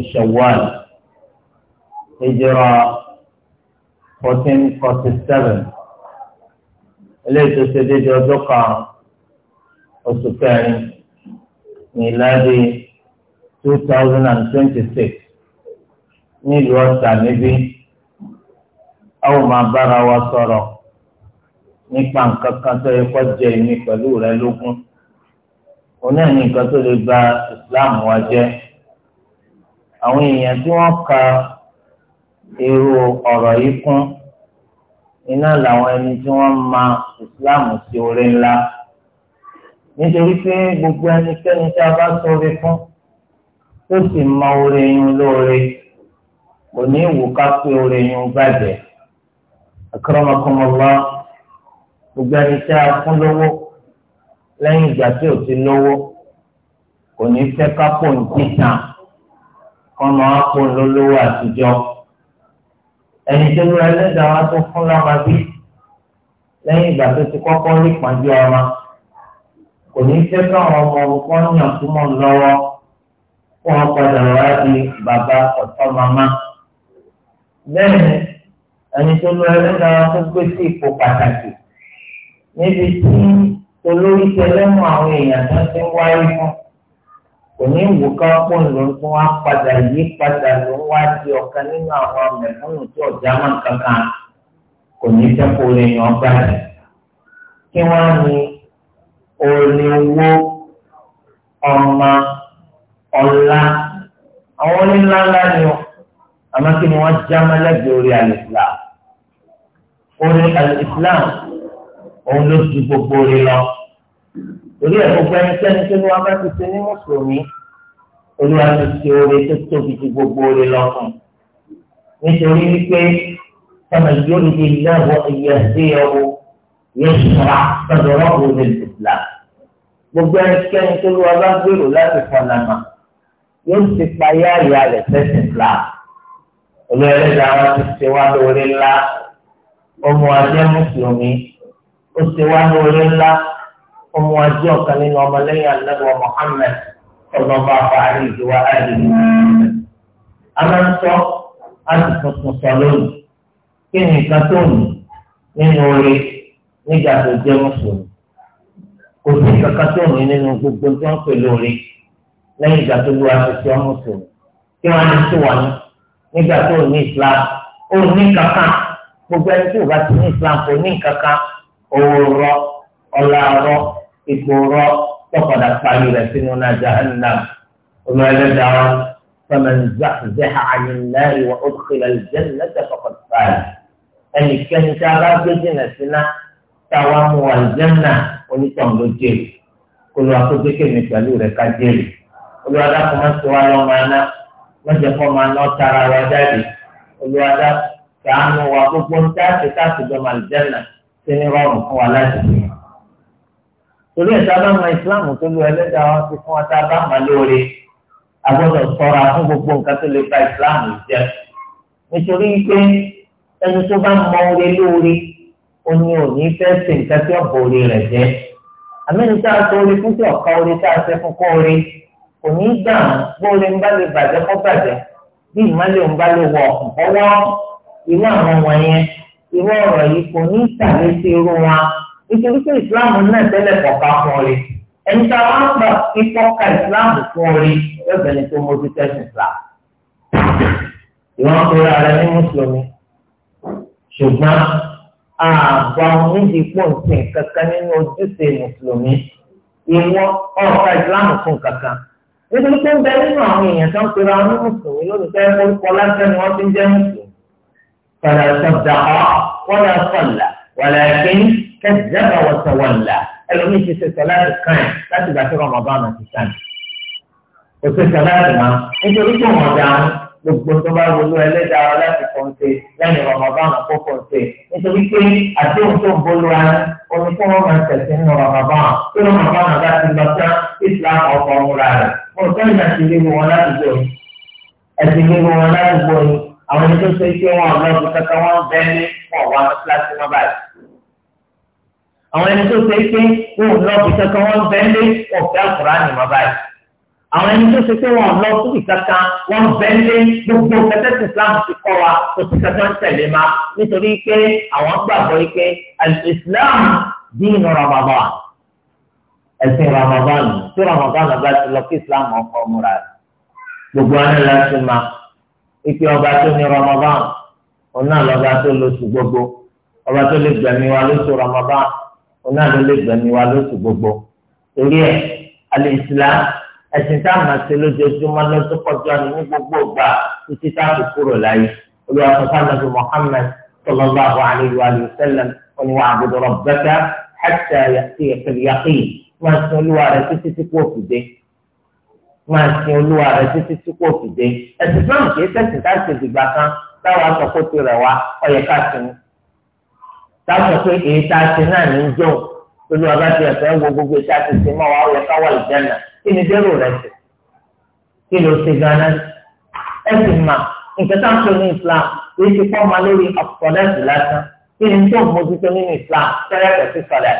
شوال هجرة 1447 إليه تسديد وزقع وسكان ميلادي 2026 nílùú ọ̀sà níbí àwọn máa bára wa sọ̀rọ̀ nípa nǹkan kan tó yẹ kó jẹ èmi pẹ̀lú rẹ lógún òun náà ní nǹkan tó lè ba Islam wa jẹ́ àwọn èèyàn tí wọ́n ka èrò ọ̀rọ̀ yìí kún iná làwọn ẹni tí wọ́n ma islam sí orí ńlá nítorí pé gbogbo ẹnikẹ́ni tí a bá sọ̀rọ̀ fún tó sì mọ orí yín lóore kò ní ìwò ká pé orí yín bàjẹ́ akramakumullah gbogbo ẹni tí a fún lówó lẹ́yìn ìgbà tí ò ti lówó kò ní fẹ́ ká pò ní títàn wọn máa kó lólówó àtijọ́ ẹni tó lọ ẹlẹ́dàá wa tó fún lọ́mọ bí lẹ́yìn ìgbà tó ti kọ́kọ́ rí pàdé ọmọ kò ní fẹ́ káwọn ọmọ wọn yàn kú mọ́ lọ́wọ́ kó wọn padà wá di bàbá ọ̀tọ́ màmá bẹ́ẹ̀ ẹni tó lọ ẹlẹ́dàá wa tó gbé sí ipò pàtàkì níbi tí olórí tẹlẹ́mú àwọn èèyàn tó ti ń wáyé fún òní wò káwá pọ̀ ló ń tún wá padà yí padà ló ń wá di ọ̀kan nínú àwọn mẹ̀kúnnù tí ọ̀já máa ń kankan kò ní sẹ́kù èèyàn ọgbà rẹ̀ kí wọ́n ní orinwó ọmọ ọ̀la àwọn onílàlá ni ọ àmọ́ kí ni wọ́n já mọ́lẹ́gbẹ̀ẹ́ orí alìsílám orí alìsílám òun ló ju gbogbo orí lọ torí ẹ̀ gbogbo ẹnikẹ́ni tó ní wọn bá ti ṣe ní mùsùlùmí olúwa ti ṣe oore tó tóbi ju gbogbo oore lọ fún nítorí wípé ọmọ ìjọ olùdí ìlẹ́wọ̀ ẹ̀yẹ ẹ̀dẹ́ ọ̀wọ̀ yẹn ṣọ́ra lọ́dọ̀ ọ̀rọ̀ òde ìsìlá gbogbo ẹnikẹ́ni tó lọ́wọ́ bá gbèrò láti fọ̀nàmà yóò ti payá ìyá rẹ̀ fẹ́sì ìsìlá olùwẹ̀lẹ́dà wọn ti ṣe wá lóore ńlá ọmọ ajẹ́ mùsùlùmí ó ṣe wá lóore ńlá ọmọ ajé ọ̀kan nínú ọmọlẹ́yìn anábọ̀ Muhammad ọlọ́ba àfààní ìjọba àdìrí. a máa ń sọ àti tuntun sọ lónìí kí ni nǹkan tó nù nínú orí nígbà tó jẹ́ mùsùlùmí kò sí kankan tó nù nínú gbogbo tó ń pè lórí lẹ́yìn ìgbà tó lu àtúnṣe mùsùlùmí kí wọ́n á ní wà ní nígbà tó ní Islam ó ní kankan gbogbo ẹni tó bá ti ní Islam kò ní kankan òwò rọ ipò rọ tọkọdà parí rẹ̀ sínú náà jahannam ọmọ ẹlẹ́dàá wọn fẹmẹn zaha àyìnláyè wọn ó kéré alìjẹun lẹ́tẹ̀ fọkàn fàáyì ẹnikẹ́ni tí a bá gbé jìnnà síná táwa mú alìjẹun náà onítàn ló jèrè kó lọ àkókò kéèmí pẹ̀lú rẹ̀ ká jèrè olùwà dàpọ̀ má sọ wáyé ọmọ aná lọ́jọ́ fún ọmọ aná tara wa jáde olùwà dàpọ̀ sàánú wa gbogbo ń tàṣe tàṣe dọ́mọ alìjẹun náà sínú rọrùn fún wa láti fi hàn. torí ẹ̀ta bá mọ islam tó lu ẹlẹ́dàá wọn ti fún ọtá bá mọ lóore agbọ́dọ̀ ṣọ́ra fún gbogbo nǹkan tó lè ba islam jẹ́ nítorí pé ẹni tó bá mọ oore lóore ó ní òní fẹ́ ṣe nǹkan tí ọ̀bọ̀ oore rẹ̀ jẹ́ àmẹ́ni tá a sọ oore fún tí ọ̀ka oore tá a ṣe fún kọ́ oore kò ní í gbà bóore ń bá lè bàjẹ́ kọ́ bàjẹ́ bí ìmọ̀lẹ́ ń bá lè wọ ọ̀pọ̀wọ́ irú àwọn wọ̀nyẹn irú ọ̀rọ̀ yìí kò ní ìtàlẹ́sí irú wọn nítorí pé ìsìláàmù náà tẹ́lẹ̀ kọ̀ọ̀ká fún ọ rí ẹni tá a máa ń pa kíkọ́ka ìsìláàmù fún ọ rí ẹgbẹ́ ni tó mójú tẹ́sán islam. ìwọ́n pera rẹ ní mùsùlùmí ṣùgbọ́n àgbà oníjì pọ̀ǹsìn kankan nínú ojúṣe mùsùlùmí ìwọ́n ọ̀ka ìsìláàmù fún kankan. nítorí pé ń bẹ nínú àwọn èèyàn tó ń pera ní mùsùlùmí lónìí kẹsìdẹ́gbà wọ sọ̀wọ́nla ẹlòmíì ti ṣe sọ̀láàdì kan láti gbà tí rọmọbáàmù ti sàn. kò ṣe sọ̀láàdì mọ́ nítorí pé wọ́n dáhùn gbogbo tó bá wọlé ẹlẹ́dàá láti kàn ṣe lẹ́yìn rọmọbáàmù kó kàn ṣe nítorí pé àdéhùn tó ń bolo ara omi tó wọ́n máa tẹ̀sí nínú rọmọbáàmù tó rọmọbáàmù bá ti lọ tán Islam ọkọ̀ ọmúra rẹ̀ mo sẹ́yìn àti léwu wọn ládùúgbò yìí ẹ̀sìn léwu wọn ládùúgbò yìí àwọn ẹni àwọn ẹni tó ṣe é pé wọn ò lọ bìí kankan wọn bẹ́ẹ̀ lé wọn fẹ́ àkùránì mọ́ báyìí àwọn ẹni tó ṣe pé wọn ò lọ síbi kankan wọn bẹ́ẹ̀ lé gbogbo kẹtẹ́sì Islam ti kọ́ wa kò sí kankan tẹ̀lé ma nítorí pé àwọn gbàgbọ́ yìí pé Islam dín Ramadan ẹ̀sìn Ramadan tí Ramadan bá ti lọ kí Islam ọkọ̀ múra gbogbo ẹni láti ma ìpè ọba tó ní Ramadan òun náà lọ́ba tó lóṣù gbogbo ọba tó lè gbẹ̀mí wa lóṣù Ramadan ọ̀nà ló lè gbẹ̀mí wa lóṣù gbogbo torí ẹ̀ al-Islam ẹ̀sìn tá a máa ṣe lójoojúmọ́ lọ́dún kọjá ni ní gbogbo ìgbà títí tá a fi kúrò láyé olùwà sọ́kà nàbì Muhammad sallallahu alayhi wa sallam wọn ni wa'budu rabbaka hatta ya'tiyaka al máa sin olúwa rẹ títí tí kò fi dé máa sin olúwa rẹ títí tí kò fi dé ẹ̀sìn náà kì í ṣẹ̀sìn tá a ṣe dìgbà kan táwa sọ kó ti rẹ̀ wá ó ká sinmi táwọn pé èyí tá a ṣe náà ní í jọ olú ọba ti ẹ̀fẹ́ wo gbogbo ìta ti ṣe mọ́ wàá wọ káwọ́ ìjánà kí ni dérò rẹ ṣe kí ló ṣe ganan ẹ sì mà nǹkan tá à ń pè ní Islam kì í ṣe pọ́ ma lórí ọ̀pọ̀lẹ́sì lásán kí ni tó mójútó nínú Islam tẹ́lẹ̀ pẹ̀sí sọ̀lẹ̀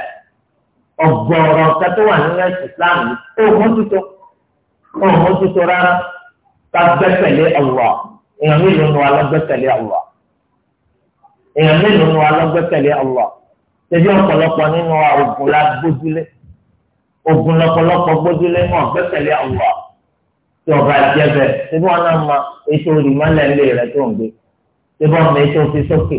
ọ̀gọ̀ọ̀rọ̀ nǹkan tó wà nínú ẹ̀sìn Islam yìí ó mójútó ó mójútó rárá ká gbẹ́sẹ̀lé ọ̀wọ̀ èèyàn mélòó èèyàn mélòó ni wà lọ́gbẹ́kẹ̀lé Allah ṣebí ọ̀pọ̀lọpọ̀ nínú wa ògùn la gbójúlé ògùn lọ́pọ̀lọpọ̀ gbójúlé ní ọ̀gbẹ́kẹ̀lé Allah tí ọba jẹbẹ ṣebí wọn náà ma ètò ìmọ̀lẹ̀ ńlẹ̀ rẹ tó ń gbé ṣebí ọmọ ètò fi sókè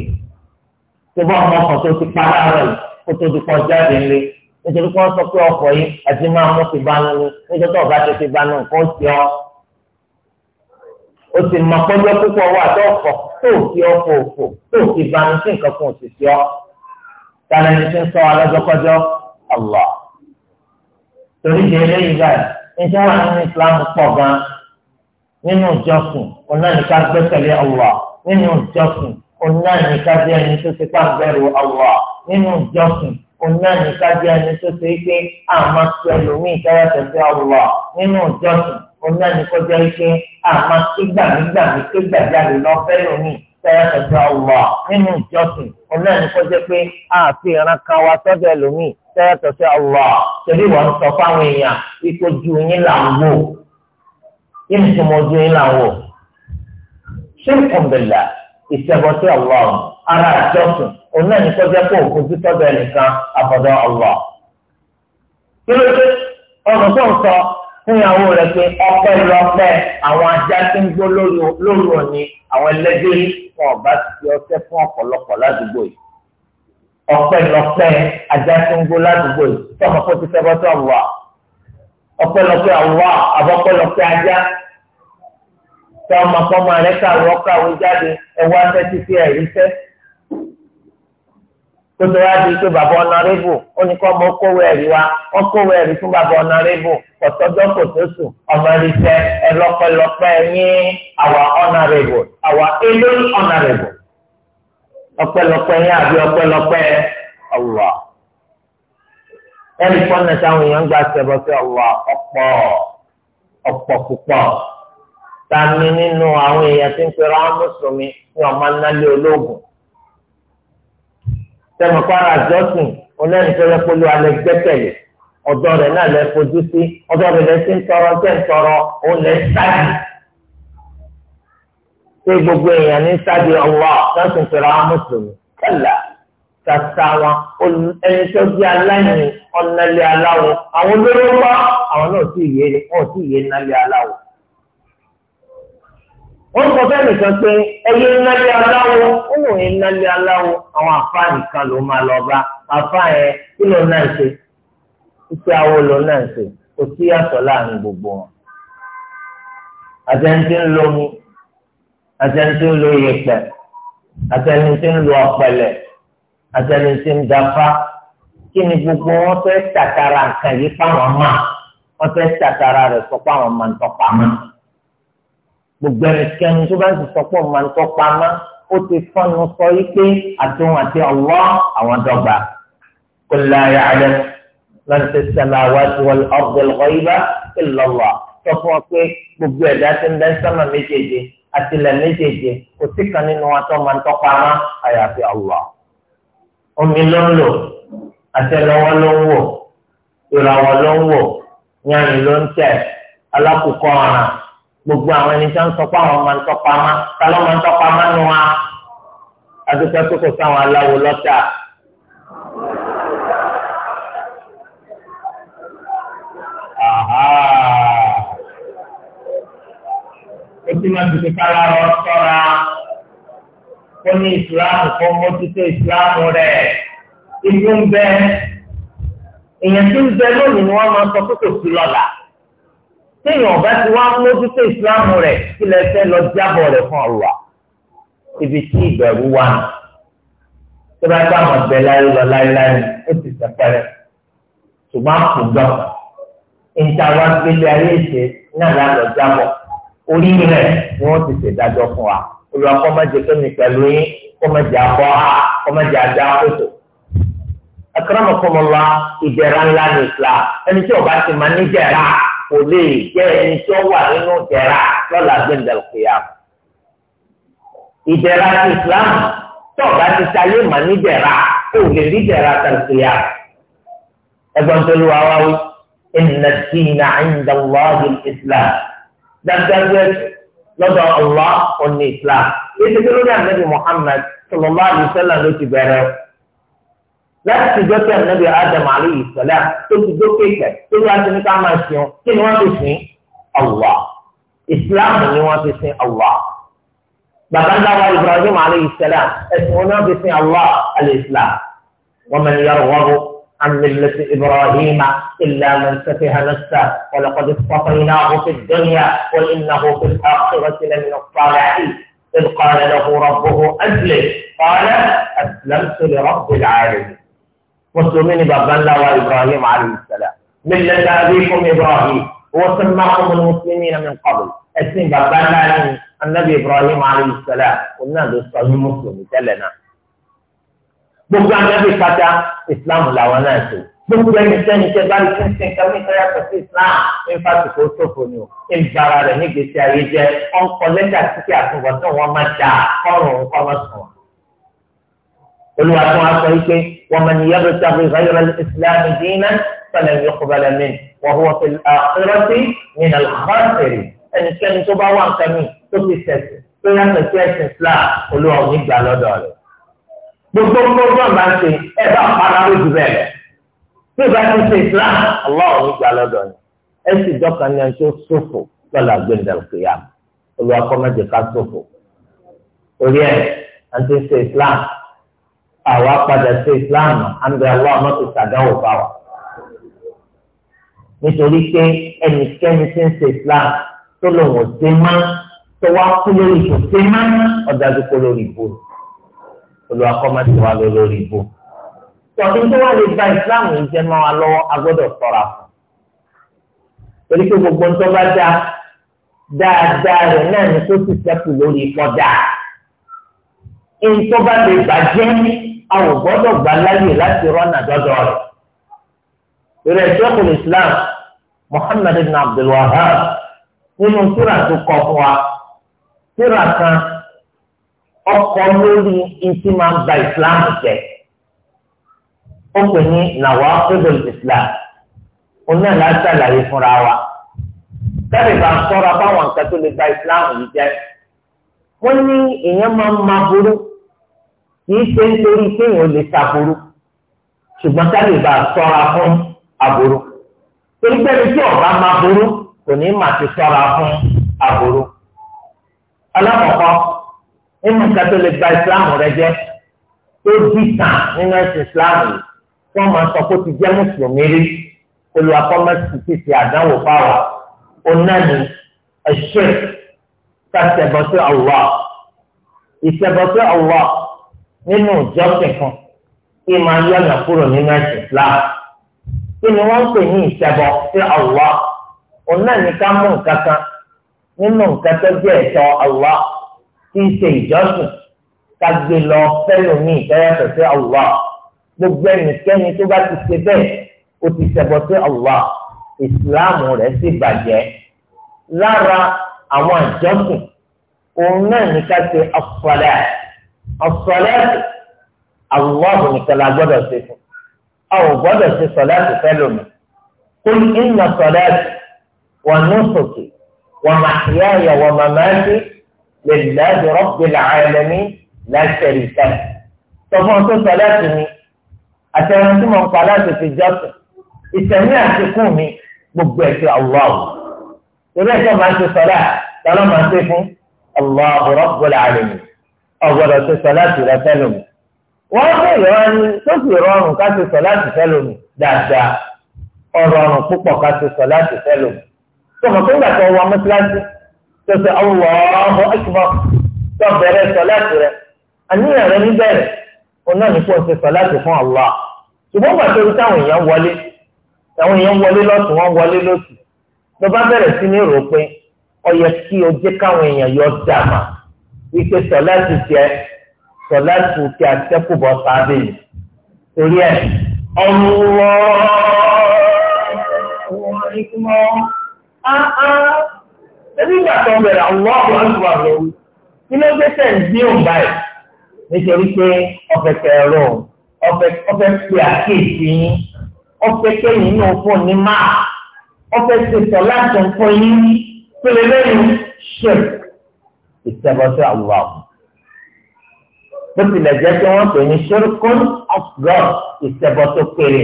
ṣebí ọmọ ọkọ̀ tó ti pa láàárọ̀ yìí kó tó ti pọ̀ jáde ńlẹ̀ nítorí pé wọ́n sọ pé ọkọ̀ yìí àti máa mú ti bá nínú nítorí tó ọba ti ti bá nínú nǹkan ó ti ọ́ o sì mọ pẹ́jọ́ púpọ̀ wà tó ọ̀fọ̀ tó fi ọ̀fọ̀ òfò tó fi banu sí nǹkan fún òṣìṣẹ́ ọ́ tani ẹni tí ń sọ alọ́jọ́kọ́jọ́ Allah torí di eléyìí báyìí níjẹ́ wà nínú Islam pọ̀ gan nínú ìjọsìn ọ̀nà nìkan gbẹ́sẹ̀lé nínú ìjọsìn ọ̀nà bí ẹni tó ti pàǹbẹ̀rù Allah nínú ìjọsìn òun náà ní kájí ẹni tó ṣe é pé àmọ́ sọ ẹlòmíì tẹ́lẹ̀ tẹ̀sí ọ̀rọ̀ nínú ìjọsìn òun náà ní kọjá é pé àmọ́ kígbàmígbàmí kígbàjáde lọ fẹ́ lòmíì tẹ́lẹ̀ tẹ̀sí ọ̀rọ̀ nínú ìjọsìn òun náà ní kọjá pé àfihàn kan wá sọ́dọ̀ ẹlòmíì tẹ́lẹ̀ tẹ̀sí ọ̀rọ̀ tẹ̀lé wọn sọ fáwọn èèyàn ipò ju yín là ń wò yín ní sọmọ ju yín là ń wò ṣé ìkùnbẹ̀là ìṣẹ̀bọ̀tì ọ̀rọ̀ ara ìjọsìn òun náà ní kọjá pé òfojú tọ́jú ẹnìkan àbọ̀dọ̀ ọ̀lọ́. kí ló dé ọ̀rọ̀ tó ń sọ fún ìyàwó rẹ̀ pé ọpẹ́ lọ́pẹ́ àwọn ajá tí ń gbó lóru òní àwọn ẹlẹ́gbẹ́ wọn ò bá ti ọṣẹ fún ọ̀pọ̀lọpọ̀ ládùúgbò yìí. ọpẹ́ lọ́pẹ́ ajá tí ń gbó ládùúgbò yìí tọmọ kó ti fẹ́ bọ́tọ̀ wà ọpẹ́ lọ́pẹ́ àwọ̀ àbọ̀pẹ́ lọ́pẹ́ ajá tọmọ kọ́mọ rẹ̀ kàwé ọkàwé jáde ẹ̀wọ́ afẹ́ títí ẹ̀rí fẹ́ tótó wá di pé bàbá ọ̀nàrẹ́bù ó ní kó ọmọ kówó ẹ̀rí wa ó kówó ẹ̀rí fún bàbá ọ̀nàrẹ́bù kọ̀tọ́jọ́ kò tó sùn ọmọ ẹ̀ríṣẹ́ ẹlọ́pẹ́lọpẹ́ yín àwa ọ̀nàrẹ́bù àwa élé ọ̀nàrẹ́bù ọpẹ́lọpẹ́ yín àbí ọpẹ́lọpẹ́ ọ̀wà ẹ̀rí fọ́nà táwọn èèyàn gba ṣẹbọ sí ọ̀wà ọ̀pọ̀ ọ̀pọ̀ púpọ̀ tani nínú àwọn èèyàn sẹ́mi kwara àjọsìn olóyìn tó yẹ kó lu alẹ́ gbẹ́kẹ̀lé ọ̀dọ́ rẹ̀ náà lẹ́ fojú sí ọ̀dọ́ rẹ̀ lẹ́ sí ń tọrọ ń tẹ̀ ń tọrọ òun lẹ́ sáàdì pé gbogbo èèyàn ní sáàdì ọ̀wọ́ láti ń àwọn mùsùlùmí kẹ́là tata wọn ẹni tó bí aláìní ọ̀nàlẹ́ aláwọ̀ àwọn olóró wá àwọn náà sì yé wọn sì yé nàlẹ́ aláwọ̀ wọ́n sọ fẹ́ nìkan pé ẹyẹ ńnálé aláwo ó lò ń ńnálé aláwo àwọn àfáà nìkan ló máa lọ bá àfáà yẹn kí ló náà ṣe iṣẹ́ awo ló náà ṣe kò sí yàtọ̀ láàrin gbogbo wọn. àtẹnudí ń lo mu àtẹnudí ń lo yẹ̀pẹ̀ àtẹnudí ń lo ọ̀pẹ̀lẹ̀ àtẹnudí ń dáfá kí ni gbogbo wọn fẹ́ tàkàrà nǹkan yìí fáwọn máa wọ́n fẹ́ tàkàrà rẹ̀ sọ fáwọn máa ń tọpa máa gbogbo ẹnikẹ́ni tó bá ti sọpọ̀ máa ń tọ́pa má ó ti fọ́nu sọ yí pé àtúnwò àti Allah àwọn dọ́gba kò láyà rẹ lọ́nà tó sẹ́la wájú wọlé ọ̀gbẹ̀lọ̀ ibà ìlọ́wọ́ sọ fún ọ pé gbogbo ẹ̀dá ti ń bẹ́ sọ́nà méjèèjì àtìlẹ̀ méjèèjì kò sí kan nínú wọn tó máa ń tọ́pa má àyàfi Allah omi ló ń lò àtẹlẹwọ́ ló ń wò ìràwọ̀ ló ń wò yanrìn ló ń tẹ̀ gbogbo àwọn ẹni tí wọ́n ń sọ pé àwọn máa ń tọpa má ta ló máa ń tọpa má nù wá adúgbò tó kò sáwọn aláwo lọ́tà. ó ti máa dùkú kára ọ sọ́ra kó ní ìsìláàmù kó mójútó ìsìláàmù rẹ̀ ìlú ń bẹ èèyàn ń bẹ lónìí ni wọ́n máa sọ pé kò lọ́la téèyàn ọba ti wá mójútó ìsìláàmù rẹ̀ kí lè fẹ́ lọ jábọ̀ rẹ̀ fún ọ̀rọ̀ ibi tí ìbẹ̀rù wà ní. tó bá bá àwọn ọbẹ̀ láyé lọ láéláé ó ti sẹ̀pẹ̀rẹ̀ ṣùgbọ́n kò gbọ́n. ìta wa gbélé ayé ìṣe náà lálọ́ jábọ̀ orí rẹ̀ ni wọ́n ti ṣèdájọ́ fún wa. olùwà kọ́ má jẹ kémi pẹ̀lú yín kọ́ má jẹ abọ́ ha kọ́ má jẹ ajá kótó. akọ́nàmọ́kọ́mọ́lá ìdẹ̀ra ńlá ní ìsìlá ẹni tí ọba ti máa níjẹ̀ra kò lè jẹ́ ẹni tó wà nínú ìdẹ̀ra lọ́la gbẹ̀ndẹ̀lùkìyà. ìdẹ̀ra ti Islam tọ́ọ̀bá ti sáyé mà ní ìdẹ̀ra kò lè rí ìdẹ̀ra tẹ̀lùkìyà. ẹgbọ́n tó lu àwa wí inna dina inda Allahi Islam dandandan lọ́dọ̀ Allah òní Islam. ètò lórí àmì Muhammad sallallahu alaihi wasallam ló ti bẹ̀rẹ̀ láti jọ kí ànábì Adam alayhi salam tó ti dókè kẹ tó yá sí ní ká máa sìn kí ni wọ́n ti sìn Allah Islam ni wọ́n ti sìn Allah bàbá ńlá wa Ibrahim alayhi salam ẹ̀sìn wọn ni wọ́n ti sìn Allah al-Islam wa man yarghabu عن ملة إبراهيم إلا من سفه نفسه ولقد اصطفيناه في الدنيا وإنه في الآخرة لمن الصالحين إذ قال له ربه أسلم قال أسلمت لرب العالمين mùsùlùmí ni bàbá ńlá wa ibrahim alayhi salam mílẹ̀ dàbí fún ibrahim wọ́n sọ ma kọ́ mọ́ mùsùlùmí na mi kọ́bù ẹ̀sìn bàbá ńlá ni anabi ibrahim alayhi salam òun náà ló sọ ní mùsùlùmí tẹ́lẹ̀ náà. gbogbo anabi pátá islam làwọn náà ṣe gbogbo ẹni sẹ́ni tẹ́ bá ṣe ń sin kàmí sẹ́yà kò sí islam ní fásitì ó ṣòfò ni o ní ìbára rẹ̀ ní gbèsè ayé jẹ́ ọ̀nkọ́ lẹ́tà títí àtúbọ̀tán wọn máa dà kọ́rùn-ún kọ́ ومن يبتغي غير الإسلام دينا فلن يقبل منه وهو في الآخرة من الخاسرين أن كان تبوا كمي تبي سياسي تبي سياسي إسلام ولو أغني على داره gbogbo gbogbo máa ń ṣe ẹ bá para ló ju bẹ́ẹ̀ lẹ̀ tí o bá ti ṣe islam ọlọ́run ní gbà lọ́dọ̀ ni ẹ sì dọ́kan ní ẹni tó ṣòfò lọ́la gbẹ̀ndẹ̀ òkèèyàn olùwàkọ́ mẹ́jẹ ká ṣòfò orí ẹ̀ àti ṣe islam àwa padà sí islam àǹdà wa má ti sàdáwò bá wa. nítorí pé ẹnikẹ́ni ti ń ṣe islam tó lòun ò ṣe má tó wá kú lórí kò ṣe má ọ̀dájú kó lórí ìbò olùwàkọ́mọ́sí wa lọ lórí ìbò. tọ́jú tó wà lè gba islam yìí jẹ́ mọ́ wa lọ́wọ́ a gbọ́dọ̀ ṣọ́ra fún. torí pé gbogbo ń tọ́ bá dá dáadáa rẹ̀ náà ni tó ti sẹ́kù lórí ìkọjá. ń lè bàjẹ́ a ò gbọ́dọ̀ gbà láyè láti rọ́nà dọ́dọ̀ rẹ̀. ìrẹ̀ ṣẹ́kùn islam muhammad ibn abdul wahab nínú tírà tó kọ fún wa tírà kan ọkọ̀ lórí ìtì máa ń ba islam jẹ́ ó pè ní nawaqidul islam oní ẹ̀ láti fúnra wa tẹ́lẹ̀ bá ń sọ́ra báwọn nǹkan tó lè ba islam yìí jẹ́ wọ́n ní èèyàn máa ń ma burú kì í ṣe nítorí kéèyàn lè ṣàbòrò ṣùgbọ́n táyì bá ṣọ́ra fún àbòrò torí pẹ́ẹ́ni tí ọ̀gá máa ború kò ní mà ti ṣọ́ra fún àbòrò. alákọ̀ọ́kọ́ nínú nǹkan tó lè gba ìsìláàmù rẹ jẹ́ tó dì tàn nínú ẹ̀sìn ìsìláàmù tí wọ́n máa sọ pé ó ti jẹ́ mùsùlùmí rí olùwàkọ́mẹ́sì ti ti àdánwò fáwọn onáni ẹ̀ṣẹ́ kásẹ̀bọ̀sẹ̀ ọ̀wọ́ ìṣẹ̀bọ̀sẹ̀ ọ̀wọ́ nínú ìjọsìn kan kí máa yọ̀nà kúrò nínú ẹ̀sìn Islam kí ni wọ́n ń pè ní ìṣẹbọ sí Allah òun náà ní ká mú nǹkan kan nínú nǹkan tó jẹ́ ẹ̀tọ́ Allah tí í ṣe ìjọsìn ká gbé lọ fẹ́lò ní ìtẹ́yàtọ̀ sí Allah gbogbo ẹnikẹ́ni tó bá ti ṣe bẹ́ẹ̀ ó ti ṣẹbọ sí Allah Islam rẹ̀ sì bàjẹ́ lára àwọn ìjọsìn òun náà ní ká ṣe ọ̀pọ̀lẹ́ àti ọ̀sọ̀lẹ́ àwùwọ́ àbùnìkan la gbọ́dọ̀ ṣe fún àwọn gbọ́dọ̀ ṣe sọ̀lẹ́ àti fẹ́lómi kul inna salati wa nusuki wa mahyaya wa mamati lillahi rabbil alamin la sharika lahu tọ́fọ́n tó sọ̀lẹ́ àti mi àtẹ̀wọ́n tí mo ń pa láti fi jọ́sìn ìtẹ̀mí àtikún mi gbogbo ẹ̀ ti àwùwọ́ máa ṣe sọ̀lẹ́ ọ̀gbọ́dọ̀ ṣe sọ̀láàtì rẹ fẹ́lómi. wọ́n bèèrè wọn ni tó sì rọrùn ká ṣe sọ̀láàtì fẹ́lómi dáadáa ọ̀rọ̀rùn púpọ̀ ká ṣe sọ̀láàtì fẹ́lómi. tọmọ tó ń gbà tó wọ mọ́tíláṣí tó ṣe Allahu akbar tó bẹ̀rẹ̀ sọ̀láàtì rẹ àníyàn rẹ níbẹ̀rẹ̀ òun náà ní kó o ṣe sọ̀láàtì fún Allah. ṣùgbọ́n gbà tó rí táwọn èèyàn wọlé táwọn èèyàn wọlé lọ́sùn wọn wọlé lọ́sùn ló bá bẹ̀rẹ̀ sí ní rò pé ó kí o jẹ́ káwọn èèyàn yọ dàmà wípé sọláàtù tiẹ̀ sọláàtù tí a sẹ́kù bọ́ sáábì ni torí ẹ̀ ọlọ́ ẹbí ìgbà tó ń bẹ̀rẹ̀ àwọn ọ̀gbọ́n àgbà lórí kí ló dé tẹ̀ ń gbé òun báyìí nítorí pé ọ̀fẹ́ kẹrọ ọ̀fẹ́ pe àkéèsí yín ọ̀fẹ́ kẹ́yìn náà fún ní máa ọ̀fẹ́ ṣe sọ láti ń fún yín pélé lẹ́yìn ṣèkù ìṣẹ́bọṣẹ́ àwùwà ọ̀hún. bó tilẹ̀ jẹ́ pé wọ́n pè ní ṣorokún of god ìṣẹ́bọṣẹ́ péré.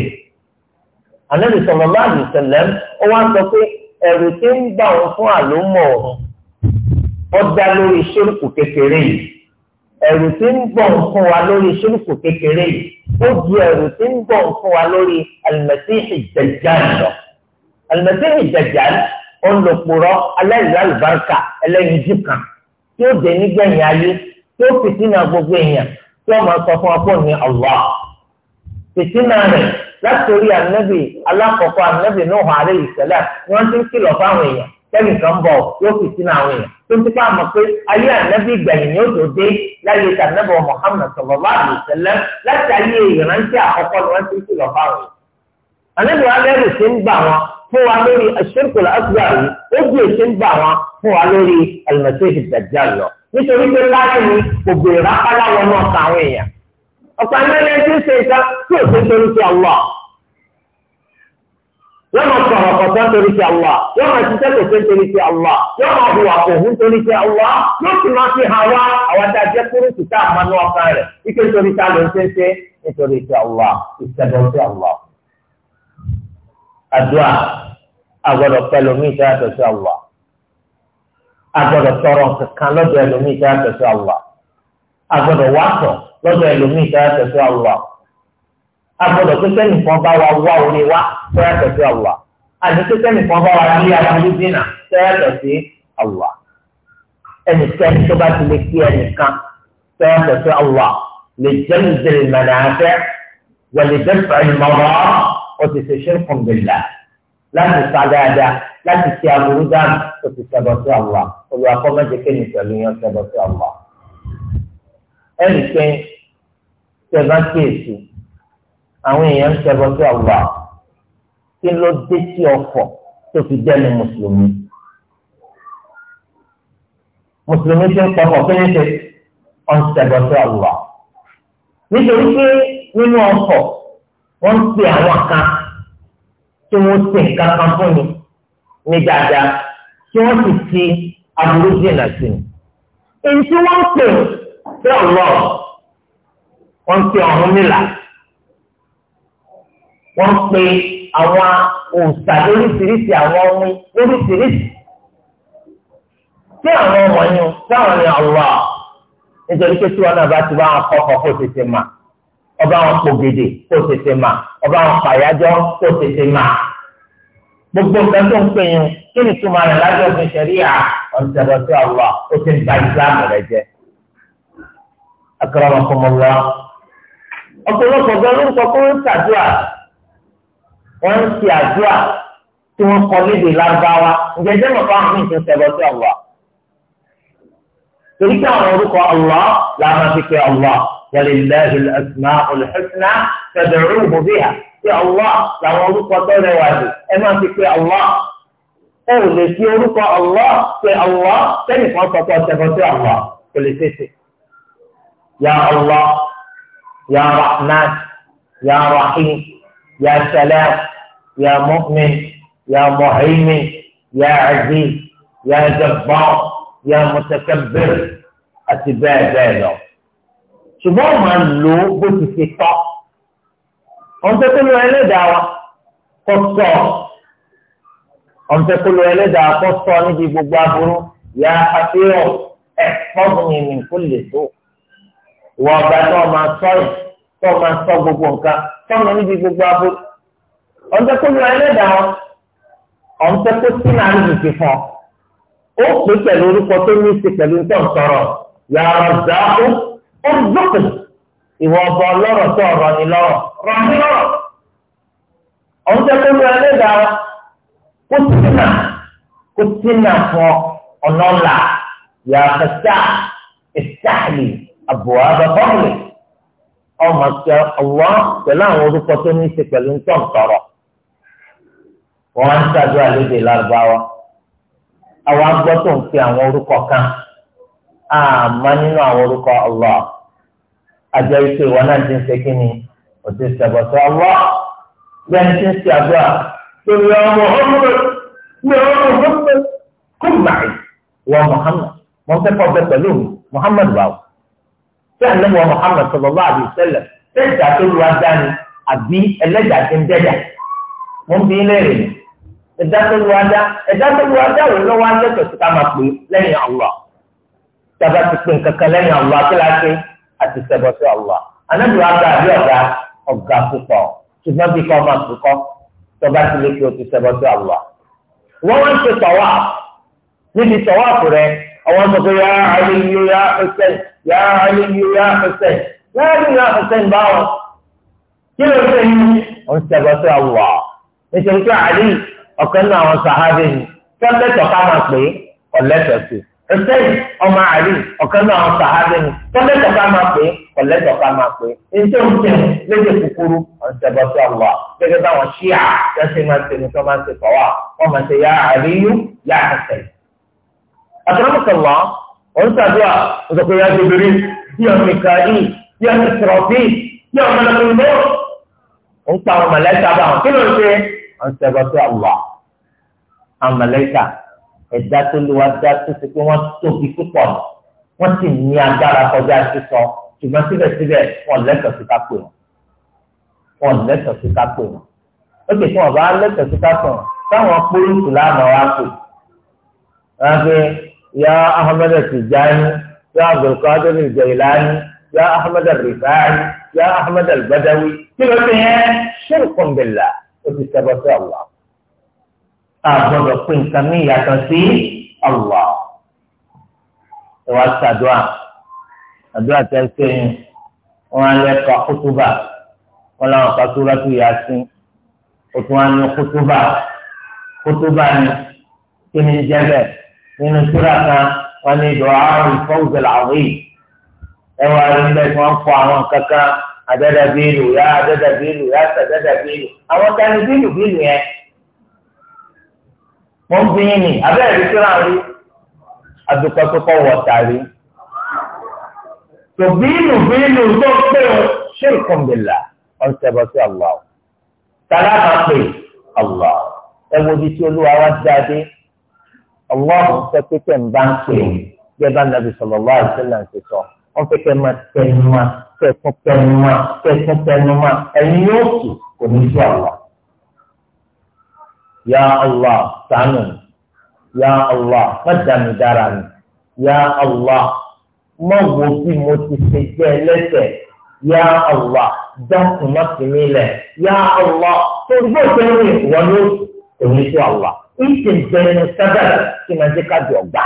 ànábì sọ̀rọ̀ bá àbí sẹ̀lẹ̀m ó wá sọ pé ẹ̀rù tí ń gbà wọn fún àlómọ̀ ọ̀hún ó dá lórí ṣorokù kékeré yìí ẹ̀rù tí ń gbọ̀ ń fún wa lórí ṣírùkù kékeré yìí ó ju ẹ̀rù tí ń gbọ̀ ń fún wa lórí alimẹ̀síhì dajjal lọ. alimẹ̀síhì dajjal ó ń lò purọ́ aláìláàlùbáríkà ẹlẹ́yinjú kan yóò dé nígbẹ̀yìn ayé yóò fìtínà gbogbo èèyàn tí wọ́n máa sọ fún ọkọ ní Allah fìtínà rẹ̀ láti orí ànábì alákọ̀ọ́kọ́ ànábì Nuhu alayhi salam ni wọ́n ti ń kìlọ̀ fáwọn èèyàn tẹ́lẹ̀ kan bọ̀ yóò fìtínà àwọn èèyàn tó ń tipa mọ̀ pé ayé ànábì gbẹ̀yìn yóò tó dé láyé tànábì Muhammad sallallahu alayhi wasallam láti ayé fún wa lórí aṣirkul asghar ó bí èsì ń gbà wọn fún wa lórí alimọ̀sẹ́sì dajjal lọ nítorí pé láti ní ògbè rákàlà wọn náà ka àwọn èèyàn ọ̀pọ̀ ẹ̀mẹ́lẹ́ ti ṣe ìta tí ò ṣe torí ti Allah wọ́n máa sọ̀rọ̀ kọ̀ọ̀kan torí ti Allah wọ́n máa ṣiṣẹ́ kò ṣe torí ti Allah wọ́n máa hùwà kò hún torí ti Allah yóò sì máa fi hàn wá àwọn adájẹ́ kúrú tá a máa ní ọkàn adua àgbọ̀dọ̀ pẹ̀lú mi ta yàtọ̀ sí àwùwà àgbọ̀dọ̀ tọrọ kankan lọ́dọ̀ ẹlòmíì ta yàtọ̀ sí àwùwà àgbọ̀dọ̀ wàtọ̀ lọ́dọ̀ ẹlòmíì ta yàtọ̀ sí àwùwà àgbọ̀dọ̀ kẹsẹ nìkan bá wa wá orí wa tọ́ yàtọ̀ sí àwùwà àti pípẹ́ nìkan bá wa lé si owo ati kese tọ́ yàtọ̀ sí àwùwà ẹnikẹ́ni tó bá ti lè kí ẹnìkan tọ́ yàtọ̀ sí ọwọ lè jẹ́ àtẹ ọ̀sẹ̀sẹ̀ ṣẹ́kùn bìlà láti sa dáadáa láti ṣe aburú dáàmú ọ̀sẹ̀ ṣẹbọ sí àwà olùwàkọ́ mẹ́jẹkẹ́ ní pẹ̀lú yan ṣẹbọ sí àwà. ẹnì pé ṣẹba kíyèsí àwọn èèyàn ń ṣẹbọ sí àwà kí ló dé sí ọkọ̀ tó fi jẹ́ ní mùsùlùmí. mùsùlùmí ti ń pọkàn kí ọ̀n ṣẹbọ sí àwà. nítorí pé nínú ọkọ̀ wọ́n ń pè àwọn kan tí wọ́n sì ń kankan fún mi ní dáadáa tí wọ́n sì fi aburú dènà sí mi. èyí tí wọ́n ń pè sí ọ̀lọ́ wọ́n ń pè ọ̀hún nílà wọ́n ń pè àwọn òòṣà lóríṣiríṣi àwọn ohun lóríṣiríṣi tí àwọn wọ̀nyí táwọn ní ọ̀lọ́ nítorí pé tí wọn náà bá ti bá wọn kọ́ ọkọ̀ fún òṣìṣẹ́ máa ọba wọn pò gèdè kó tètè mà ọba wọn pàyájọ kó tètè mà gbogbo nǹkan tó ń pè yín kí ni túmọ̀ rẹ̀ lájọ́ fi ṣẹ̀ríà ọ̀nṣẹ̀rọ̀ sí ọ̀wọ́ ó ti ń ba ìsìlámù rẹ̀ jẹ́. akọ̀rọ̀mọkọ̀mọ̀lá ọ̀pọ̀lọpọ̀ gan ló ń sọ pé ó ń ṣàdúrà wọ́n ń ṣe àdúrà tí wọ́n kọ lédè lárúbáwá ǹjẹ́ jẹ́ mọ̀ fáwọn míì ti ń ṣẹ̀rọ̀ sí ọ̀wọ́ torí pé àwọn orúkọ ọ̀wọ́ làwọn fi pe ọ̀wọ́ ولله الأسماء الحسنى فادعوه بها يا الله لرزق طول واجه إما في الله أو لكي يرقى الله في الله كيف تتتبع في الله كل شيء يا الله يا رحمن يا رحيم يا سلام يا مؤمن يا مهيمن يا عزيز يا جبار يا متكبر أتباع ذلك ṣùgbọ́n ọ̀ma lò ó bó ti ṣe tọ́ ọ̀npẹ́kọ́lọ́ ẹlẹ́dàá wa kọ́ sọ ọ̀npẹ́kọ́lọ́ ẹlẹ́dàá kọ́ sọ níbi gbogbo aburú yà àfihàn ẹ̀fọ́bùnmi nìkún lè tó ìwà ọ̀gá náà máa sọ yìí tó máa sọ gbogbo nǹkan tọ́nà níbi gbogbo aburú ọ̀npẹ́kọ́lọ́ ẹlẹ́dàá wa ọ̀npẹ́kọ́ sí náà lè fi fọ́ ó pè pẹ̀lú orúkọ tó ní í ṣe pẹ̀lú tó ẹgbọ́kùn ìwọ ọba ọlọ́rọ̀ tó ọ̀rọ̀ ni lọ́rọ̀ rọ̀ ní lọ́rọ̀ ọ̀hún tẹ́ kó lóra lé dára kó tínà kó tínà fún ọlọ́la yà fẹ́tà ìsáàlì àbùwá bàbáwìlì ọmọ sọ ọwọ́ pẹ̀lú àwọn orúkọ tó ní í ṣe pẹ̀lú ntọ́ntọ́rọ̀ wọ́n á ń ṣàdúrà lédè lárúbáwá àwọn agbọ́tò ń fi àwọn orúkọ kan àmọ́ nínú àwọn orúkọ Allah àjọ ìṣe ìwọ náà ti ń ṣe kí ni kò ti ṣẹ̀bọ̀ sí Allah bẹ́ẹ̀ ti ń ṣe àdúrà lórí ọmọ Muhammad ní ọmọ Muhammad kó gbàì wọ Muhammad mo fẹ́ kọ́ bẹ pẹ̀lú mi Muhammad báwo tí a lẹ́wọ̀ Muhammad sallallahu alaihi wasallam ṣé ìjà tó lu ajá ni àbí ẹlẹ́jà ti ń dẹ́jà mo ń bí ilé rè ni ẹ̀dá tó lu ajá ẹ̀dá tó lu ajá rè lọ́wọ́ tába ti pè kankan lẹ́yìn Allah kíláàsì àti sẹ́bọ̀ sí Allah anábì wa gba àbí ọ̀gá ọ̀gá púpọ̀ ṣùgbọ́n bí kò máa fi kọ́ tọ́ba ti lè fi o ti sẹ́bọ̀ sí Allah. wọ́n wá ń ṣe tọ̀wá níbi tọ̀wá rẹ àwọn sọ pé yàrá àlè yìí yá ẹsẹ̀ yàrá àlè yìí yá ẹsẹ̀ yàrá àlè yìí yá ẹsẹ̀ ń bá wọn. kí ló ṣe yìí ó ń sẹ́bọ̀ sí nítorí pé àlè ọ̀kan náà àwọn sàhábẹ́ ni tọ́lẹ́tọ̀ ká máa pè é ọ̀lẹ́tọ̀ ẹsẹ́yìn ọmọ àlè ọ̀kan náà ọ̀sà ábẹ́ni tọ́lẹ́tọ̀ ká máa pè é kọ̀lẹ́tọ̀ ká máa pè é ẹjọ́ ń tẹ̀ léde kúkúrú ọ̀jọ̀bọ̀ sí ọ̀wà gẹ́gẹ́ báwọn ṣíà yẹ́sẹ̀ máa ṣe ní sọ máa ṣe fọwọ́ wọ́n máa ṣe yá àríyú yá ẹsẹ̀. àtàlámùsọ̀lọ́ òǹtàdúrà òṣèpé yá gbèbèrè yọ mìkàí yọ ìsọ̀rọ̀fì yọ mọ̀lẹ́mọ̀lẹ́ ń pa àwọn mọ̀lẹ́ta ẹ̀dá tó lè wá dá tó ti pé wọ́n tóbi púpọ̀ wọ́n sì ní agbára kọjá sísọ ṣùgbọ́n síbẹ̀síbẹ̀ wọ́n lẹ́tọ̀ọ́ sí kápò wọn wọ́n lẹ́tọ̀ọ́ sí kápò wọn ó kè tí wọ́n bá lẹ́tọ̀ọ́ sí kápò wọn táwọn pólísì lánàá wá pè wọ́n á gbé ya Ahmed Tijani ya Abdulkadir Jailani ya Ahmed Rifai ya Ahmed Albadawi kí ló ti yẹn ṣe é ó ti sẹ́bọ̀ sí àwọn a gbọ́dọ̀ pé nǹkan mí yàtọ̀ sí ọlọ ẹ wá ṣàdúrà àdúrà tẹ ṣe wọn á lẹ kọ kútúbà wọn làwọn kan tó rẹpù yá sí o tún á ní kútúbà kútúbà ni kí ni jẹ bẹ́ẹ̀ nínú sura kan wọn ní ìdọ̀ àrùn fọwọ́sẹ̀ làwọn yìí ẹ wá rí bẹ́ẹ̀ tí wọ́n kọ àwọn kankan adada bílù yá adada bílù yá sàdada bílù àwọn kan ní bílù bílù yẹn mo ń bí yín ni abẹ́rẹ́ rí síra rí adúpẹ́ tó kọ́ wọ tàrí. tó bínú bínú tó pé o ṣé ìkọ̀m̀bìlà ọ̀n ṣẹbọ sí Allah tàlá máa pè Allah ẹ wo ibi tí olúwa wá jáde Allah sọ pé tẹ̀ ń bá ń pè é gẹ́gẹ́ bá nàbì sallallahu alaihi wasallam sọ wọ́n fẹ́ kẹ́ máa tẹnu wá kẹ́kún tẹnu wá kẹ́kún tẹnu wá ẹ̀yin yóò sùn kò ní sí Allah ya allah ṣàánú e e e mi ya allah má dàmí dára mi ya allah má wo bí mo ti ṣe jẹ ẹlẹ́ṣẹ̀ ya allah dákun má fi mí lẹ̀ ya allah tó gbọ́ sẹ́yìn wọ́n ló èmi tó allah ìṣe ìjẹun sábà kí n máa jẹ́ ká di ọ̀gbà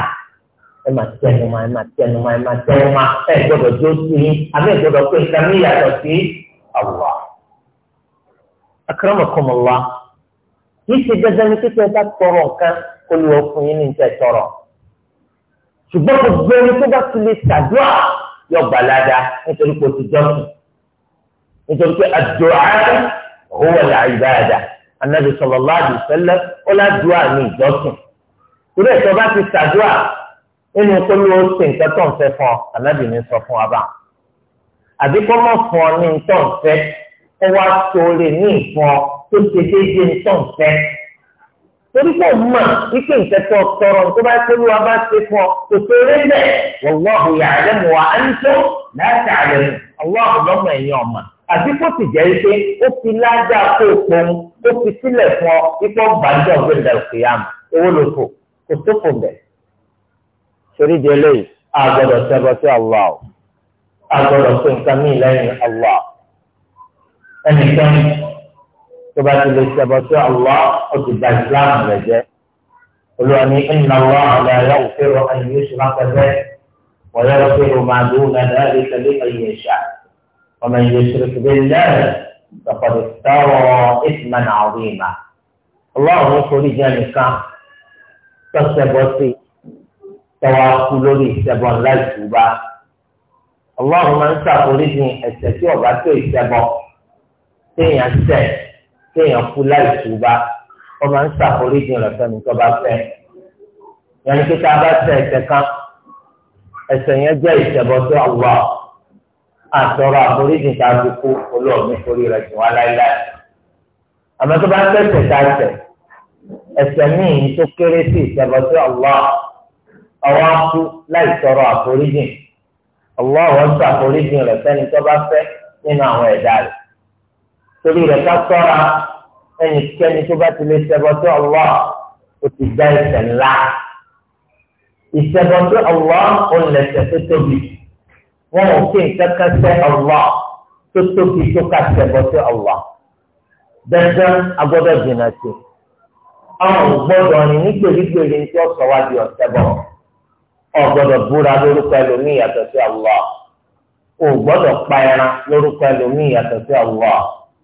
ẹ máa tẹnu ma ẹ máa tẹnu ma ẹ máa ma ẹ gbọ́dọ̀ tó sí i àbí ẹ gbọ́dọ̀ pé nǹkan mi yàtọ̀ sí allah akramakumullah yìí ṣe dandan ní kíkẹ́ bá tọrọ nǹkan kó lè ọkùnrin yín ní ìtẹ̀ tọrọ ṣùgbọ́n kò gbé ẹni tó bá ti lè ṣàdúrà yọ gbàládà nítorí pé o ti jọ́sìn nítorí pé àdúrà òwò là ìbáradà anabi sallallahu alaihi wasallam ó ládùúrà ní ìjọ́sìn torí ẹ̀ tó bá ti ṣàdúrà nínú kó ló ṣe nǹkan tó ń fẹ́ fún ọ anabi ní sọ fún wa bá mọ̀ fún ọ ní nǹkan tó ń fẹ́ kó wá tó ṣe déédéé ń tàn fẹ́. torí pé òun mà wípé ìtẹ́tọ̀ tọrọ tó bá ṣe wíwá bá ṣe fún ọ kò tó rí bẹ́ẹ̀ wọ́lọ́hù ya'lamu wa antum la ta'lamun ọlọ́hù lọ́mọ ẹ̀yìn ọ̀mà àti kó sì jẹ́ pé ó fi lájà kó pọn ó fi sílẹ̀ fún ọ ipò gbàdúrà gbẹ̀dà òkèèyàn owó ló fò kò tó fò bẹ̀. torí di eléyìí a sẹ́gbọ́ sí Allah a sí nǹkan mí lẹ́yìn Allah ẹnìkan tó bá ti lè ṣẹbọ sí ọlọ́ ọdùgbà ìsìlámù rẹ̀ jẹ́ olùwàní iná lọ àlẹ́ ayé òfèrò ayé ṣùgbọ́n pẹ̀lẹ́ wọlé òfèrò máa dùn nàdá lè tẹ̀lé ayé ṣá ọmọ ayé ṣèlú bẹ́ẹ̀ lọ́kọ̀dé sọ̀rọ̀ ìsìnmá náà rí ma ọlọ́run forí jẹ́ nìkan tó ṣẹbọ sí tọwọ́ kú lórí ìṣẹbọ ńlá ìtúbà máa ń ṣàforíjì ẹ̀ṣẹ̀ tí ọ̀bá tó ìṣẹbọ téèyàn ṣẹ̀ kéèyàn kú láì túbá wọ́n máa ń ṣàforíjì rẹ̀ fẹ́ni tó bá fẹ́ yẹn ni kíkà bá ṣẹ̀ ẹ̀ṣẹ̀ kan ẹ̀ṣẹ̀ yẹn jẹ́ ìṣẹbọtọ àwọ àtọrọ àforíjì tá a fi kú olóòmí forí rẹ̀ jù wá láéláé àmọ́ tó bá ń tẹ̀sẹ̀ tá tẹ̀ ẹ̀ṣẹ̀ míì tó kéré sí ìṣẹbọtọ àwọ àwọn akú láì tọrọ àforíjì àwọ àwọn ṣàforíjì rẹ̀ fẹ́ni fẹ́ nínú àwọn ẹ̀dá rẹ̀ torí rẹ̀ ká sọ́ra ẹnikẹ́ni tó bá ti lè ṣẹbọtọ́ ọlọ́ ó ti dá ẹ̀ṣẹ̀ ńlá ìṣẹbọtọ́ ọlọ́ ó lẹ̀ṣẹ̀ tó tóbi wọn ò kí nǹkan kan ṣẹ ọlọ́ tó tóbi tó ká ṣẹbọtọ́ ọlọ́ dandan agbọ́dọ̀ jìnnà sí àwọn gbọ́dọ̀ ní ní gbèrígbèrí tí ó sọ wá di ọsẹbọ ọgbọ́dọ̀ gbọ́dọ̀ pa lórúkọ ẹlòmíì sí ọlọ́.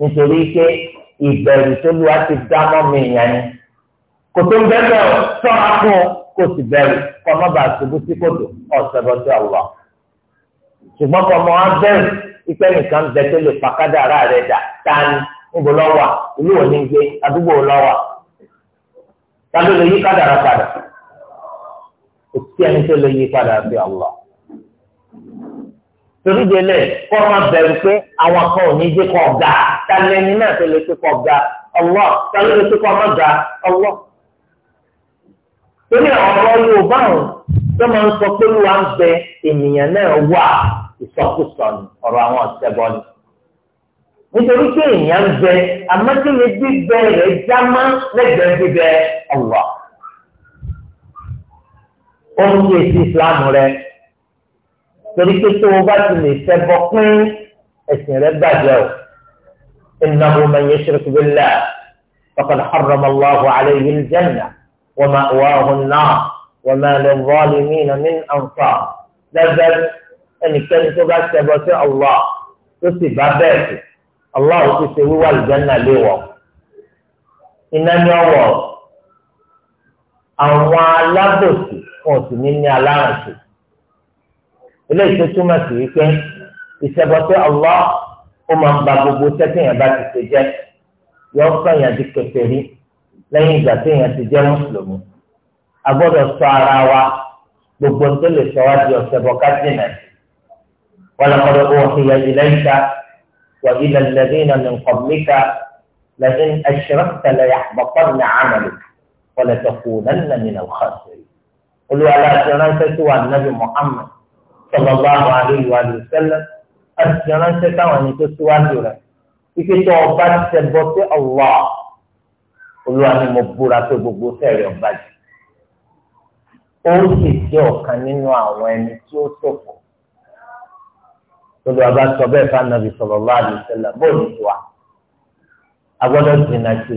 nítorí pé ìbẹ̀rù tó lu àti dámọ́ mi yẹn ni kò tó ń bẹ́ẹ̀ sọ́ra fún kò sì bẹ̀rù kọ́ má bàa ṣubú sí kòtò ọ̀sẹ̀ bọ́ sí ikpe ṣùgbọ́n kọ́ mọ́ á nìkan bẹ tó lè pàkádà ara rẹ̀ dà tani níbo lọ́wọ́ ìlú òní gbé àdúgbò lọ́wọ́ ta ló lè yí padà kò ẹni tó lè torí délé kó máa bẹ̀rù pé àwọn kan ò ní jẹ́ kó ga tàlẹ́ni náà tó lè kó ga ọwọ́ tàlẹ́ lè kó máa ga ọwọ́. torí àwọn ọ̀rọ̀ Yorùbá ọ̀hún tó máa ń sọ pé wà ń bẹ ènìyàn náà wà ìsọkúsọ ni ọ̀rọ̀ àwọn ọ̀sẹ̀bọ ni. nítorí pé èèyàn ń bẹ amátìlẹ́ bíbẹ rẹ̀ já má lẹ́gbẹ̀ẹ́ bíbẹ ọ̀wọ́. ó ń ṣe sí Islam rẹ̀ torí pé tó o bá ti lè ṣẹbọ pín ẹ̀sìn rẹ bàjẹ́ o innahu man yushrik billah faqad harrama Allahu alayhi al-janna wa ma'wahu an-nar wa ma lil-zalimina min ansar lẹ́gbẹ́ ẹnikẹ́ni tó bá ṣẹbọ sí Allah tó sì bá bẹ́ẹ̀ sí Allah ò ti ṣe wíwá al-janna léwọ̀ iná ní ọwọ́ àwọn alábòsí wọn sì ní ní alárànṣe. eléyìí tó túmọ̀ sí wípé ìṣẹ̀bọ̀tẹ́ Allah ó máa ń ba gbogbo tẹ́tẹ̀yàn bá ti ṣe jẹ́ yọ sọ̀yàn di kèfèrí lẹ́yìn ìgbà téèyàn ti jẹ́ mùsùlùmí a gbọ́dọ̀ ṣọ́ ara wa gbogbo tó lè sọ wá di ọ̀ṣẹ̀bọ̀ kájínà walaqad uhiya ilayka wa ila alladhina min qablika la in ashrakta layaḥbatanna 'amaluka wa latakunanna mina al-khasirin olùwàlá àti ránṣẹ́ sí wa nàbì Muhammad sallallahu alaihi wa sallam àti ránṣẹ́ táwọn ẹni tó síwájú rẹ̀ ike tó ọba ti tẹ bọ́ sí Allah olúwa ni mo búra pé gbogbo sẹ́ẹ̀rẹ̀ ọba jù ó sì jẹ́ ọ̀kan nínú àwọn ẹni tí ó ṣòfò olúwa bá sọ bẹ́ẹ̀ fún anabi sallallahu alaihi wa sallam bóyá ìwà jìnnà sí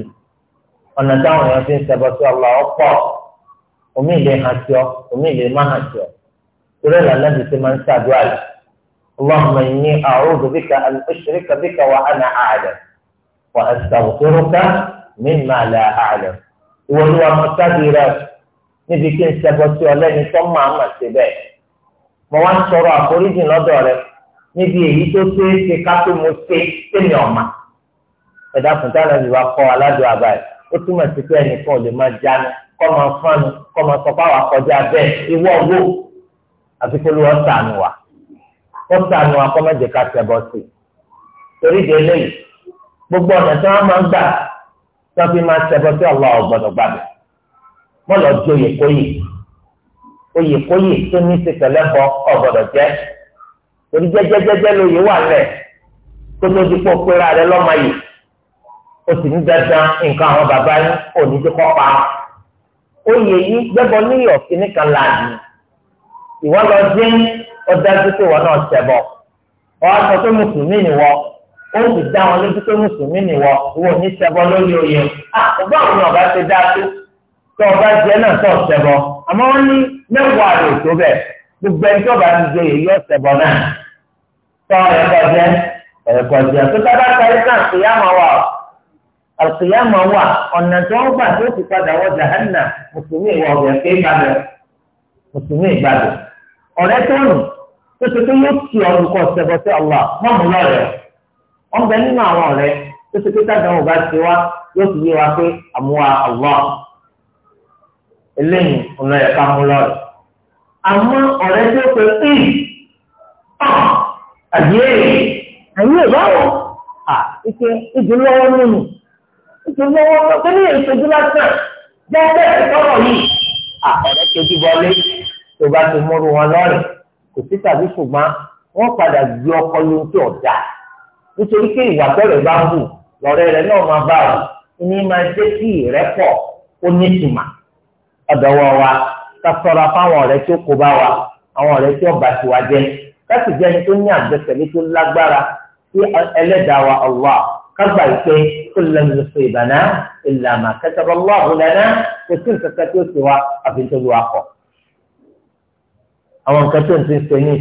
ọ̀nà táwọn èèyàn fi ń ṣẹbọ sí Allah ọ̀pọ̀ omi ìlé hàn sí ọ omi ìlé má hàn sí ọ. ترى الذي تمن سادوال اللهم إني أعوذ بك أن أشرك بك وأنا أعلم وأستغفرك مما لا أعلم ولو مقتدر níbi kí n ṣẹbọ sí ọ lẹ́ni tó máa mà ṣe bẹ́ẹ̀ mo wá ń sọ̀rọ̀ àforíjì lọ́dọ̀ rẹ níbi èyí tó ṣe é ṣe ká tó mo ṣe tèmi ọmọ ẹ̀dá kùntà náà ti kọ aládùn àbáyé ó túmọ̀ sí pé ẹnìkan ò lè máa jánu kọ́ máa fánu kọ́ máa sọ fáwọn akọjá bẹ́ẹ̀ ìwọ wo àti pẹ̀lú ọ̀sánù wa ọ̀sánù wa kọ́ mẹ́jẹ ká tẹ̀ bọ́ sí i torí di eléyìí gbogbo ọ̀nà tí wọ́n máa ń gbà tí wọ́n fi máa tẹ̀bọ́ sí ọ̀la ọ̀gbọ̀dọ̀ gbàgbẹ́ wọ́n lọ di oyèkóyè oyèkóyè tó ní ti tẹ̀lé bọ ọ̀gbọ̀dọ̀ jẹ́ torí jẹ́jẹ́jẹ́jẹ́ lóye wà lẹ̀ kó tó di pọ̀ pé ara rẹ lọ́mọ yìí o sì ní dandan nǹkan àwọn bàbá yín òní ti kọ́ pa oyè yìí gbẹ́bọ níyọ̀ kíníkan láàyè ìwọ lọ dín ọdájú pé náà ṣẹbọ wọn sọ pé mùsùlùmí ni wọ ó sì dá wọn lójú pé mùsùlùmí ni wọ ní ṣẹbọ ọba ṣe tó ọba jẹ náà náà tó ẹkọ jẹ ẹkọ jẹ tó bá bá náà yá máa wà wà ọ̀nà tó ń gbà tó ti padà wọ mùsùlùmí kéé mùsùlùmí ọ̀rẹ́ tó tó ṣe pé yóò tu ọdún kan ṣẹbọ sí Allah wọn mú lọrẹ wọn bẹ nínú àwọn ọ̀rẹ́ tó ṣe pé tájà wọn bá ti wá yóò fi yé wa pé àmúwa Allah eléyìí ọ̀nà ẹ̀ka mú lọrẹ àmọ́ ọ̀rẹ́ tó pé ń ah, àyè àyè báwo à ike ìdúlọ́wọ́ nínú ìdúlọ́wọ́ tó ní ìṣojú lásán bẹ́ẹ̀ bẹ́ẹ̀ tọrọ yìí à ọ̀rẹ́ kejì bọ́lé tó bá ti múru wọn lọ́rìn kò sí tàbí ṣùgbọ́n wọ́n padà gbé ọkọ lóhun tí ọ̀dà nítorí pé ìwà tọ́lẹ̀ bá ń bù lọ́rẹ́ rẹ náà máa bá ọ ní máa jẹ́ kí ìrẹ́pọ̀ ó ní ìtumà ọ̀dọ̀wọ́ wa ká sọ̀rọ̀ fáwọn ọ̀rẹ́ tí ó kó bá wa àwọn ọ̀rẹ́ tí ó bá tiwa jẹ́ láti jẹ́ ẹni tó ní àgbẹ̀sẹ̀lé tó lágbára sí ẹlẹ́dàá wa Allah kágbà ìpè kó lẹ́nu ló so ìbànú ìlànà kẹtàbọ̀ lọ́ọ̀hùn lẹ́nà kò sí nǹkan kan ó ti wa àfi wa kọ̀ àwọn nǹkan tó ń ti ń ṣe ní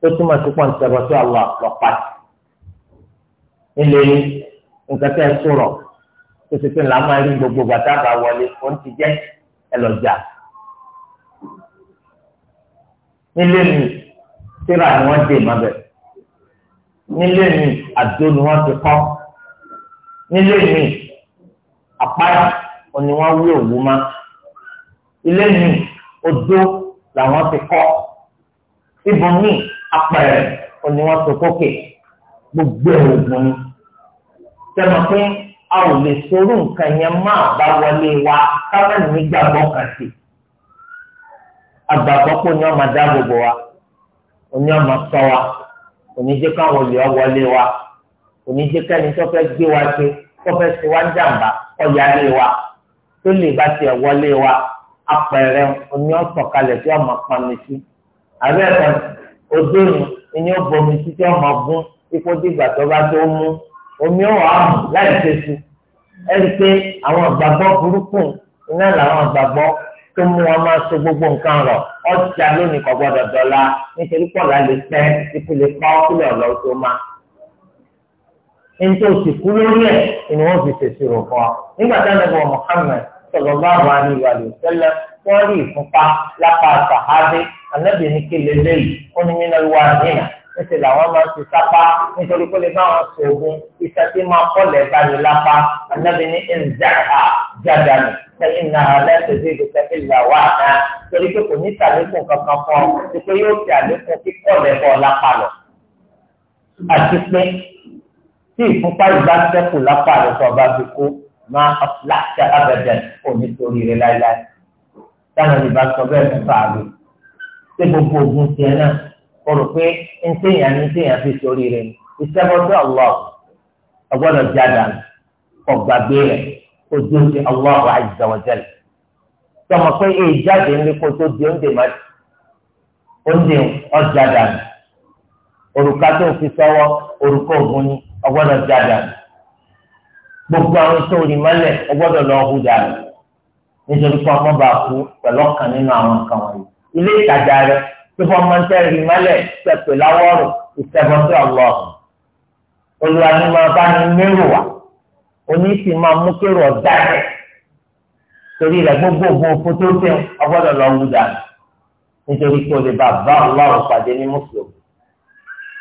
tó túmọ̀ sí pọ̀ ń sẹ́bọ̀ sí àwọn àpọ̀pá nílé nǹkan tẹ́ ń sọ̀rọ̀ tó ti pín làá máa rí gbogbo bàtà bá wọlé ó ń ti jẹ́ ẹlọ́jà nílé mi síra ni wọ́n dé mọ́bẹ̀ nílé mi àdó ni wọ́n ti kọ́ nílé mi àpá ni wọ́n wí òwú má ilé mi odó làwọn ti kọ́ ibùmí apẹ̀rẹ̀ òní wọ́n so kókè gbogbo ẹ̀rọ̀gùn ni tẹ̀mọ̀ pé a ò lè sorú nǹkan yẹn máa bá wọlé wa káwọn nígbàgbọ́ kan sí agbàgbọ́ pé oní ọmọ dáàbò bò wa oní ọmọ ṣọ́ wa òní jẹ́ káwọn olè wọlé wa òní jẹ́ kẹ́ni tó fẹ́ gbé wa ṣe tó fẹ́ ṣe wá jàǹbá ọ̀yà lé wa tó lè bá tiẹ̀ wọlé wa apẹ̀rẹ̀ oní ọ̀sọ̀kalẹ̀ tí ọmọ pọnmi sí abẹ́rẹ́ odó ni ní ọ̀bọ̀mi sí tí ọmọ gún ipò dìgbà tó bá tó mú omi ọ̀wọ́ àmù láì fèsì ẹni pé àwọn ìgbàgbọ́ burúkú iná làwọn ìgbàgbọ́ tó mú wọn máa so gbogbo nǹkan rọ̀ ọjà lónìí kò gbọdọ̀ dọ̀la nítorí pọ̀lá lè pẹ́ ikú lè pa ọ́kúlẹ̀ ọ̀lọ́ tó má nítorí òsì kú lórí ẹ̀ ni wọ́n fi fèsì rò fún ọ nígbà táwọn ẹ̀bùn Muhammad sallallahu alaihi wa sallam wọ́n rí ìfúnpá lápá sàhábé ànábì ní kí lélẹ́yìí ó ní nínú ìwà nínà níṣẹ́ làwọn máa ń ti sápá nítorí pé lè bá wọn sòògùn iṣẹ́ tí máa kọ́lẹ̀ báyìí lápá ànábì ní ẹ̀ǹdàrà jádàmì sẹ́yìn náà lẹ́sẹ̀dé ìgbésẹ̀ ìlà wà náà torí pé kò ní ìtàlékún kankan fún ọ ti pé yóò ti àlékún kíkọ́lẹ̀ bọ̀ lápá lọ. àti pé tí ìfúnpá ìbá máa láti abẹ́dẹ̀ òní torí rẹ láíláí. Táwọn ìbá sọ bẹ́ẹ̀ fún fàáwé. Ṣé gbogbo ogun tiẹ̀ náà o rò pé ń téèyàn ní téèyàn fi torí rẹ ni? Ìṣẹ́bọ̀tẹ́ Allah ọgbọ́dọ̀ jáda ọgbàgbé rẹ̀ ojú ti Allah azza wa jalla. Sọmọ pé èyí jáde ní kó di oúnjẹ máa oúnjẹ ọjà dànù. Òrùka tó ń fi sọ́wọ́ ògùn ni ọgbọ́dọ̀ jáda gbogbo àwọn tó rí mọ́lẹ̀ ó gbọ́dọ̀ lọ hu dànù nítorí pé ọmọ bá kú pẹ̀lú ọ̀kan nínú àwọn nǹkan wọ̀nyí ilé ìtajà rẹ tó fọ́ ọmọ tẹ́ rí mọ́lẹ̀ pẹ̀pẹ̀ láwọ́rọ̀ ìṣẹ́bọ̀tì ọlọ́run olùwà ni máa bá ní mérò wá oní sì máa mú kérò ọ̀dà rẹ̀ torí rẹ̀ gbogbo ògùn òfin tó tẹ̀ ó gbọ́dọ̀ lọ hu dànù nítorí pé o lè bá bá ọlọ́run pàdé ní mùsùlùmí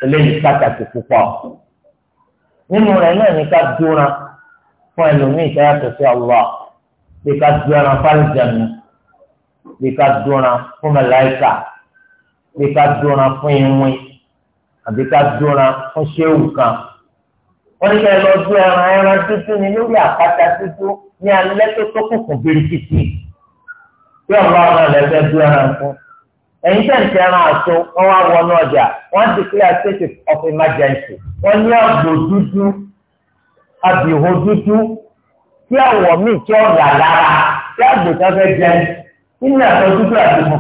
eléyìí pàtàkì púpọ̀ nínú rẹ̀ náà ní ká dúnra fún ẹlòmíì tó yàtọ̀ sí Allah bí ká dúnra fálìjẹ̀mù bí ká dúnra fún mẹláìkà bí ká dúnra fún ìwìn àbí ká dúnra fún ṣéwù kan wọ́n ní kẹ́lẹ́ lọ dún ẹran ẹran dúdú ni lórí àpáta dúdú ní alẹ́ tó tó kùnkùn birikiti bí ọ̀gá ọ̀nà lẹ́fẹ́ dún ẹran fún ẹ̀yin tẹ̀ ń tẹ ẹran àtó wọ́n wá wọnú ọjà wọ́n declare state of emergency wọ́n ní àgbò dúdú. abìhó dúdú tí àwọ̀ míì tí ọ̀rọ̀ àdára tí àgbòtán fẹ́ jẹ nínú ẹ̀tọ́ dúdú àti mọ̀.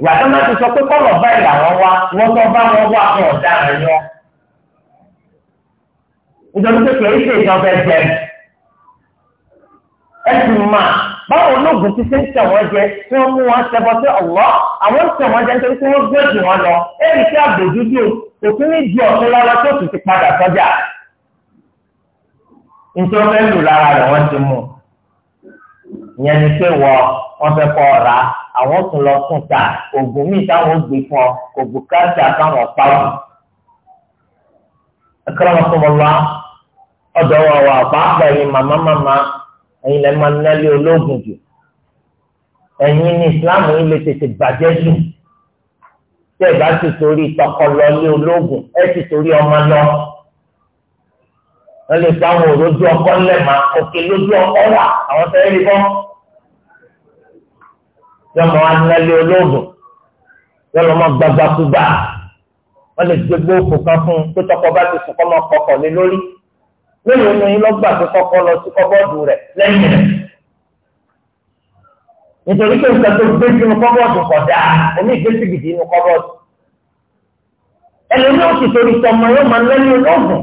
Ìyàtọ̀ náà ti sọ pé kọ́lọ̀ báyìí làwọn wá wọ́n tó bá wọn wá fún ọ̀daràn yọ. Ìjọba tó kẹ̀ ìjọba jẹ. Ẹ sì báwo ti ṣe ń tẹ̀ wọ́n jẹ wọ́n mú wọn ṣẹbọ sí àwọn nítorí wọn fẹ́ lù lára rẹ̀ wọ́n ti mú ìyẹn ni pé wọ wọ́n fẹ́ kọ́ ra àwọn tún lọ tún ta oògùn míì táwọn ó gbé fún ọ kò bùkátà káwọn pa ọ. akọ́lọ́mọkọ́mọlá ọ̀dọ̀ wọn wà pàápàá ẹ̀yin màmá màmá ẹ̀yin lẹ́ẹ̀ máa nálé ológun jù ẹ̀yin ní ìsìláàmù yìí lè tètè bàjẹ́ jù tẹ́ ẹ bá ti torí tọkọ lọ lé ológun ẹ ti torí ọmọ lọ wọ́n lè pa àwọn òrojú ọkọ ńlẹ̀ mà òkè lójú ọkọ wà àwọn fẹ́ẹ́ rí bọ́. yọmọ wa nílẹ̀ olóògùn yọmọ ma gbagbakúgbà wọ́n lè gbé gbóòfò kan fún un pé tọkọ bá ti sùn kọ́ máa kọkọ̀ lé lórí lóyún ní lọ́gbà tó kọ́kọ́ lọ sí kọ́bọ́ọ̀dù rẹ̀ lẹ́yìn rẹ̀ nítorí pé nǹkan tó gbé sínú kọ́bọ́ọ̀dù kọ̀ dáa omi ìgbé sìgìdì inú kọ́bọ́ọ̀dù ẹlòmíràn ti torí tọmọ yóò máa lẹ́yìn olóògùn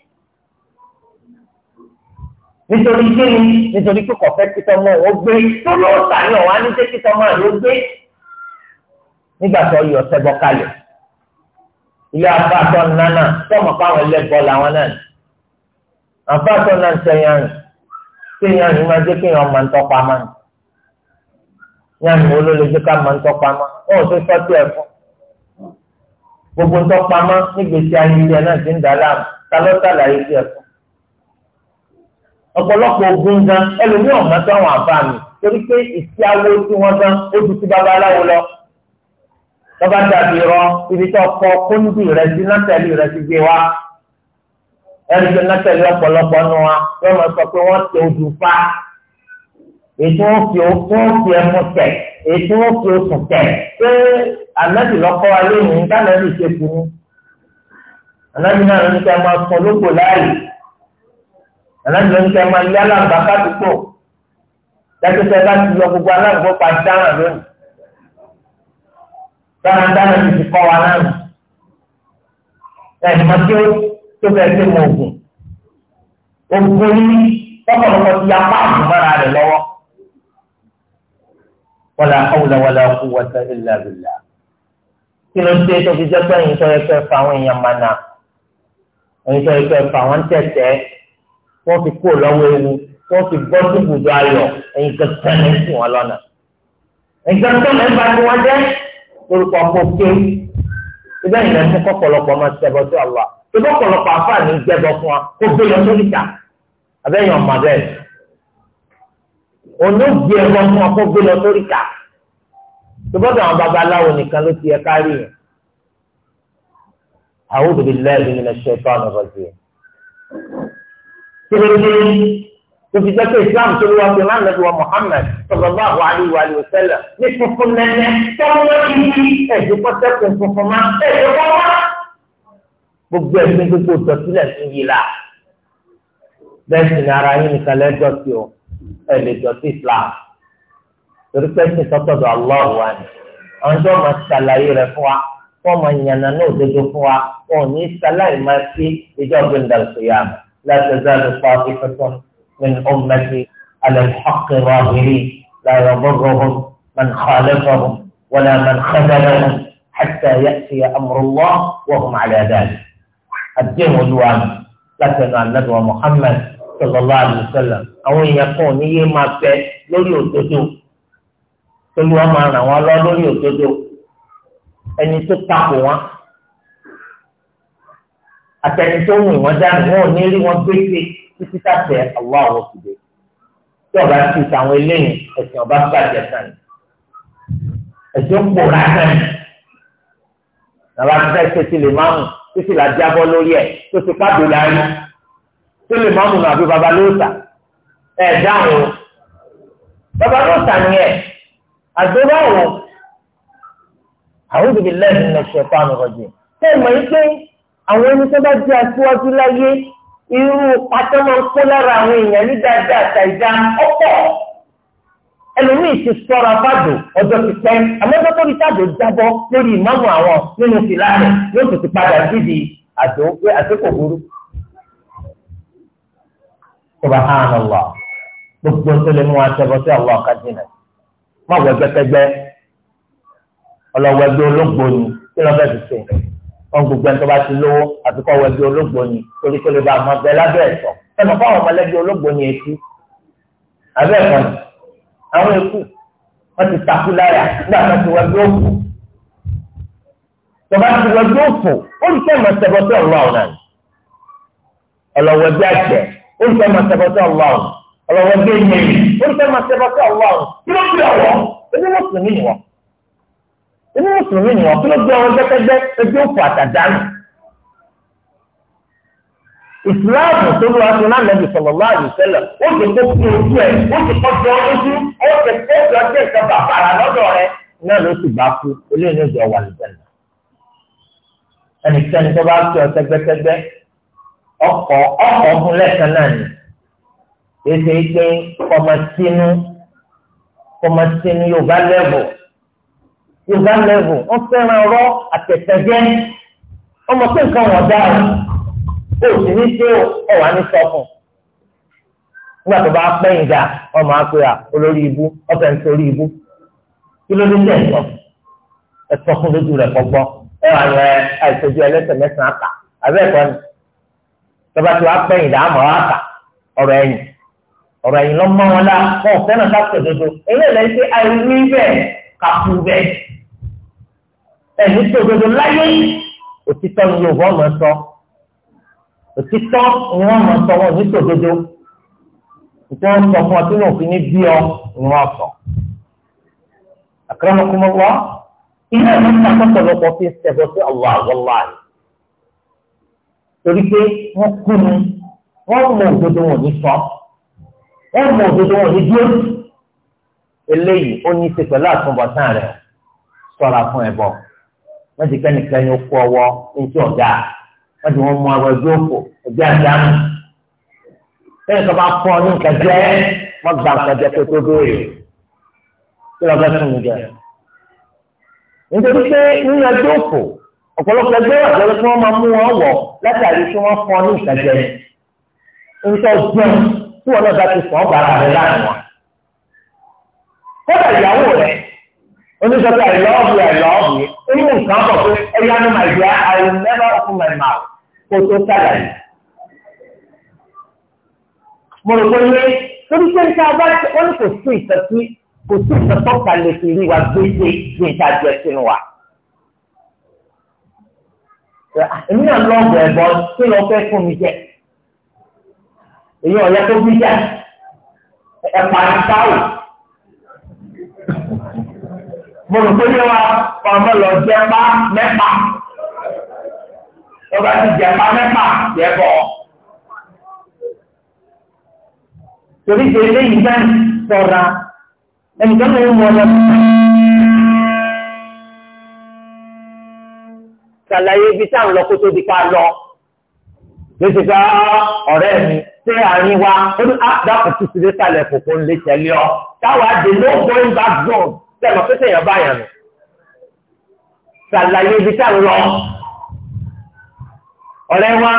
nítorí kíni nítorí kíkọ̀ fẹ́ kíkọ́ mọ́ ò gbé tó ló sàní ọ̀wá ní jẹ́ kíkọ́ mọ́ àló gbé nígbà tó yọ sẹ́bọ̀ kalẹ̀ ilé afáàtọ̀ nánà tọ́mọ̀ fáwọn ẹlẹ́bọ̀ làwọn náà afáàtọ̀ náà sẹ́yìn àrùn sẹ́yìn àrùn máa jẹ́ kéèyàn máa ń tọ́pa máa ń yàrá ìwọ ló lè jẹ́ ká máa ń tọ́pa máa wọn ò tó sọ́tì fún gbogbo ń tọ́pa máa nígbèsí ayé náà ti ń dà láàmú ta ló sàlàyé sí ẹ̀fọ́ ọ̀pọ̀lọpọ̀ ogun gan ẹlòmíì ọ̀mọ́ sáwọn àbá mi torí pé ìsí awo tí wọ́n gan ó ju ti babaláwo lọ. lọ́ba dàbí rọ ibi tó kọ kóńdì rẹ sí nátàlí rẹ sí gbé wa ẹni tó nátàlí ọ̀pọ̀lọpọ̀ nu wa wọ́n mọ̀ sọ pé wọ́n tẹ ojú fa ètò wọn fi òkun fi ẹmu tẹ ètò wọn fi òkun tẹ pé anabi lọkọ alẹ́ yìí nígbà náà lè ṣe kú ni anabi náà ló ń tẹ máa sọ lóko láàyè aláǹdó ń tẹ́ máa lé alábàáká dúpọ̀ dákẹ́tẹ́ bá ti yọ gbogbo alábàápá dáràn lónìí dára dára ti ti kọ́ wa náà ẹ̀ẹ́dì máa tó tó bẹ́ẹ̀ tó mọ ògùn ògùn ní tọkọlọpọ ti apá àbùmọ́ra rẹ̀ lọ́wọ́ wala hawla wala quwwata illa billah kí ló dé tó fi jẹ́ pé ẹ̀yin tó yẹ kẹ́ àwọn èèyàn mánà ẹ̀yin tó yẹ kẹ́ àwọn tẹ̀tẹ̀ wọ́n fi kó lọ́wọ́ ewu wọ́n fi gbọ́ sí ibùdó ayọ̀ ẹ̀yin kankan ní sùn wọn lọ́nà. ẹ̀yin kankan ní bá tí wọ́n jẹ́ orúkọ kókè ibẹ̀ yìí lẹ́nu kọ́pọ̀lọpọ̀ máa ṣẹbọ sí ọlọ́wà ibẹ̀ ọ̀pọ̀lọpọ̀ àfààní jẹ́bọ fún wa kó gbé lọ sórí ìta abẹ́yẹn ọ̀ma bẹ́ẹ̀ olóògbé ẹ̀rọ fún wa kó gbé lọ sórí ìta tubọ́dọ̀ àwọn babaláwo nìkan ló ti ẹ kárí yẹn a'udhu billahi minash shaitanir rajim kéréje òfi jẹ́ pé islam tó wá pé lánàá bí wa muhammed sallallahu alaihi wa sallam ní funfun nẹ́nẹ́ tọ́wọ́ yìí ẹ̀jẹ̀ pọ́sẹ́kùn funfun máa ẹ̀jẹ̀ pọ́wọ́ gbogbo ẹ̀sìn gbogbo ìtọ́sílẹ̀ ń yí la bẹ́ẹ̀ sì ni ara yín nìkan lẹ́jọ́ sí o ẹ̀ lè jọ sí islam torí pé ẹ̀sìn sọ́tọ̀dọ̀ allah wa ni àwọn tó máa ṣàlàyé rẹ̀ fún wa wọ́n máa yànnà náà òdodo fún wa wọn ò لا تزال طائفة من أمتي على الحق ظاهرين لا يضرهم من خالفهم ولا من خذلهم حتى يأتي أمر الله وهم على ذلك الدين الوان لكن ندوى محمد صلى الله عليه وسلم أو يكون kan ò ní yé كل bẹ lórí òdodo olúwa máa تتقوى atẹnitọ́nù wọn dànù wọn ò ní rí wọn gbèsè títí tàṣẹ àwọn àwọn òkùdé tí ọba ti sàwọn eléyìí ẹ̀sìn ọba bàjẹ́ sàn ẹ̀sìn òpòrá sàn nàbà tẹ́ ṣe ti lè máa mú títí là jábọ́ lórí ẹ̀ tó ti pàdé láàrín tó lè máa mú nà àbí baba lóòótà ẹ̀ dáhùn baba lóòótà ni ẹ̀ àgbébáwò àwọn òbí lẹ́yìn ní ṣẹ̀fọ́ àmì rọ̀jìn tẹ́ ẹ̀ mọ̀ àwọn ẹni tó bá jẹ́ aṣíwájú láyé irú pátọ́mọ̀ ń kó lára àwọn èèyàn ní dáadáa àtàìdá ọ̀pọ̀ ẹlòmíì ti sọ́ra fàdò ọjọ́ ti pẹ́ àmọ́jọ́ tó rí fàdò jábọ́ lórí ìmáàmù àwọn nínú fìlà rẹ̀ yóò tún ti padà síbi àdó pé àtẹ́kò burú. Subhanallah gbogbo tó lè mú wa ṣẹbọ sí àwọn ọ̀kadìnà má wọ ẹgbẹ́kẹgbẹ́ ọlọ́wọ́ ẹgbẹ́ ológbò ni kí lọ́ọ́ bẹ́ẹ̀ ti ṣe wọn gbogbo ẹni tó bá ti lówó àti kọ́ wẹbi olóògbò ni torí kó lè ba àmọ́ bẹ lábẹ́ ẹ̀tọ́ ẹnu fáwọn ọmọlẹ́bí olóògbò ni etí abẹ́ ẹ̀kọ́ ni àwọn ikú wọn ti takú láyà nígbà tó ti wẹbi òfò tó bá ti wẹbi òfò ó ń tẹ́ mọ̀ sẹ́bọ̀tọ̀ ọ̀rọ̀ àwọn náà ọlọ́wọ́ bí àjẹ́ ó ń tẹ́ mọ̀ sẹ́bọ̀tọ̀ ọ̀rọ̀ àwọn ọlọ́wọ́ bí ẹ̀yẹ ó ń tẹ́ mọ̀ sẹ́bọ̀tọ̀ ọ̀rọ̀ àwọn kí ló bí ọ̀rọ̀ inú mùsùlùmí ni wọn kí ló gbé wọn gbẹgbẹgbẹ ẹgbẹ́ òkú àtàdánù ìsìláàmù tó lù wáṣọ náà nàbì sallallahu alaihi wasallam ó ti kó kú ojú ẹ ó ti kọ jọ ojú ó ti kó jọ dé nǹkan bàbàrà lọ́dọ̀ rẹ náà ló sì bá kú eléyìí ló jọ wà lùbẹ̀nà ẹnikẹ́ni tó bá fi ọ̀sẹ̀ gbẹ́gbẹ́gbẹ́ ọkọ̀ ọkọ̀ ọ̀hún lẹ́ẹ̀kan náà ni èsì pé kọ́mọtínú kọ́mọtínú yóò bá lẹ́bùn yorùbá lẹ́vù wọ́n fẹ́ràn ọ̀rọ̀ àtẹ̀tẹ̀jẹ́ ọmọ pé nǹkan wọ̀ dá o ò sì ní ṣe ọ wà ní sọkùn nígbà tó bá pẹ́yìn dà wọ́n máa pe à olórí ibú ọ̀fẹ́ ń sórí ibú kí ló dé tẹ̀ sọ ẹ̀sọ́ fún lójú rẹ̀ kọ́ gbọ́ ẹ wà ní àìsèjú ẹlẹ́sẹ̀ mẹ́sàn-án kà abẹ́ ẹ̀kọ́ ni tọ́ba tí wàá pẹ́yìn dà á mọ̀ wá kà ọ̀rọ̀ ẹ̀yìn ọ̀rọ̀ ẹ̀yìn lọ́ mọ́ wọn lá wọn ò fẹ́ràn ká pẹ̀ dodo eléyìí lẹ́yìn pé àìrí kakú bẹ́ẹ̀. ẹ̀mí tó dodo láyé òtítọ́ ni yóò wọ́n mọ̀ sọ òtítọ́ ni wọ́n mọ̀ sọ wọn ní tó dodo ìtọ́ wọn sọ fún ọ tí wọn ò fi ní bí ọ ni wọn sọ. àkàràmọ́kùnmọ́ wá ilé ìwé ní akọ́sọ̀lọpọ̀ fi ń sẹ́gbọ́ sí ọ̀wọ́ àwọ̀lá rẹ̀ torí pé wọ́n kú ni wọ́n mọ òdodo wọn ní sọ wọ́n mọ òdodo wọn ní dúró eléyìí ó ní í ṣe pẹ̀lú àtúbọ̀tán rẹ̀ ṣọ́ra fún ẹbọ wọ́n ti kẹ́nìkan yóò kó ọwọ́ ní ti ọ̀gá wọ́n ti wọ́n mú ọwọ́ ẹgbẹ́ òkò ẹgbẹ́ àdámù sẹ́yìn kan bá fọ́ ní nǹkan jẹ́ wọ́n gba nǹkan jẹ́ tó tó béèrè kí lọ́ọ́ bẹ́ tún mi jẹ. nítorí pé nínú ẹgbẹ́ òkò ọ̀pọ̀lọpọ̀ ẹgbẹ́ ọ̀dọ́ tí wọ́n máa mú wọn wọ̀ látàrí tí wọ́n fọ́ ní nǹkan jẹ́ nǹkan jẹun kódà ìyàwó rẹ̀ oníṣẹ́pẹ́ I love you I love you inú nǹkan bọ̀ pé ẹ̀yà ni my dear I will never open my mouth kó tó sàlàyé. mo rò pé ní torí pé níta bá wọ́n ní kò sí ìtọ́sí kò sí ìtọ́sọ́ kalẹ̀ sí ìwà gbèsè ní ìta jẹ sínú wa. èmi náà lọ́ọ̀bù ẹ̀bọ tí lọ́ọ́ fẹ́ fún mi jẹ èyí ọ̀yá tó bí jẹ ẹ̀pà ń táwò mo rò pé yẹ wa ọmọ lọ jẹ pa mẹ́pa ọba ti jẹ pa mẹ́pa jẹ bọ̀ torí ṣe eléyìí bẹ́ẹ̀ sọ̀ra ẹnìkan ló ń wọlé. Ṣàlàyé ibi tá à ń lọ kó tó di ká lọ. Lóṣù ká ọ̀rẹ́ mi ṣé àárín wa ó ní àdàpọ̀ ah, títí dé sàlẹ̀ kòkó ń lé tẹ̀lé ọ. Táwa dé no going back zone sẹ́mi pé sèèyàn bá yàn nù ṣàlàyé ibi tá à ń lọ ọ̀rẹ́ wa